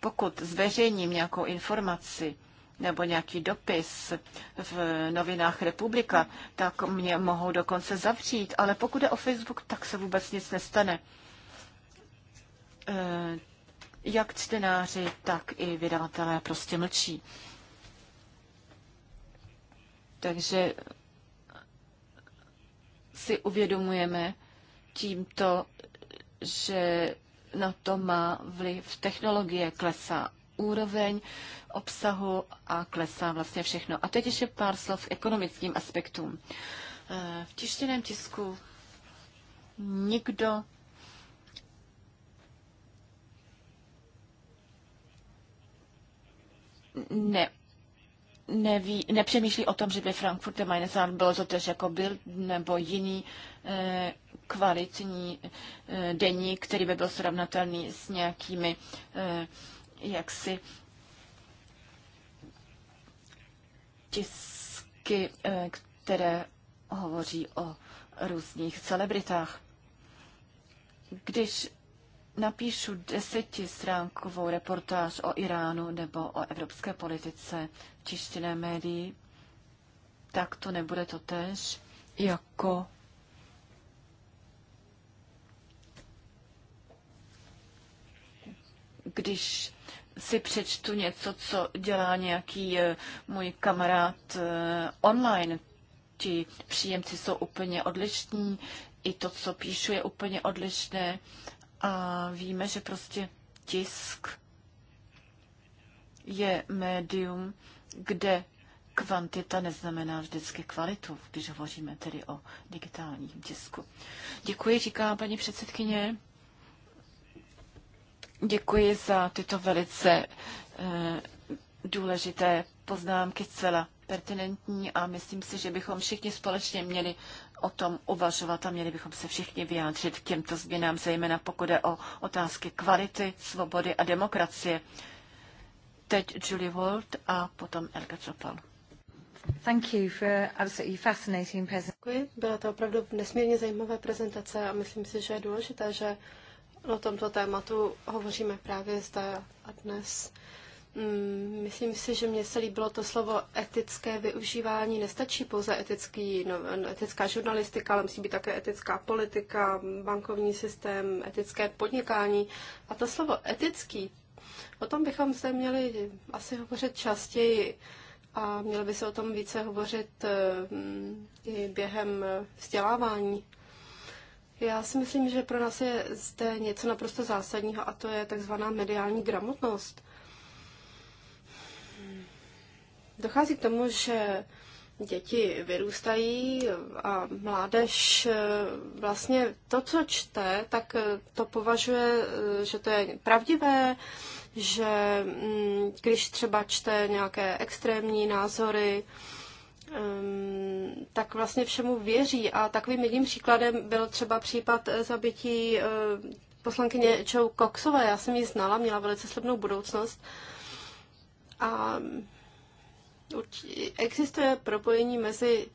Pokud zveřejním nějakou informaci, nebo nějaký dopis v novinách Republika, tak mě mohou dokonce zavřít. Ale pokud je o Facebook, tak se vůbec nic nestane. Eh, jak čtenáři, tak i vydavatelé prostě mlčí. Takže si uvědomujeme tímto, že na to má vliv technologie klesá úroveň obsahu a klesá vlastně všechno. A teď ještě pár slov ekonomickým aspektům. Eh, v tištěném tisku nikdo ne, neví, nepřemýšlí o tom, že by Frankfurt am Mainzán bylo to tež jako byl nebo jiný eh, kvalitní eh, deník, který by byl srovnatelný s nějakými eh, jaksi tisky, eh, které hovoří o různých celebritách. Když napíšu desetistránkovou reportáž o Iránu nebo o evropské politice v češtiné médií, tak to nebude to tež jako když si přečtu něco, co dělá nějaký eh, můj kamarád eh, online. Ti příjemci jsou úplně odlišní, i to, co píšu, je úplně odlišné a víme, že prostě tisk je médium, kde kvantita neznamená vždycky kvalitu, když hovoříme tedy o digitálním tisku. Děkuji, říká paní předsedkyně. Děkuji za tyto velice eh, důležité poznámky zcela pertinentní a myslím si, že bychom všichni společně měli o tom uvažovat a měli bychom se všichni vyjádřit k těmto změnám, zejména pokud je o otázky kvality, svobody a demokracie. Teď Julie Ward a potom Elka Chopal. Thank you for absolutely fascinating presentation. Děkuji, byla to opravdu nesmírně zajímavá prezentace a myslím si, že je důležité, že o tomto tématu hovoříme právě zde a dnes. Mm, myslím si, že mně se líbilo to slovo etické využívání. Nestačí pouze etický, no, etická žurnalistika, ale musí být také etická politika, bankovní systém, etické podnikání. A to slovo etický, o tom bychom se měli asi hovořit častěji a měli by se o tom více hovořit mm, i během vzdělávání já si myslím, že pro nás je zde něco naprosto zásadního a to je takzvaná mediální gramotnost. Dochází k tomu, že děti vyrůstají a mládež eh, vlastně to, co čte, tak eh, to považuje, eh, že to je pravdivé, že mm, když třeba čte nějaké extrémní názory, Ehm, tak vlastně všemu věří. A takovým jedním příkladem byl třeba případ eh, zabití eh, poslankyně Joe Coxové. Já jsem ji znala, měla velice slibnou budoucnost. A mm, existuje propojení mezi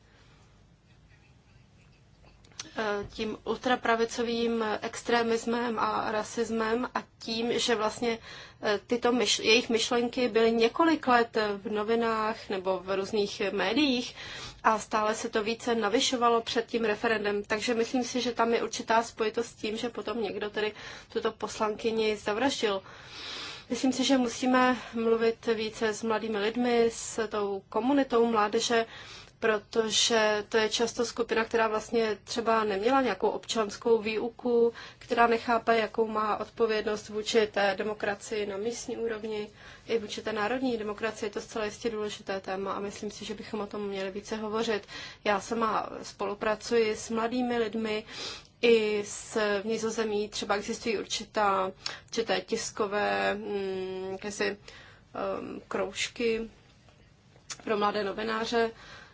Eh, tím ultrapravicovým extremismem a rasismem a tím, že vlastně eh, tyto myšl- jejich myšlenky byly několik let v novinách nebo v různých médiích a stále se to více navyšovalo před tím referendem. Takže myslím si, že tam je určitá spojitost s tím, že potom někdo tedy tuto poslankyni zavraždil. Myslím si, že musíme mluvit více s mladými lidmi, s tou komunitou mládeže, protože to je často skupina, která vlastně třeba neměla nějakou občanskou výuku, která nechápe, jakou má odpovědnost vůči té demokracii na místní úrovni i vůči té národní demokracii. Je to zcela jistě důležité téma a myslím si, že bychom o tom měli více hovořit. Já sama spolupracuji s mladými lidmi, i z nizozemí třeba existují určitá, určité tiskové mm, kasi, um, kroužky pro mladé novináře,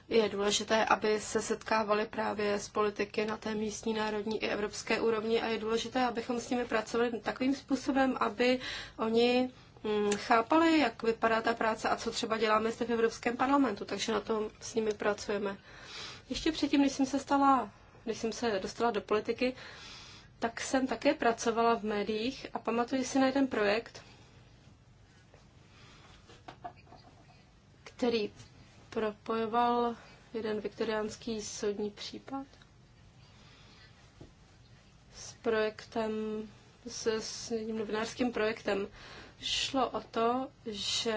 je důležité, aby se setkávali právě s politiky na té místní, národní i evropské úrovni a je důležité, abychom s nimi pracovali takovým způsobem, aby oni mm, chápali, jak vypadá ta práce a co třeba děláme zde v Evropském parlamentu, takže na tom s nimi pracujeme. Ještě předtím, než jsem se stala, když jsem se dostala do politiky, tak jsem také pracovala v médiích a pamatuji si na jeden projekt, který propojoval jeden viktoriánský soudní případ s projektem, s, s jedním novinářským projektem. Šlo o to, že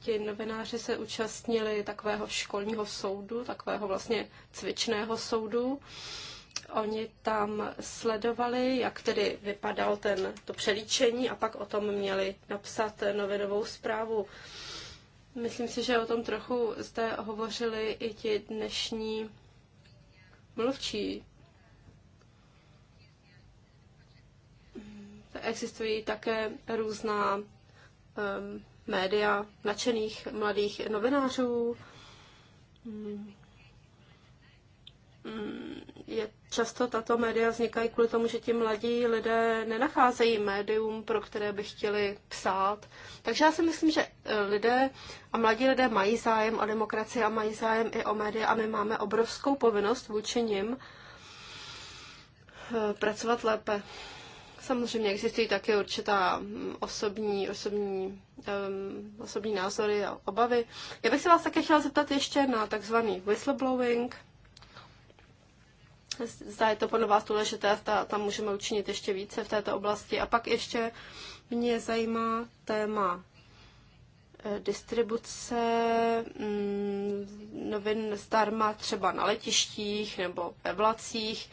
ti novináři se účastnili takového školního soudu, takového vlastně cvičného soudu. Oni tam sledovali, jak tedy vypadal ten, to přelíčení a pak o tom měli napsat novinovou zprávu. Myslím si, že o tom trochu zde hovořili i ti dnešní mluvčí. Existují také různá um, média nadšených mladých novinářů. Um, Mm, je často tato média vznikají kvůli tomu, že ti mladí lidé nenacházejí médium, pro které by chtěli psát. Takže já si myslím, že e, lidé a mladí lidé mají zájem o demokracii a mají zájem i o média a my máme obrovskou povinnost vůči nim e, pracovat lépe. Samozřejmě existují také určitá mm, osobní, osobní, um, osobní názory a obavy. Já bych se vás také chtěla zeptat ještě na takzvaný whistleblowing – Zda je to podle vás důležité, zda tam můžeme učinit ještě více v této oblasti. A pak ještě mě zajímá téma eh, distribuce mm, novin zdarma třeba na letištích nebo ve vlacích.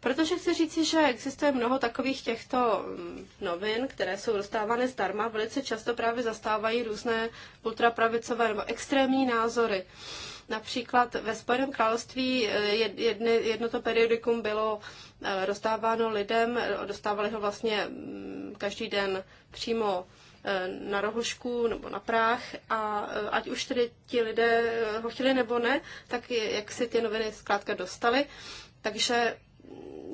Protože chci říci, že existuje mnoho takových těchto mm, novin, které jsou dostávány zdarma, velice často právě zastávají různé ultrapravicové nebo extrémní názory. Uh, Například ve Spojeném království eh, jedne, jedno to periodikum bylo eh, rozdáváno lidem, dostávali ho vlastně mm, každý den přímo eh, na rohošku nebo na práh a ať už tedy ti lidé ho chtěli nebo ne, tak jak si ty noviny zkrátka dostali. Takže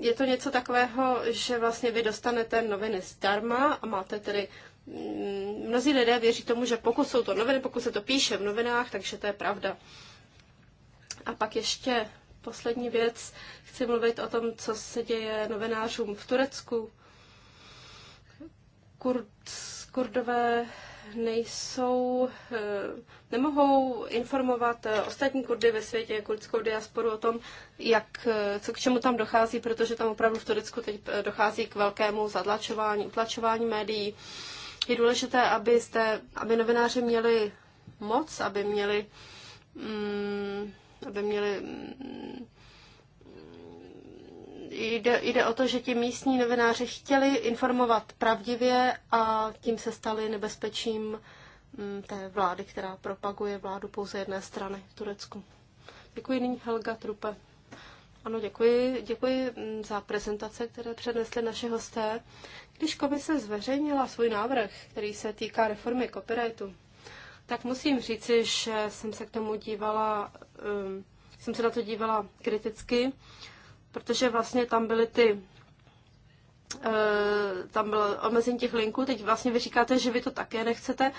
je to něco takového, že vlastně vy dostanete noviny zdarma a máte tedy mm, mnozí lidé věří tomu, že pokud jsou to noviny, pokud se to píše v novinách, takže to je pravda. A pak ještě poslední věc. Chci mluvit o tom, co se děje novinářům v Turecku. Kurd, kurdové nejsou, eh, nemohou informovat eh, ostatní kurdy ve světě, kurdskou diasporu o tom, jak, eh, co k čemu tam dochází, protože tam opravdu v Turecku teď dochází k velkému zadlačování, utlačování médií. Je důležité, aby, jste, aby novináři měli moc, aby měli mm, aby měli mm, jde, jde o to, že ti místní novináři chtěli informovat pravdivě a tím se stali nebezpečím mm, té vlády, která propaguje vládu pouze jedné strany v Turecku. Děkuji nyní Helga Trupe. Ano, děkuji, děkuji mm, za prezentace, které přednesly naše hosté. Když komise zveřejnila svůj návrh, který se týká reformy copyrightu, tak musím říci, že jsem se k tomu dívala, um, jsem se na to dívala kriticky, protože vlastně tam byly ty eh, tam bylo omezení těch linků. Teď vlastně vy říkáte, že vy to také nechcete,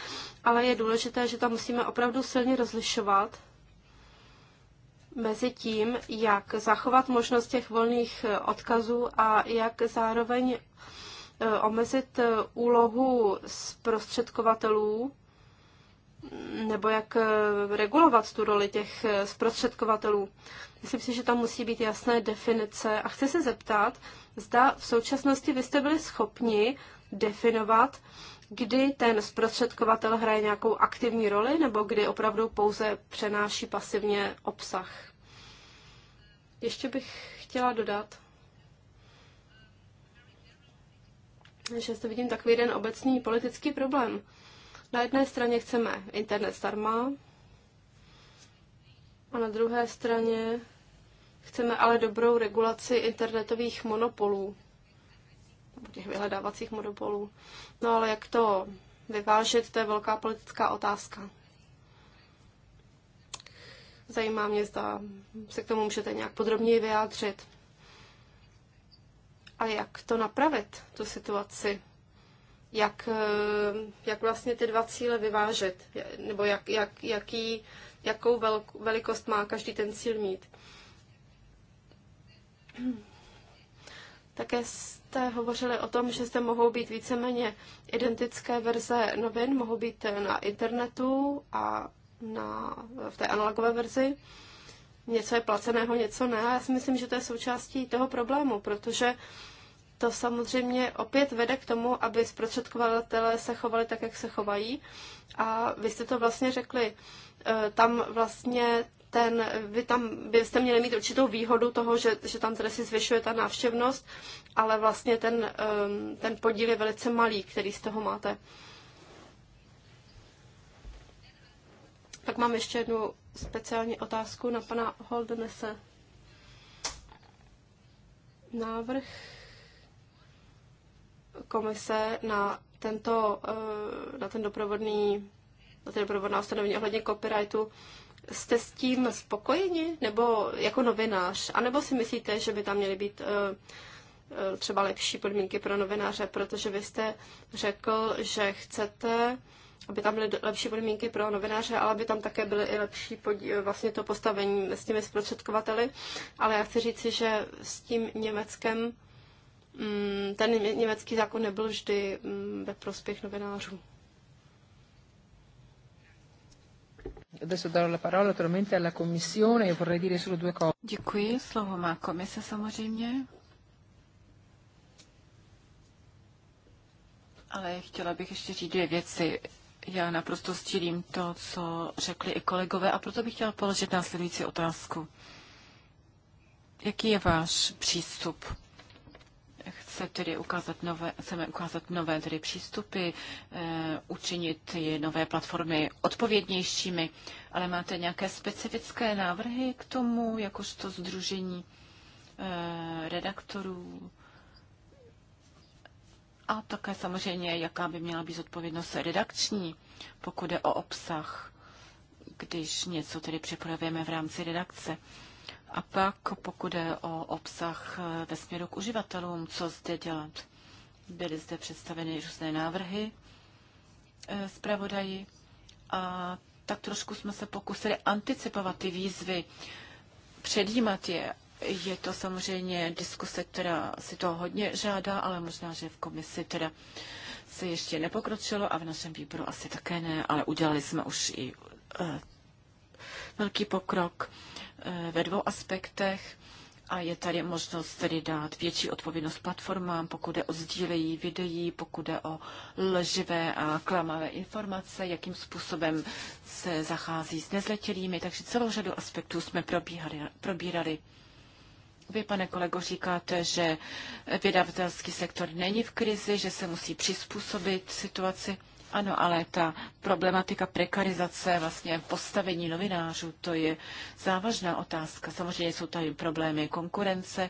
ale je důležité, že tam musíme opravdu silně rozlišovat mezi tím, jak zachovat možnost těch volných eh, odkazů a jak zároveň eh, omezit úlohu zprostředkovatelů nebo jak eh, regulovat tu roli těch eh, zprostředkovatelů. Myslím si, že tam musí být jasné definice. A chci se zeptat, zda v současnosti vy jste byli schopni definovat, kdy ten zprostředkovatel hraje nějakou aktivní roli, nebo kdy opravdu pouze přenáší pasivně obsah. Ještě bych chtěla dodat, že zde vidím takový jeden obecný politický problém na jedné straně chceme internet zdarma a na druhé straně chceme ale dobrou regulaci internetových monopolů, těch vyhledávacích monopolů. No ale jak to vyvážet, to je velká politická otázka. Zajímá mě, zda se k tomu můžete nějak podrobněji vyjádřit. A jak to napravit, tu situaci? jak, eh, jak vlastně ty dva cíle vyvážet, nebo jak, jak, jaký, jakou velk, velikost má každý ten cíl mít. Také jste hovořili o tom, že zde mohou být víceméně identické verze novin, mohou být na internetu a na, v té analogové verzi. Něco je placeného, něco ne. Já si myslím, že to je součástí toho problému, protože to samozřejmě opět vede k tomu, aby zprostředkovatelé se chovali tak, jak se chovají. A vy jste to vlastně řekli, e, tam vlastně ten, vy tam byste měli mít určitou výhodu toho, že, že tam tedy si zvyšuje ta návštěvnost, ale vlastně ten, ten podíl je velice malý, který z toho máte. Tak mám ještě jednu speciální otázku na pana Holdenese. Návrh komise na, tento, eh, na ten doprovodný na ten doprovodná ustanovení ohledně copyrightu, jste s tím spokojeni, nebo jako novinář, anebo si myslíte, že by tam měly být eh, eh, třeba lepší podmínky pro novináře, protože vy jste řekl, že chcete, aby tam byly lepší podmínky pro novináře, ale aby tam také byly i lepší podí- vlastně to postavení s těmi zprostředkovateli. Ale já chci říci, že s tím Německem Mm, ten německý zákon nebyl vždy mm, ve prospěch novinářů. la parola alla Commissione e vorrei dire solo due cose. Děkuji, slovo má komise samozřejmě. Ale chtěla bych ještě říct dvě věci. Já naprosto stílím to, co řekli i kolegové a proto bych chtěla položit následující otázku. Jaký je váš přístup se tedy ukázat nové, chceme ukázat nové tedy přístupy, eh, učinit nové platformy odpovědnějšími, ale máte nějaké specifické návrhy k tomu, jakožto združení eh, redaktorů? A také samozřejmě, jaká by měla být odpovědnost redakční, pokud jde o obsah, když něco tedy připravujeme v rámci redakce. A pak, pokud je o obsah eh, ve směru k uživatelům, co zde dělat? Byly zde představeny různé návrhy eh, zpravodaji a tak trošku jsme se pokusili anticipovat ty výzvy, předjímat je. Je to samozřejmě diskuse, která si to hodně žádá, ale možná, že v komisi teda se ještě nepokročilo a v našem výboru asi také ne, ale udělali jsme už i eh, velký pokrok eh, ve dvou aspektech a je tady možnost tedy dát větší odpovědnost platformám, pokud je o sdílejí videí, pokud je o lživé a klamavé informace, jakým způsobem se zachází s nezletilými, takže celou řadu aspektů jsme probíhali, probírali. Vy, pane kolego, říkáte, že vydavatelský sektor není v krizi, že se musí přizpůsobit situaci. Ano, ale ta problematika prekarizace, vlastně postavení novinářů, to je závažná otázka. Samozřejmě jsou tady problémy konkurence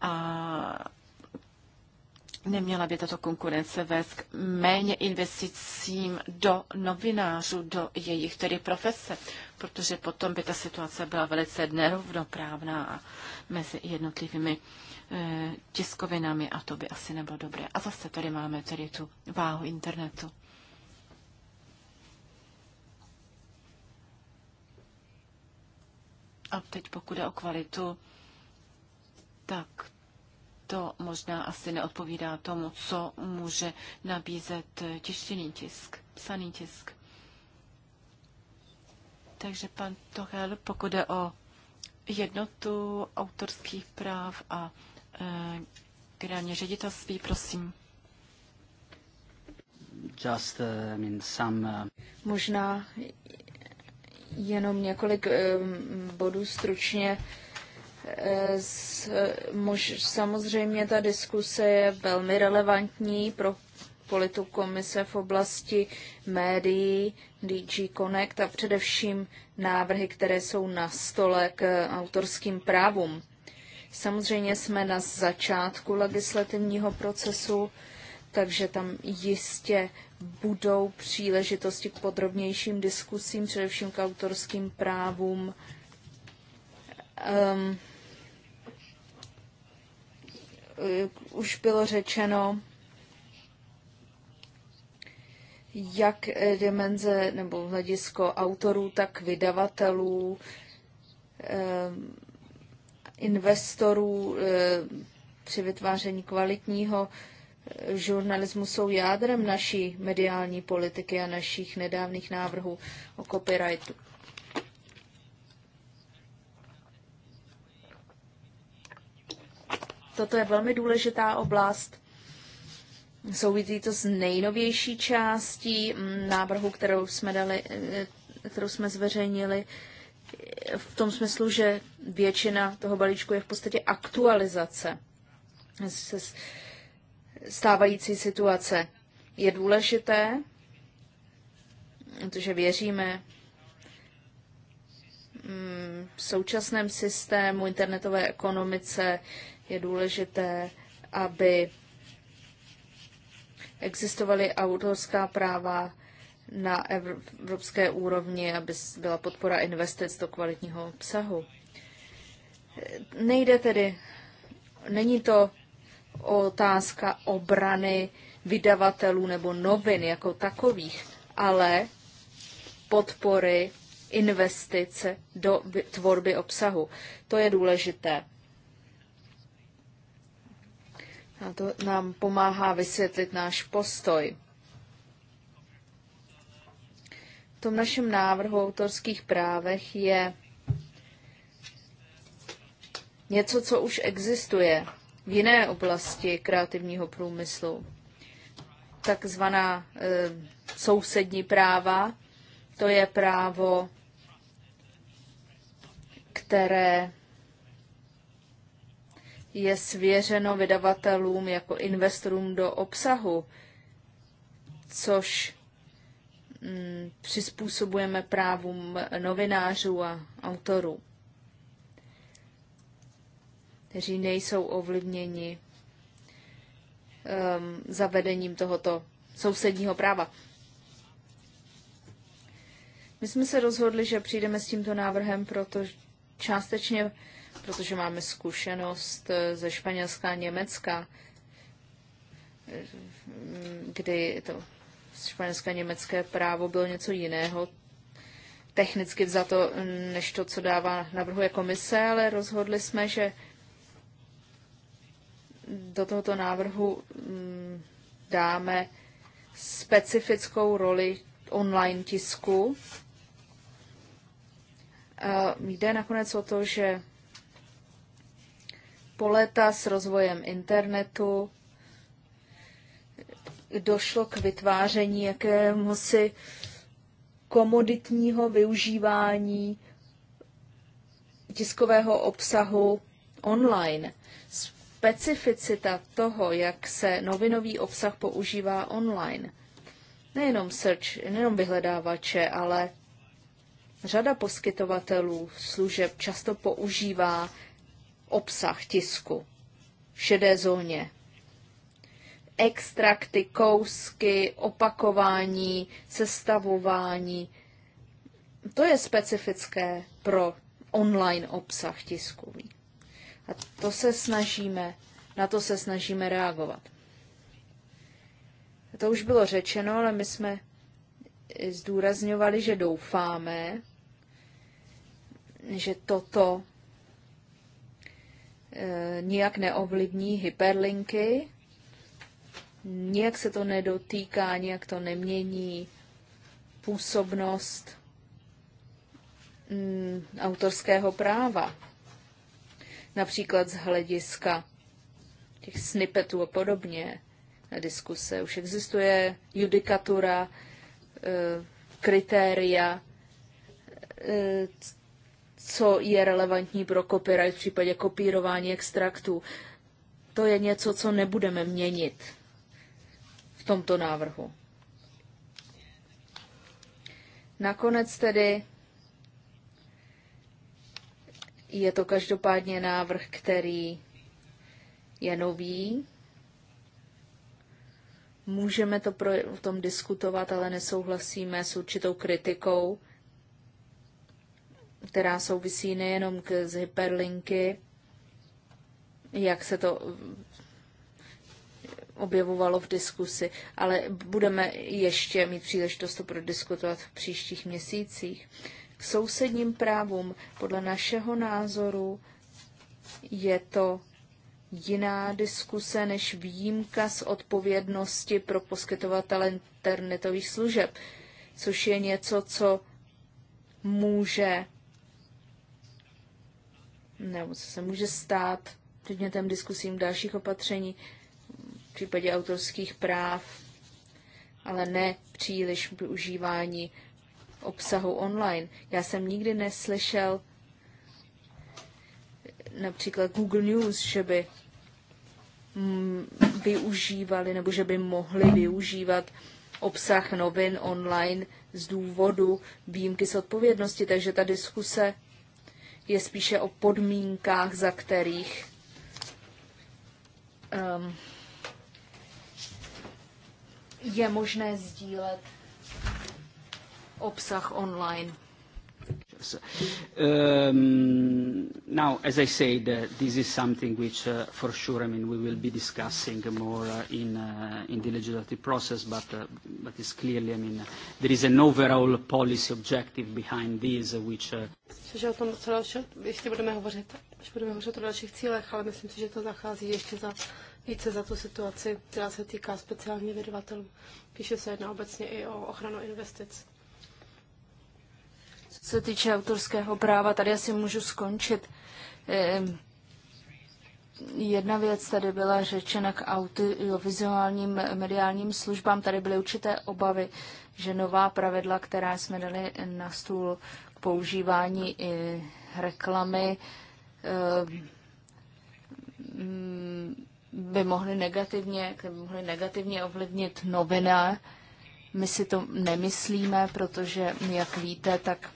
a neměla by tato konkurence vést k méně investicím do novinářů, do jejich tedy profese, protože potom by ta situace byla velice nerovnoprávná mezi jednotlivými eh, tiskovinami a to by asi nebylo dobré. A zase tady máme tedy tu váhu internetu. A teď pokud jde o kvalitu, tak to možná asi neodpovídá tomu, co může nabízet tištěný tisk, psaný tisk. Takže pan Tohel, pokud jde o jednotu autorských práv a e, generální ředitelství, prosím. Just, uh, I mean, some, uh... Možná Jenom několik bodů stručně. E, samozřejmě ta diskuse je velmi relevantní pro politu komise v oblasti médií, DG Connect a především návrhy, které jsou na stole k autorským právům. Samozřejmě jsme na začátku legislativního procesu, takže tam jistě budou příležitosti k podrobnějším diskusím, především k autorským právům. Um, už bylo řečeno, jak dimenze nebo hledisko autorů, tak vydavatelů, ehm, investorů eh, při vytváření kvalitního žurnalismu jsou jádrem naší mediální politiky a našich nedávných návrhů o copyrightu. Toto je velmi důležitá oblast. Souvisí to s nejnovější částí mm, návrhu, kterou jsme, dali, eh, kterou jsme zveřejnili v tom smyslu, že většina toho balíčku je v podstatě aktualizace. Se, stávající situace je důležité, protože věříme mm, v současném systému internetové ekonomice je důležité, aby existovaly autorská práva na evropské úrovni, aby byla podpora investic do kvalitního obsahu. Nejde tedy, není to otázka obrany vydavatelů nebo novin jako takových, ale podpory investice do tvorby obsahu. To je důležité. A to nám pomáhá vysvětlit náš postoj. V tom našem návrhu o autorských právech je něco, co už existuje v jiné oblasti kreativního průmyslu. Takzvaná e, sousední práva, to je právo, které je svěřeno vydavatelům jako investorům do obsahu, což mm, přizpůsobujeme právům novinářů a autorů kteří nejsou ovlivněni um, zavedením tohoto sousedního práva. My jsme se rozhodli, že přijdeme s tímto návrhem proto, částečně, protože máme zkušenost eh, ze španělská a Německa, eh, kdy to španělské a německé právo bylo něco jiného, technicky vzato, než to, co dává, navrhuje komise, ale rozhodli jsme, že do tohoto návrhu mm, dáme specifickou roli online tisku. Eh, jde nakonec o to, že po léta s rozvojem internetu došlo k vytváření si komoditního využívání tiskového obsahu online specificita toho, jak se novinový obsah používá online. Nejenom search, nejenom vyhledávače, ale řada poskytovatelů služeb často používá obsah tisku v šedé zóně. Extrakty, kousky, opakování, sestavování. To je specifické pro online obsah tiskový. A to se snažíme, na to se snažíme reagovat. To už bylo řečeno, ale my jsme zdůrazňovali, že doufáme, že toto e, nijak neovlivní hyperlinky, nijak se to nedotýká, nijak to nemění působnost mm, autorského práva například z hlediska těch snippetů a podobně na diskuse. Už existuje judikatura, e, kritéria, e, co je relevantní pro copyright v případě kopírování extraktů. To je něco, co nebudeme měnit v tomto návrhu. Nakonec tedy je to každopádně návrh, který je nový. Můžeme to pro, o tom diskutovat, ale nesouhlasíme s určitou kritikou, která souvisí nejenom k, z hyperlinky, jak se to eh, objevovalo v diskusi, ale budeme ještě mít příležitost to prodiskutovat v příštích měsících k sousedním právům. Podle našeho názoru je to jiná diskuse než výjimka z odpovědnosti pro poskytovatele internetových služeb, což je něco, co může nebo co se může stát předmětem diskusím dalších opatření v případě autorských práv, ale ne příliš využívání obsahu online. Já jsem nikdy neslyšel například Google News, že by mm, využívali nebo že by mohli využívat obsah novin online z důvodu výjimky z odpovědnosti. Takže ta diskuse je spíše o podmínkách, za kterých um, je možné sdílet obsah online. Um, now, as I said, uh, this is something which, uh, for sure, I mean, we will be discussing more uh, in, uh, in the legislative process, but, uh, but it's clearly, I mean, uh, there is an overall policy objective behind this, uh, which. Uh, až budeme hovořit o dalších cílech, ale myslím si, že to zachází ještě za více za tu situaci, která se týká speciálně vydavatelů. Píše se jedná obecně i o ochranu investic se týče autorského práva, tady asi můžu skončit. Ehm, jedna věc tady byla řečena k audiovizuálním mediálním službám. Tady byly určité obavy, že nová pravidla, která jsme dali na stůl k používání i reklamy, ehm, by mohly negativně, by mohly negativně ovlivnit novina. My si to nemyslíme, protože, jak víte, tak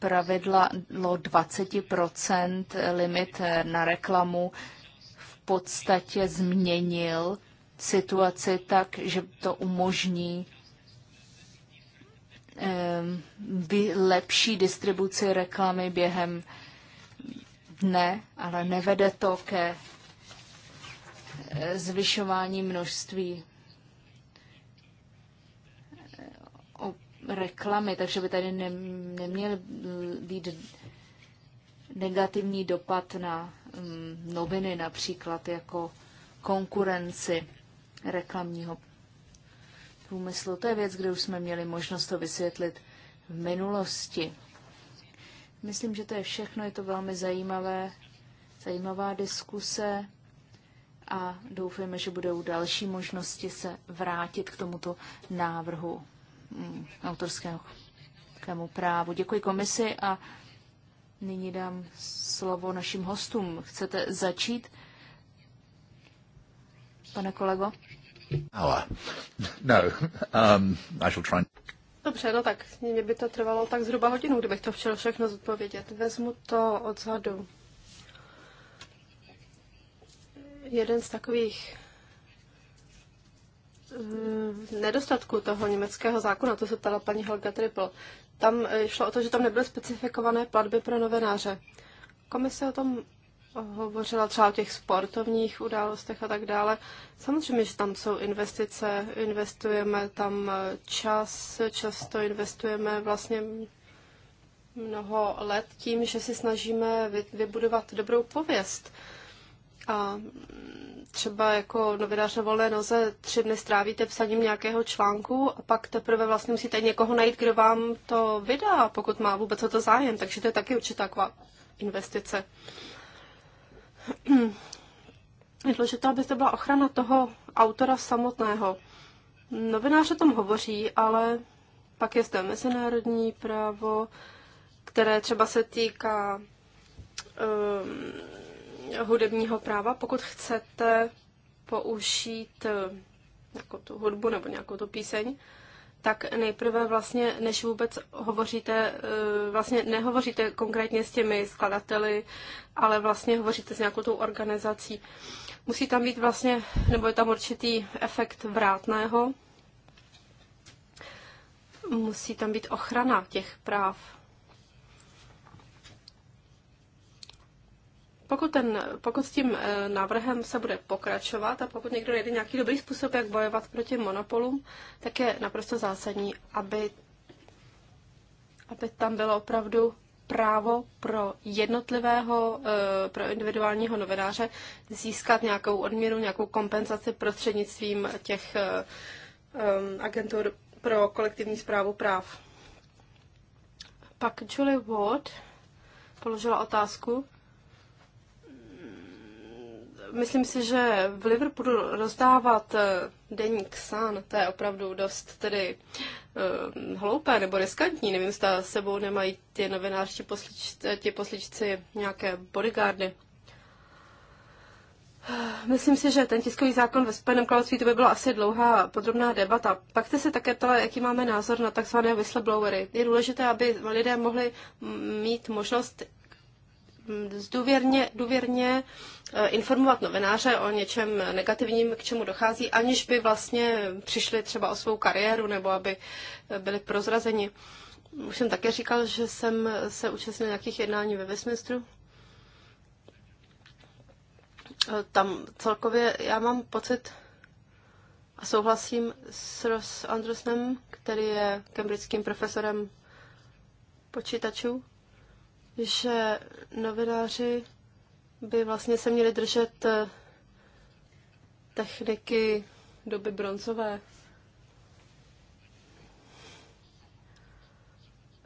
pravidlo 20% limit na reklamu v podstatě změnil situaci tak, že to umožní ehm, lepší distribuci reklamy během dne, ale nevede to ke eh, zvyšování množství reklamy, takže by tady neměl být negativní dopad na mm, noviny, například jako konkurenci reklamního průmyslu. To je věc, kde už jsme měli možnost to vysvětlit v minulosti. Myslím, že to je všechno, je to velmi zajímavé, zajímavá diskuse a doufujeme, že budou další možnosti se vrátit k tomuto návrhu Mm, autorskému právu. Děkuji komisi a nyní dám slovo našim hostům. Chcete začít, pane kolego? no, um, I shall try. Dobře, no tak mě by to trvalo tak zhruba hodinu, kdybych to chtěl všechno zodpovědět. Vezmu to odzadu. Jeden z takových nedostatku toho německého zákona, to se ptala paní Helga Triple, tam eh, šlo o to, že tam nebyly specifikované platby pro novináře. Komise o tom hovořila třeba o těch sportovních událostech a tak dále. Samozřejmě, že tam jsou investice, investujeme tam eh, čas, často investujeme vlastně mnoho let tím, že si snažíme vybudovat dobrou pověst. A třeba jako novinář na volné noze tři dny strávíte psaním nějakého článku a pak teprve vlastně musíte někoho najít, kdo vám to vydá, pokud má vůbec o to zájem. Takže to je taky určitá taková investice. Je důležité, aby to byla ochrana toho autora samotného. Novinář o tom hovoří, ale pak je zde mezinárodní právo, které třeba se týká um, hudebního práva, pokud chcete použít eh, jako tu hudbu nebo nějakou tu píseň, tak nejprve vlastně, než vůbec hovoříte, eh, vlastně nehovoříte konkrétně s těmi skladateli, ale vlastně hovoříte s nějakou tou organizací. Musí tam být vlastně, nebo je tam určitý efekt vrátného, musí tam být ochrana těch práv Pokud, ten, pokud s tím eh, návrhem se bude pokračovat a pokud někdo najde nějaký dobrý způsob, jak bojovat proti monopolům, tak je naprosto zásadní, aby, aby tam bylo opravdu právo pro jednotlivého, eh, pro individuálního novináře získat nějakou odměnu, nějakou kompenzaci prostřednictvím těch eh, agentur pro kolektivní zprávu práv. Pak Julie Ward položila otázku, myslím si, že v Liverpoolu rozdávat eh, deník Sun, to je opravdu dost tedy uh, hloupé nebo riskantní. Nevím, zda sebou nemají ty novináři, poslič, eh, ti posličci nějaké bodyguardy. Myslím si, že ten tiskový zákon ve Spojeném království to by byla asi dlouhá podrobná debata. Pak jste se také ptala, jaký máme názor na tzv. whistleblowery. Je důležité, aby lidé mohli mít možnost důvěrně, důvěrně eh, informovat novináře o něčem negativním, k čemu dochází, aniž by vlastně přišli třeba o svou kariéru nebo aby eh, byli prozrazeni. Už jsem také říkal, že jsem se účastnil nějakých jednání ve Westminsteru. Eh, tam celkově já mám pocit a souhlasím s Ross Andersonem, který je kembridským profesorem počítačů, že novináři by vlastně se měli držet eh, techniky doby bronzové.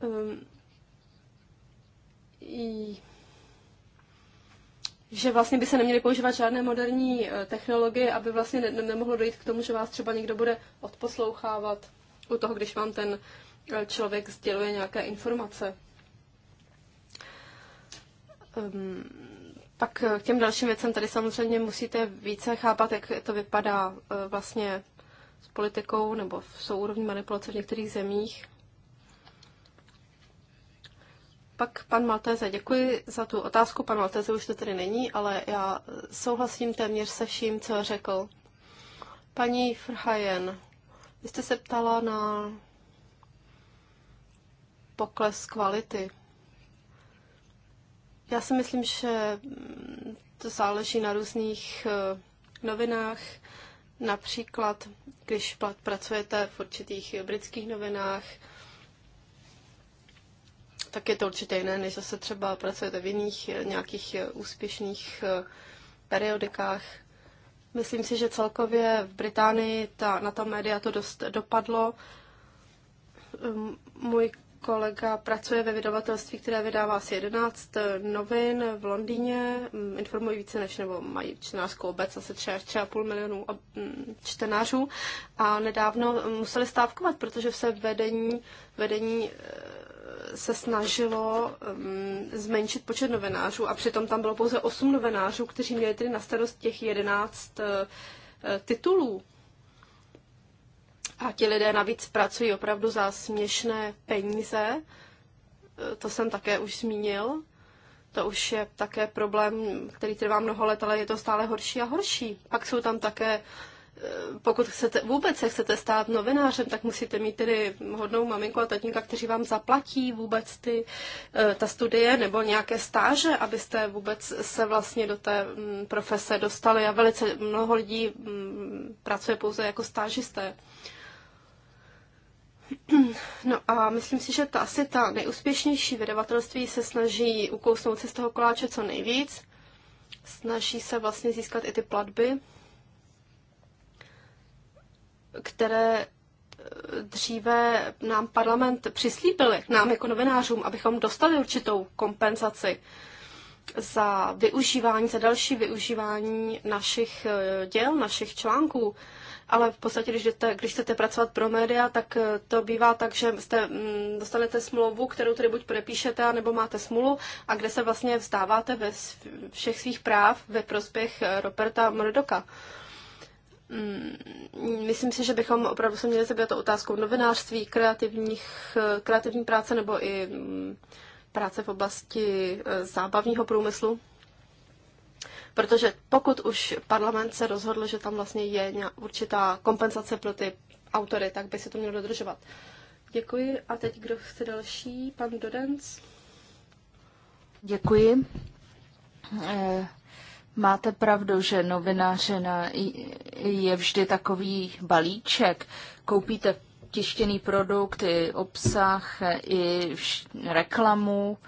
Um, i, že vlastně by se neměly používat žádné moderní eh, technologie, aby vlastně ne- nemohlo dojít k tomu, že vás třeba někdo bude odposlouchávat u toho, když vám ten eh, člověk sděluje nějaké informace. Um, ehm, pak k těm dalším věcem tady samozřejmě musíte více chápat, jak to vypadá eh, vlastně s politikou nebo v souúrovní manipulace v některých zemích. Pak pan Malteze, děkuji za tu otázku. Pan Malteze už to tady není, ale já souhlasím téměř se vším, co řekl. Paní Frhajen, vy jste se ptala na pokles kvality já si myslím, že mm, to záleží na různých eh, novinách. Například, když pracujete v určitých britských novinách, tak je to určitě jiné, než zase třeba pracujete v jiných eh, nějakých eh, úspěšných periodikách. Myslím si, že celkově v Británii ta, na ta média to dost dopadlo. Můj kolega pracuje ve vydavatelství, které vydává asi 11 eh, novin v Londýně. Mm, informují více než, nebo mají čtenářskou obec, asi tři a půl milionů mm, čtenářů. A nedávno museli stávkovat, protože se vedení, vedení eh, se snažilo um, zmenšit počet novinářů a přitom tam bylo pouze 8 novinářů, kteří měli tedy na starost těch 11 uh, eh, titulů a ti lidé navíc pracují opravdu za směšné peníze. E, to jsem také už zmínil. To už je také problém, který trvá mnoho let, ale je to stále horší a horší. Pak jsou tam také, e, pokud chcete, vůbec se chcete stát novinářem, tak musíte mít tedy hodnou maminku a tatínka, kteří vám zaplatí vůbec ty, e, ta studie nebo nějaké stáže, abyste vůbec se vlastně do té mm, profese dostali. A velice mnoho lidí mm, pracuje pouze jako stážisté. No a myslím si, že ta asi ta nejúspěšnější vydavatelství se snaží ukousnout se z toho koláče co nejvíc. Snaží se vlastně získat i ty platby, které eh, dříve nám parlament přislíbil, nám jako novinářům, abychom dostali určitou kompenzaci za využívání, za další využívání našich eh, děl, našich článků ale v podstatě, když, jdete, když chcete pracovat pro média, tak eh, to bývá tak, že jste, mm, dostanete smlouvu, kterou tedy buď podepíšete, nebo máte smlu, a kde se vlastně vzdáváte ve všech svých práv ve prospěch eh, Roberta Murdoka. Mm, myslím si, že bychom opravdu se měli zabývat otázkou novinářství, kreativních, eh, kreativní práce nebo i mm, práce v oblasti zábavního průmyslu. Protože pokud už parlament se rozhodl, že tam vlastně je určitá kompenzace pro ty autory, tak by se to mělo dodržovat. Děkuji. A teď kdo chce další? Pan Dodenc. Děkuji. Eh, máte pravdu, že novinářina je vždy takový balíček. Koupíte tištěný produkt, i obsah, i reklamu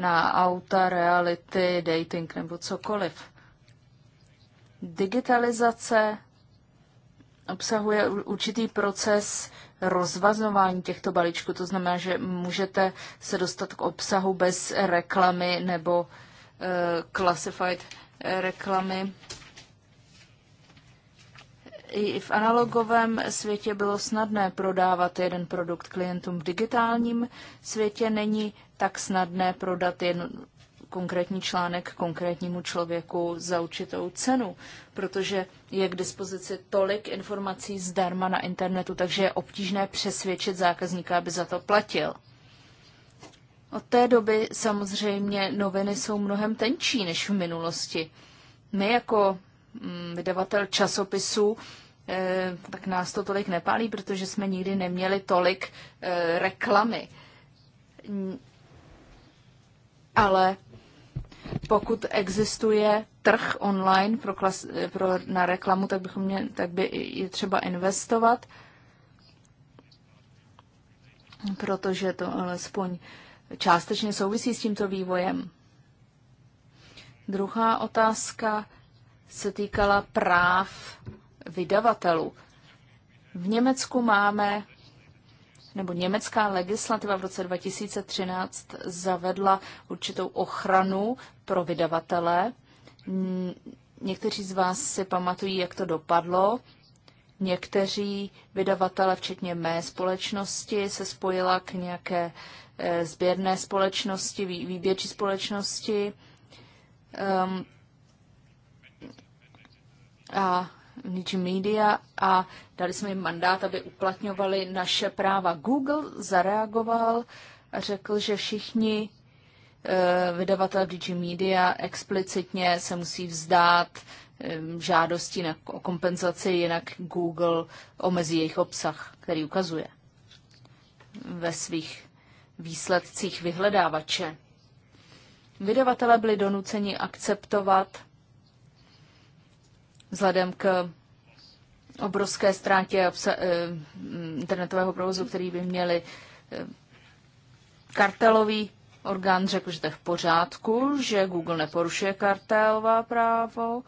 na auta, reality, dating nebo cokoliv. Digitalizace obsahuje určitý proces rozvazování těchto balíčků. To znamená, že můžete se dostat k obsahu bez reklamy nebo uh, classified reklamy i v analogovém světě bylo snadné prodávat jeden produkt klientům. V digitálním světě není tak snadné prodat jen konkrétní článek konkrétnímu člověku za určitou cenu, protože je k dispozici tolik informací zdarma na internetu, takže je obtížné přesvědčit zákazníka, aby za to platil. Od té doby samozřejmě noviny jsou mnohem tenčí než v minulosti. My jako Mm, vydavatel časopisů, eh, tak nás to tolik nepálí, protože jsme nikdy neměli tolik eh, reklamy. Ale pokud existuje trh online pro, klas, eh, pro na reklamu, tak, bychom mě tak by je třeba investovat, protože to alespoň částečně souvisí s tímto vývojem. Druhá otázka se týkala práv vydavatelů. V Německu máme, nebo německá legislativa v roce 2013 zavedla určitou ochranu pro vydavatele. Někteří z vás si pamatují, jak to dopadlo. Někteří vydavatele, včetně mé společnosti, se spojila k nějaké eh, sběrné společnosti, výběrčí společnosti. Ehm, a Niji Media a dali jsme jim mandát, aby uplatňovali naše práva. Google zareagoval a řekl, že všichni eh, vydavatelé vydavatel Media explicitně se musí vzdát eh, žádosti na, o kompenzaci, jinak Google omezí jejich obsah, který ukazuje ve svých výsledcích vyhledávače. Vydavatele byli donuceni akceptovat vzhledem k obrovské ztrátě eh, internetového provozu, který by měli eh, kartelový orgán řekl, že to je v pořádku, že Google neporušuje kartelová právo,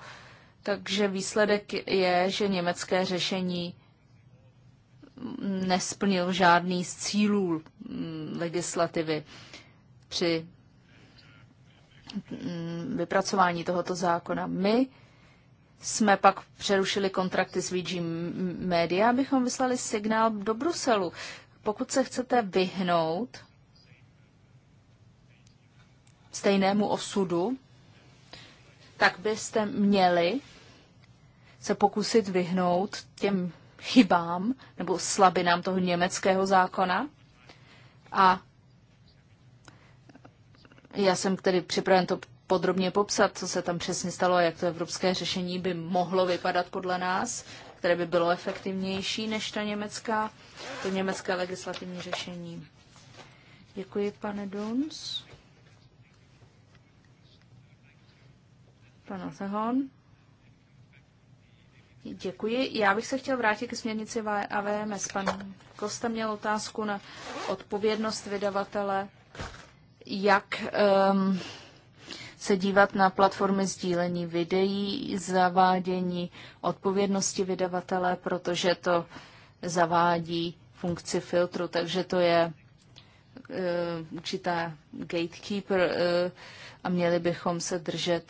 takže výsledek je, že německé řešení nesplnil žádný z cílů mm, legislativy při mm, vypracování tohoto zákona. My jsme pak přerušili kontrakty s VG Media, abychom vyslali signál do Bruselu. Pokud se chcete vyhnout stejnému osudu, tak byste měli se pokusit vyhnout těm chybám nebo slabinám toho německého zákona. A já jsem tedy připraven to podrobně popsat, co se tam přesně stalo a jak to evropské řešení by mohlo vypadat podle nás, které by bylo efektivnější než ta německá, to německé legislativní řešení. Děkuji, pane Duns. Pane Zahon. Děkuji. Já bych se chtěl vrátit k směrnici AVMS. Pan Kosta měl otázku na odpovědnost vydavatele, jak um, se dívat na platformy sdílení videí, zavádění odpovědnosti vydavatele, protože to zavádí funkci filtru, takže to je uh, určitá gatekeeper uh, a měli bychom se držet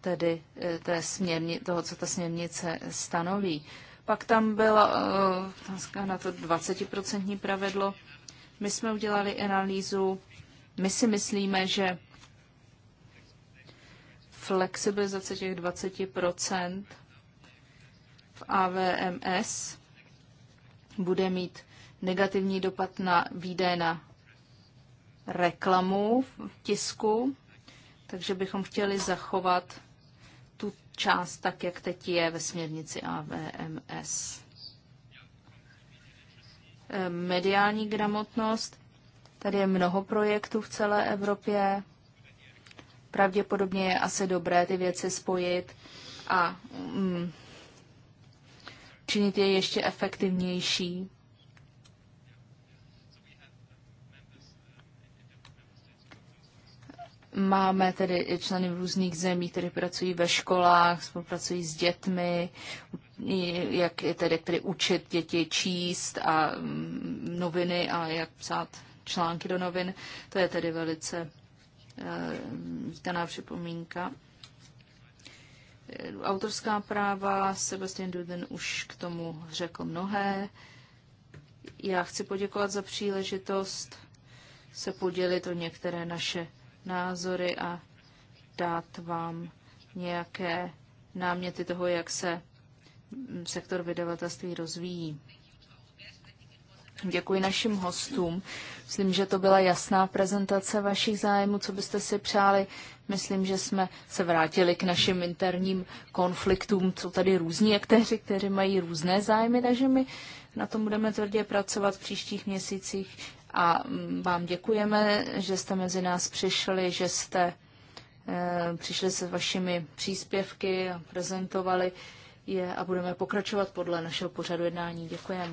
tedy uh, té směrni, toho, co ta směrnice stanoví. Pak tam byla uh, na to 20% pravidlo. My jsme udělali analýzu. My si myslíme, že flexibilizace těch 20 v AVMS bude mít negativní dopad na výdaje na reklamu v tisku, takže bychom chtěli zachovat tu část tak, jak teď je ve směrnici AVMS. Mediální gramotnost. Tady je mnoho projektů v celé Evropě pravděpodobně je asi dobré ty věci spojit a mm, činit je ještě efektivnější. Máme tedy členy v různých zemí, kteří pracují ve školách, spolupracují s dětmi, jak je tedy, tedy učit děti číst a mm, noviny a jak psát články do novin. To je tedy velice Eh, vítaná připomínka. Eh, autorská práva, Sebastian Duden už k tomu řekl mnohé. Já chci poděkovat za příležitost se podělit o některé naše názory a dát vám nějaké náměty toho, jak se sektor vydavatelství rozvíjí. Děkuji našim hostům. Myslím, že to byla jasná prezentace vašich zájmů, co byste si přáli. Myslím, že jsme se vrátili k našim interním konfliktům. co tady různí aktéři, kteří mají různé zájmy, takže my na tom budeme tvrdě pracovat v příštích měsících. A mm, vám děkujeme, že jste mezi nás přišli, že jste eh, přišli se vašimi příspěvky a prezentovali je a budeme pokračovat podle našeho pořadu jednání. Děkujeme.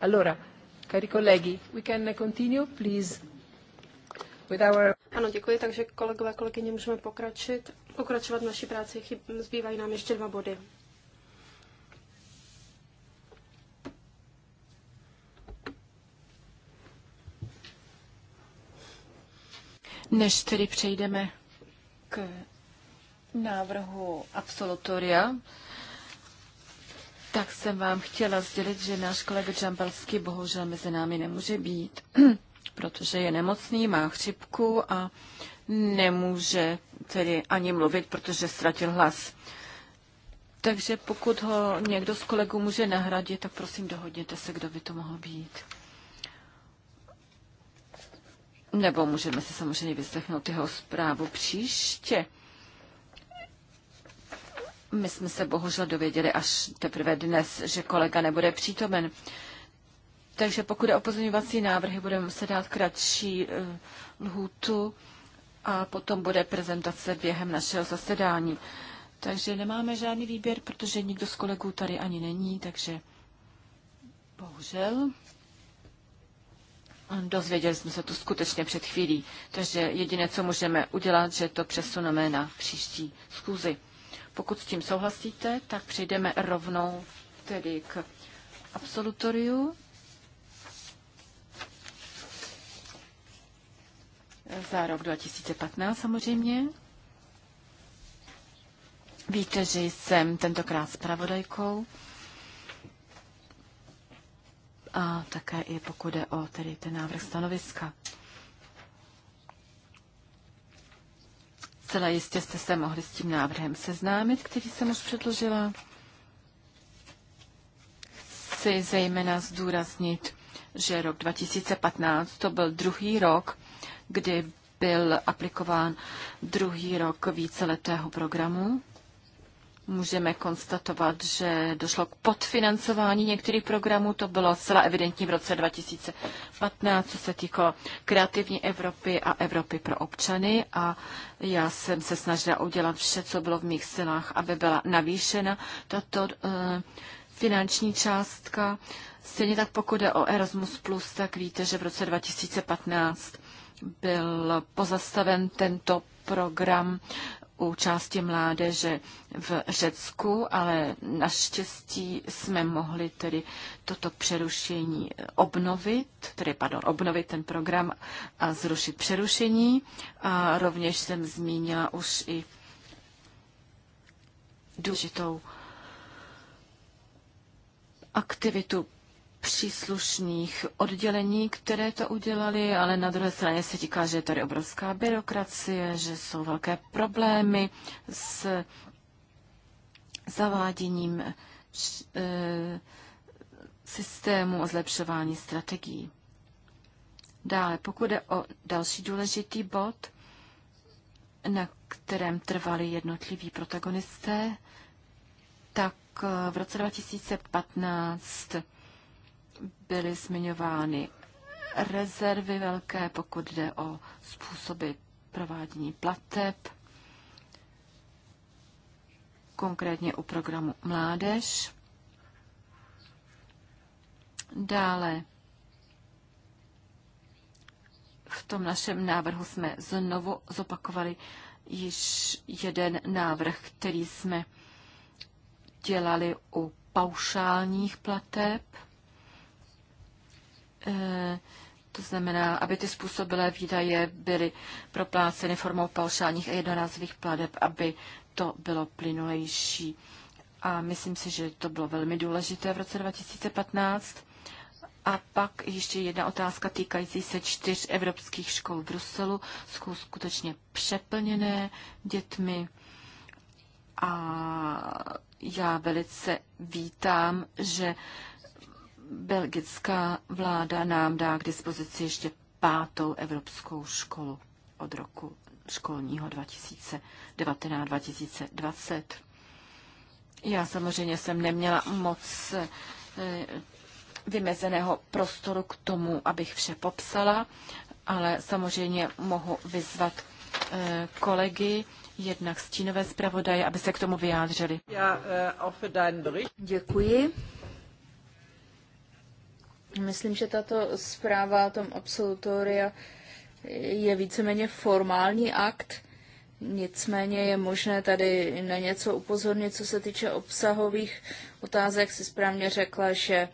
Ano, děkuji, takže kolegové, kolegyně, můžeme pokračit, pokračovat v naší práci. Chyb, zbývají nám ještě dva body. Než tedy přejdeme k návrhu absolutoria, tak jsem vám chtěla sdělit, že náš kolega Džambalský bohužel mezi námi nemůže být, protože je nemocný, má chřipku a nemůže tedy ani mluvit, protože ztratil hlas. Takže pokud ho někdo z kolegů může nahradit, tak prosím dohodněte se, kdo by to mohl být. Nebo můžeme si samozřejmě vyslechnout jeho zprávu příště. My jsme se bohužel dověděli až teprve dnes, že kolega nebude přítomen. Takže pokud je o pozměňovací návrhy, budeme muset dát kratší eh, lhůtu a potom bude prezentace během našeho zasedání. Takže nemáme žádný výběr, protože nikdo z kolegů tady ani není, takže bohužel. Dozvěděli jsme se to skutečně před chvílí, takže jediné, co můžeme udělat, že to přesuneme na příští schůzi. Pokud s tím souhlasíte, tak přejdeme rovnou tedy k absolutoriu. Za rok 2015 samozřejmě. Víte, že jsem tentokrát zpravodajkou. A také i pokud jde o tedy ten návrh stanoviska. Zcela jistě jste se mohli s tím návrhem seznámit, který jsem už předložila. Chci zejména zdůraznit, že rok 2015 to byl druhý rok, kdy byl aplikován druhý rok víceletého programu můžeme konstatovat, že došlo k podfinancování některých programů. To bylo zcela evidentní v roce 2015, co se týkalo kreativní Evropy a Evropy pro občany. A já jsem se snažila udělat vše, co bylo v mých silách, aby byla navýšena tato uh, finanční částka. Stejně tak pokud je o Erasmus+, tak víte, že v roce 2015 byl pozastaven tento program účasti mládeže v Řecku, ale naštěstí jsme mohli tedy toto přerušení obnovit, tedy pardon, obnovit ten program a zrušit přerušení. A rovněž jsem zmínila už i důležitou aktivitu příslušných oddělení, které to udělali, ale na druhé straně se říká, že je tady obrovská byrokracie, že jsou velké problémy s zaváděním eh, systému a zlepšování strategií. Dále, pokud je o další důležitý bod, na kterém trvali jednotliví protagonisté, tak eh, v roce 2015 byly zmiňovány rezervy velké, pokud jde o způsoby provádění plateb, konkrétně u programu Mládež. Dále v tom našem návrhu jsme znovu zopakovali již jeden návrh, který jsme dělali u paušálních plateb. Eh, to znamená, aby ty způsobilé výdaje byly propláceny formou paušálních a jednorázových pladeb, aby to bylo plynulejší. A myslím si, že to bylo velmi důležité v roce 2015. A pak ještě jedna otázka týkající se čtyř evropských škol v Bruselu. Jsou skutečně přeplněné dětmi. A já velice vítám, že belgická vláda nám dá k dispozici ještě pátou evropskou školu od roku školního 2019-2020. Já samozřejmě jsem neměla moc eh, vymezeného prostoru k tomu, abych vše popsala, ale samozřejmě mohu vyzvat eh, kolegy, jednak stínové zpravodaje, aby se k tomu vyjádřili. Eh, Děkuji. Myslím, že tato zpráva o tom absolutoria je víceméně formální akt, nicméně je možné tady na něco upozornit, co se týče obsahových otázek. Si správně řekla, že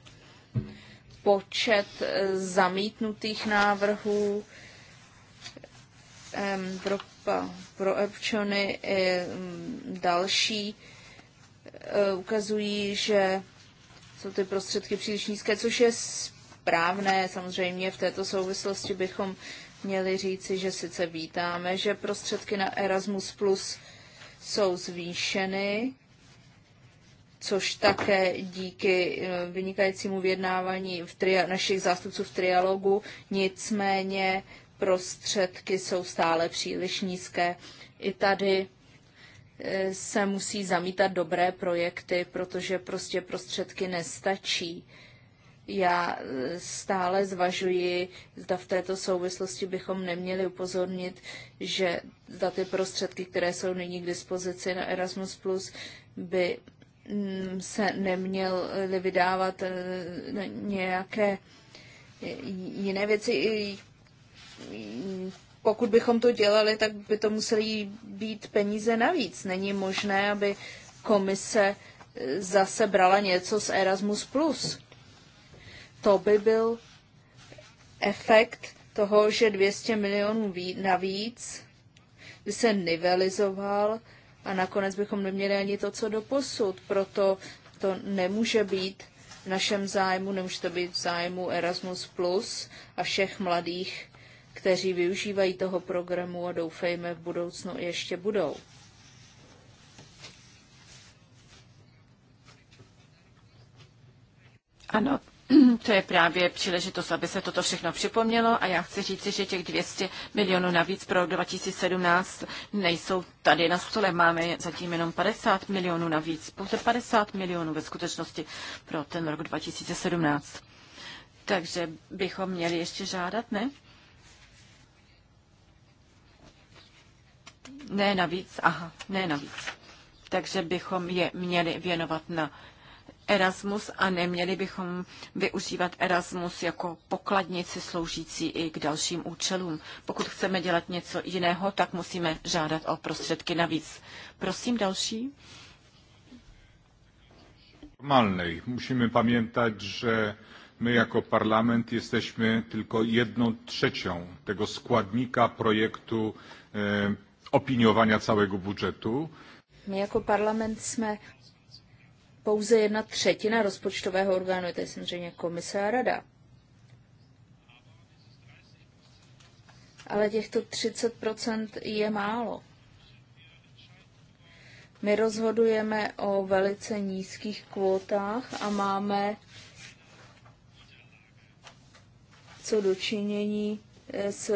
počet eh, zamítnutých návrhů pro, pro občany i mm, další eh, ukazují, že jsou ty prostředky příliš nízké, což je správné. Samozřejmě v této souvislosti bychom měli říci, že sice vítáme, že prostředky na Erasmus Plus jsou zvýšeny, což také díky eh, vynikajícímu vyjednávání v našich zástupců v trialogu, nicméně prostředky jsou stále příliš nízké. I tady se musí zamítat dobré projekty, protože prostě prostředky nestačí. Já eh, stále zvažuji, zda v této souvislosti bychom neměli upozornit, že za ty prostředky, které jsou nyní k dispozici na Erasmus+, by mm, se neměly vydávat eh, nějaké eh, jiné věci, pokud bychom to dělali, tak by to museli být peníze navíc. Není možné, aby komise e, zase brala něco z Erasmus+. plus. To by byl efekt toho, že 200 milionů navíc by se nivelizoval a nakonec bychom neměli ani to, co doposud. Proto to nemůže být v našem zájmu, nemůže to být v zájmu Erasmus Plus a všech mladých kteří využívají toho programu a doufejme v budoucnu ještě budou. Ano, to je právě příležitost, aby se toto všechno připomnělo a já chci říci, že těch 200 milionů navíc pro rok 2017 nejsou tady na stole. Máme zatím jenom 50 milionů navíc, pouze 50 milionů ve skutečnosti pro ten rok 2017. Takže bychom měli ještě žádat, ne? Ne navíc, aha, ne navíc. Takže bychom je měli věnovat na Erasmus a neměli bychom využívat Erasmus jako pokladnici sloužící i k dalším účelům. Pokud chceme dělat něco jiného, tak musíme žádat o prostředky navíc. Prosím další. Formalnej. Musíme pamětat, že my jako parlament jesteśmy tylko jedną trzecią tego składnika projektu e, opiniowania całego budżetu. My jako parlament jsme pouze jedna třetina rozpočtového orgánu, to je samozřejmě komise a rada. Ale těchto 30% je málo. My rozhodujeme o velice nízkých kvótách a máme co dočinění s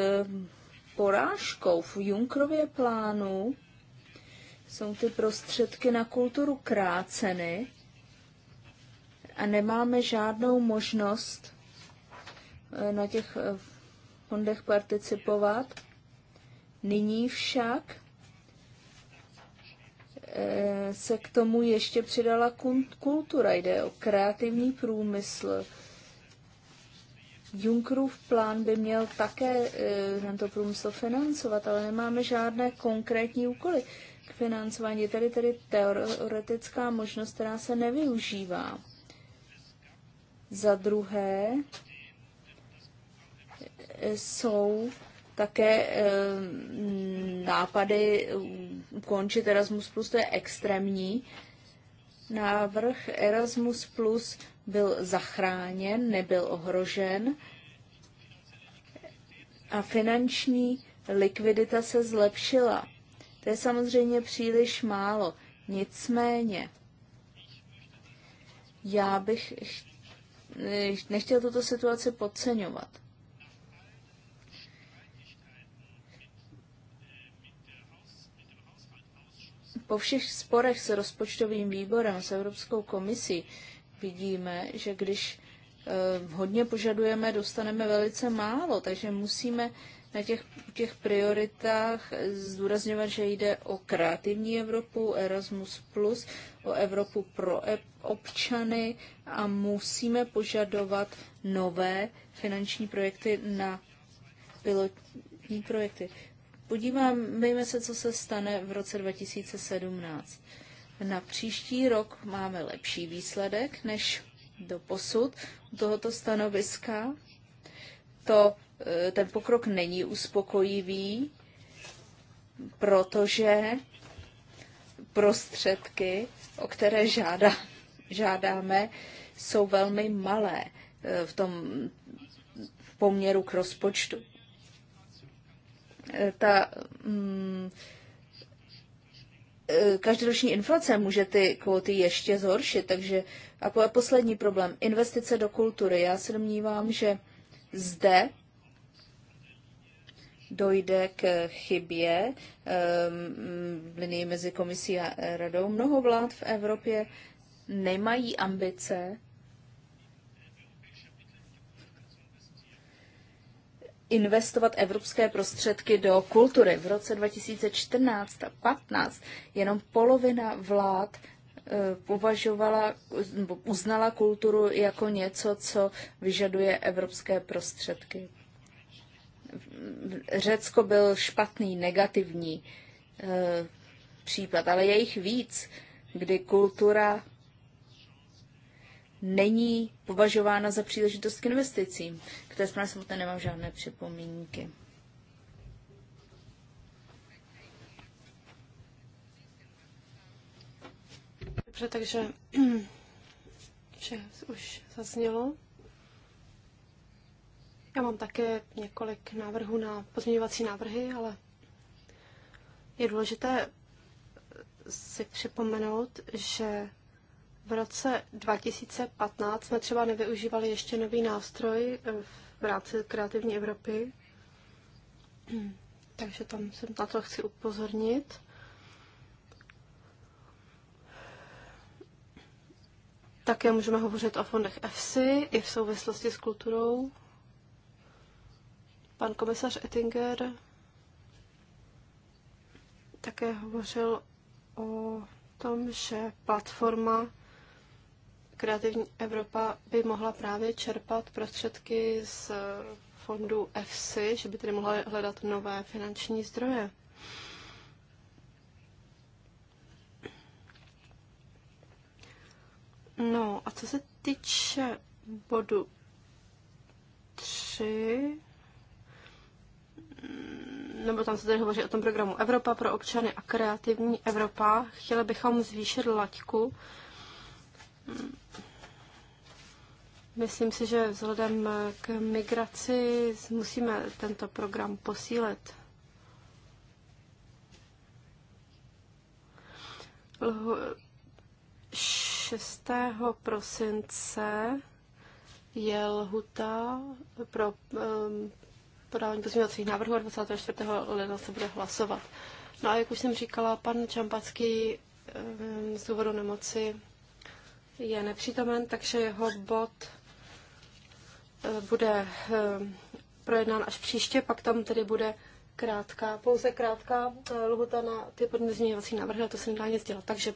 porážkou v Junkrově plánu jsou ty prostředky na kulturu kráceny a nemáme žádnou možnost eh, na těch eh, fondech participovat. Nyní však eh, se k tomu ještě přidala kultura. Jde o kreativní průmysl, Junckerův plán by měl také tento eh, průmysl financovat, ale nemáme žádné konkrétní úkoly k financování. Je tady tedy teoretická možnost, která se nevyužívá. Za druhé jsou také eh, nápady ukončit Erasmus, plus to je extrémní návrh Erasmus Plus byl zachráněn, nebyl ohrožen a finanční likvidita se zlepšila. To je samozřejmě příliš málo. Nicméně, já bych nechtěl tuto situaci podceňovat. Po všech sporech s rozpočtovým výborem, s Evropskou komisí vidíme, že když eh, hodně požadujeme, dostaneme velice málo, takže musíme na těch, těch prioritách zdůrazňovat, že jde o kreativní Evropu, Erasmus+, o Evropu pro e- občany a musíme požadovat nové finanční projekty na pilotní projekty. Podíváme se, co se stane v roce 2017. Na příští rok máme lepší výsledek než do posud tohoto stanoviska. To, e, ten pokrok není uspokojivý, protože prostředky, o které žádá, žádáme, jsou velmi malé e, v tom poměru k rozpočtu. Eh, ta mm, eh, každoroční inflace může ty kvóty ještě zhoršit, takže a poslední problém, investice do kultury. Já se domnívám, že zde dojde k chybě um, linii mezi komisí a radou. Mnoho vlád v Evropě nemají ambice investovat evropské prostředky do kultury. V roce 2014 a 2015 jenom polovina vlád eh, považovala, uznala kulturu jako něco, co vyžaduje evropské prostředky. Řecko byl špatný, negativní eh, případ, ale je jich víc, kdy kultura není považována za příležitost k investicím. K té zprávě samotné nemám žádné připomínky. Dobře, takže vše už zaznělo. Já mám také několik návrhů na pozměňovací návrhy, ale je důležité si připomenout, že v roce 2015 jsme třeba nevyužívali ještě nový nástroj eh, v rámci kreativní Evropy, takže tam jsem na to chci upozornit. Také můžeme hovořit o fondech EFSI i v souvislosti s kulturou. Pan komisař Ettinger také hovořil o tom, že platforma Kreativní Evropa by mohla právě čerpat prostředky z fondu EFSI, že by tedy mohla hledat nové finanční zdroje. No a co se týče bodu 3, nebo tam se tady hovoří o tom programu Evropa pro občany a kreativní Evropa, chtěli bychom zvýšit laťku Myslím si, že vzhledem k migraci musíme tento program posílit. Lhu 6. prosince je lhuta pro um, podávání pozměňovacích návrhů a 24. ledna se bude hlasovat. No a jak už jsem říkala, pan Čampacký um, z důvodu nemoci je nepřítomen, takže jeho bod eh, bude eh, projednán až příště, pak tam tedy bude krátká, pouze krátká eh, lhuta na ty podmíněvací návrhy, ale to se nedá nic dělat. Takže